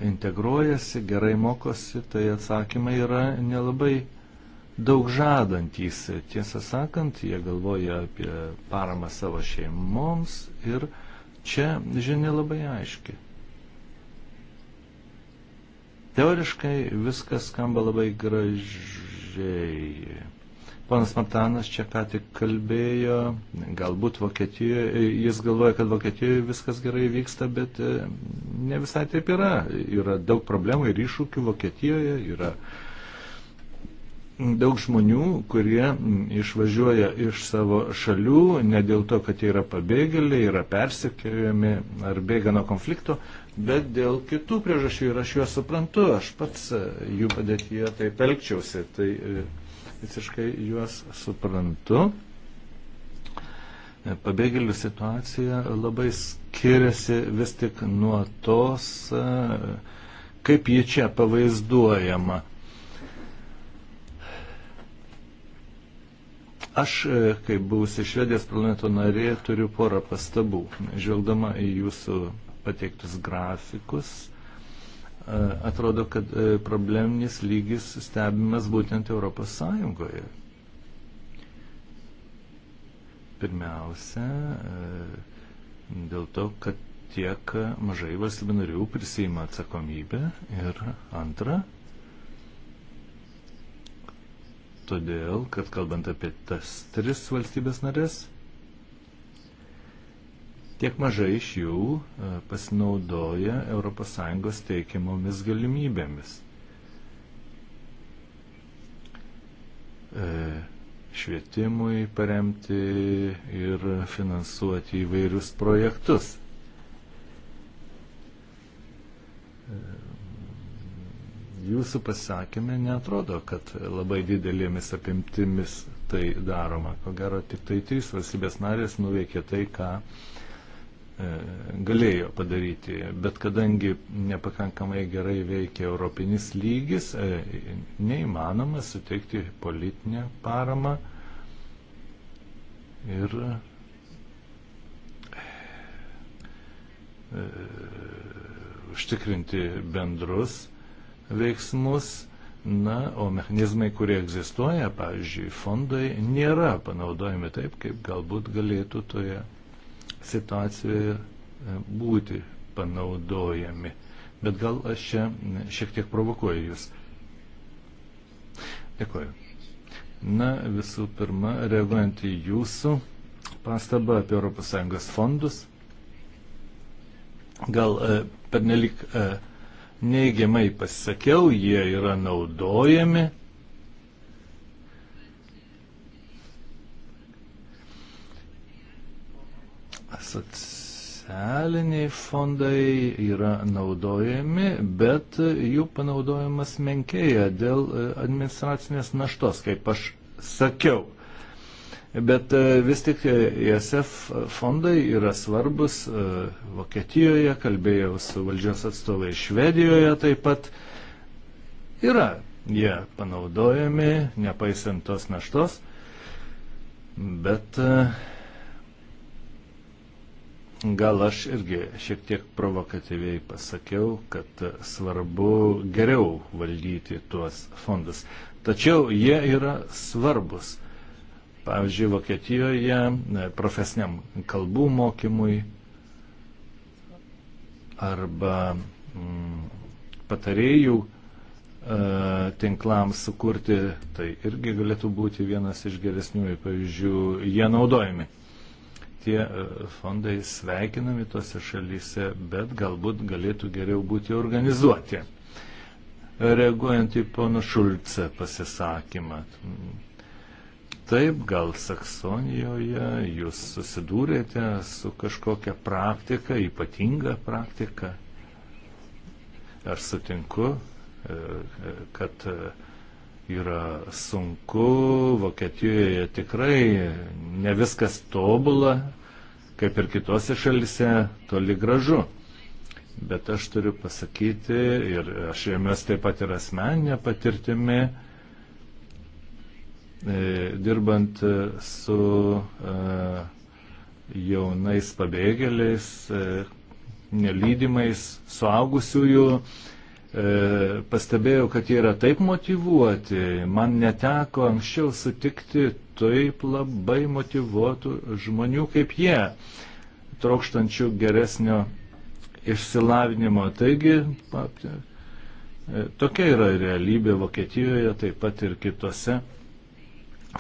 integruojasi, gerai mokosi, tai atsakymai yra nelabai daug žadantys. Tiesą sakant, jie galvoja apie paramą savo šeimoms ir čia žinia labai aiški. Teoriškai viskas skamba labai gražiai. Ponas Matanas čia ką tik kalbėjo, galbūt Vokietijoje, jis galvoja, kad Vokietijoje viskas gerai vyksta, bet e, ne visai taip yra. Yra daug problemų ir iššūkių Vokietijoje, yra daug žmonių, kurie išvažiuoja iš savo šalių, ne dėl to, kad jie yra pabėgėliai, yra persekiojami ar bėga nuo konflikto, bet dėl kitų priežasčių ir aš juos suprantu, aš pats e, jų padėtyje taip elgčiausi. Tai, e, visiškai juos suprantu. Pabėgėlių situacija labai skiriasi vis tik nuo tos, kaip ji čia pavaizduojama. Aš, kaip buvusi Švedijos parlamento narė, turiu porą pastabų. Žvelgdama į jūsų pateiktus grafikus, atrodo, kad e, probleminis lygis stebimas būtent Europos Sąjungoje. Pirmiausia, e, dėl to, kad tiek mažai valstybių narių prisima atsakomybę ir antra, todėl, kad kalbant apie tas tris valstybės narės, tiek mažai iš jų e, pasinaudoja ES teikiamomis galimybėmis. E, švietimui paremti ir finansuoti įvairius projektus. E, jūsų pasakymė netrodo, kad labai didelėmis apimtimis tai daroma. Ko gero, tik tai trys valstybės narės nuveikė tai, ką uh, E, galėjo padaryti, bet kadangi nepakankamai gerai veikia europinis lygis, e, neįmanoma suteikti politinę paramą ir e, užtikrinti bendrus veiksmus. Na, o mechanizmai, kurie egzistuoja, pavyzdžiui, fondai, nėra panaudojami taip, kaip galbūt galėtų toje situacijoje būti panaudojami. Bet gal aš čia šiek tiek provokuoju jūs. Dėkuoju. Na, visų pirma, reaguojant į jūsų pastabą apie ES fondus, gal e, pernelik e, neigiamai pasisakiau, jie yra naudojami Socialiniai fondai yra naudojami, bet jų panaudojimas menkėja dėl e, administracinės naštos, kaip aš sakiau. Bet e, vis tik ESF e fondai yra svarbus Vokietijoje, kalbėjau su valdžios atstovai Švedijoje taip pat. Yra jie panaudojami, nepaisant tos naštos, bet Gal aš irgi šiek tiek provokatyviai pasakiau, kad svarbu geriau valdyti tuos fondus. Tačiau jie yra svarbus. Pavyzdžiui, Vokietijoje e, profesiniam kalbų mokymui arba mm, patarėjų e, tinklams sukurti, tai irgi galėtų būti vienas iš geresniųjų pavyzdžių, jie naudojami tie e, fondai sveikinami tose šalyse, bet galbūt galėtų geriau būti organizuoti. Reaguojant į pono Šulce pasisakymą. Taip, gal Saksonijoje jūs susidūrėte su kažkokia praktika, ypatinga praktika. Aš sutinku, e, e, kad yra sunku, Vokietijoje tikrai ne viskas tobula, kaip ir kitose šalise, toli gražu. Bet aš turiu pasakyti, ir aš jėmės taip pat ir asmeninė patirtimi, e, dirbant su e, jaunais pabėgėliais, e, nelydimais suaugusiųjų, E, pastebėjau, kad jie yra taip motivuoti. Man neteko anksčiau sutikti taip labai motivuotų žmonių kaip jie, trokštančių geresnio išsilavinimo. Taigi, e, tokia yra realybė Vokietijoje, taip pat ir kitose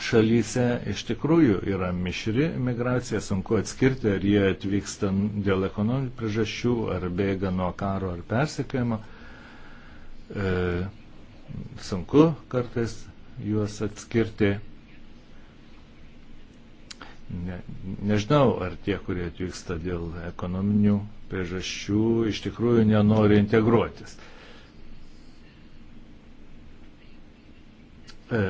šalyse. Iš tikrųjų yra mišri migracija, sunku atskirti, ar jie atvyksta dėl ekonominių priežasčių, ar bėga nuo karo, ar persikėjimo. E, sunku kartais juos atskirti. Ne, nežinau, ar tie, kurie atvyksta dėl ekonominių priežasčių, iš tikrųjų nenori integruotis. E,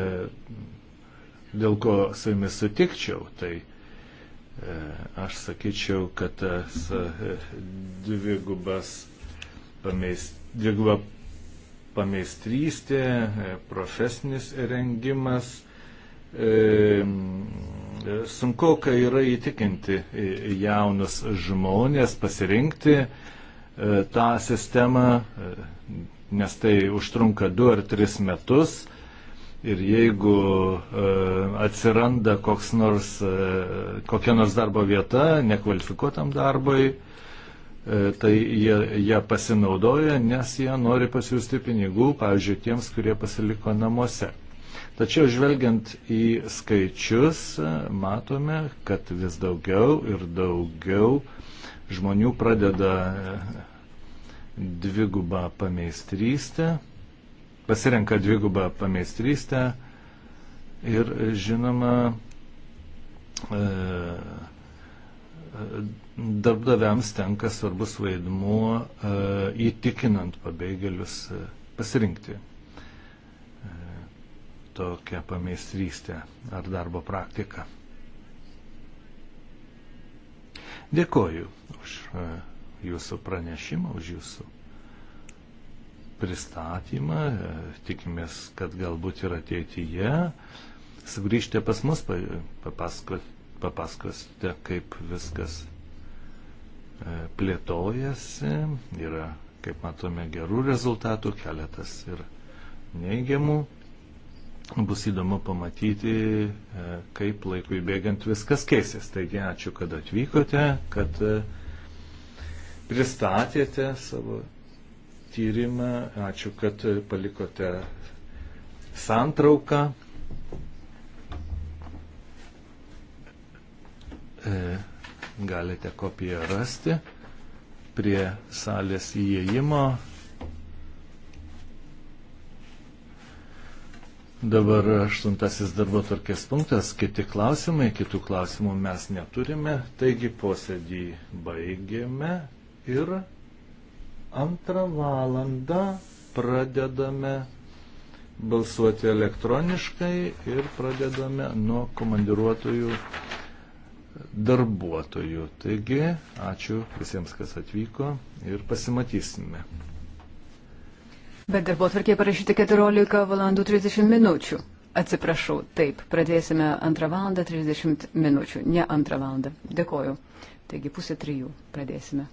dėl ko su jumis sutikčiau, tai e, aš sakyčiau, kad tas e, dvigubas pameistrimas dviguba pameistrystė, e, profesinis rengimas. E, sunku, kai yra įtikinti e, jaunus žmonės pasirinkti tą sistemą, nes tai užtrunka 2 ar 3 metus. Ir jeigu atsiranda koks nors, kokia nors darbo vieta nekvalifikuotam darbui, E, tai jie, jie pasinaudoja, nes jie nori pasiūsti pinigų, pavyzdžiui, tiems, kurie pasiliko namuose. Tačiau žvelgiant į skaičius, matome, kad vis daugiau ir daugiau žmonių pradeda e, dvigubą pameistrystę, pasirenka dvigubą pameistrystę ir žinoma, e, e darbdaviams tenka svarbus vaidmuo e, įtikinant pabėgėlius e, pasirinkti e, tokią pameistrystę ar darbo praktiką. Dėkoju už jūsų pranešimą, už jūsų pristatymą. Tikimės, kad galbūt ir ateityje sugrįžti pas mus, papasakosite, papasakosite kaip viskas E, plėtojasi, yra, kaip matome, gerų rezultatų, keletas ir neigiamų. Bus įdomu pamatyti, e, kaip laikui bėgant viskas keisės. Taigi ačiū, kad atvykote, kad e, pristatėte savo tyrimą, ačiū, kad palikote santrauką. E, galite kopiją rasti prie salės įėjimo. Dabar aštuntasis darbo tvarkės punktas, kiti klausimai, kitų klausimų mes neturime, taigi posėdį baigėme ir antrą valandą pradedame balsuoti elektroniškai ir pradedame nuo komandiruotojų darbuotojų. Taigi, ačiū visiems, kas atvyko ir pasimatysime. Bet darbo atvarkiai parašyti 14 valandų 30 minučių. Atsiprašau, taip, pradėsime 2 valandą 30 minučių, ne 2 valandą. Dėkoju. Taigi pusė trijų pradėsime.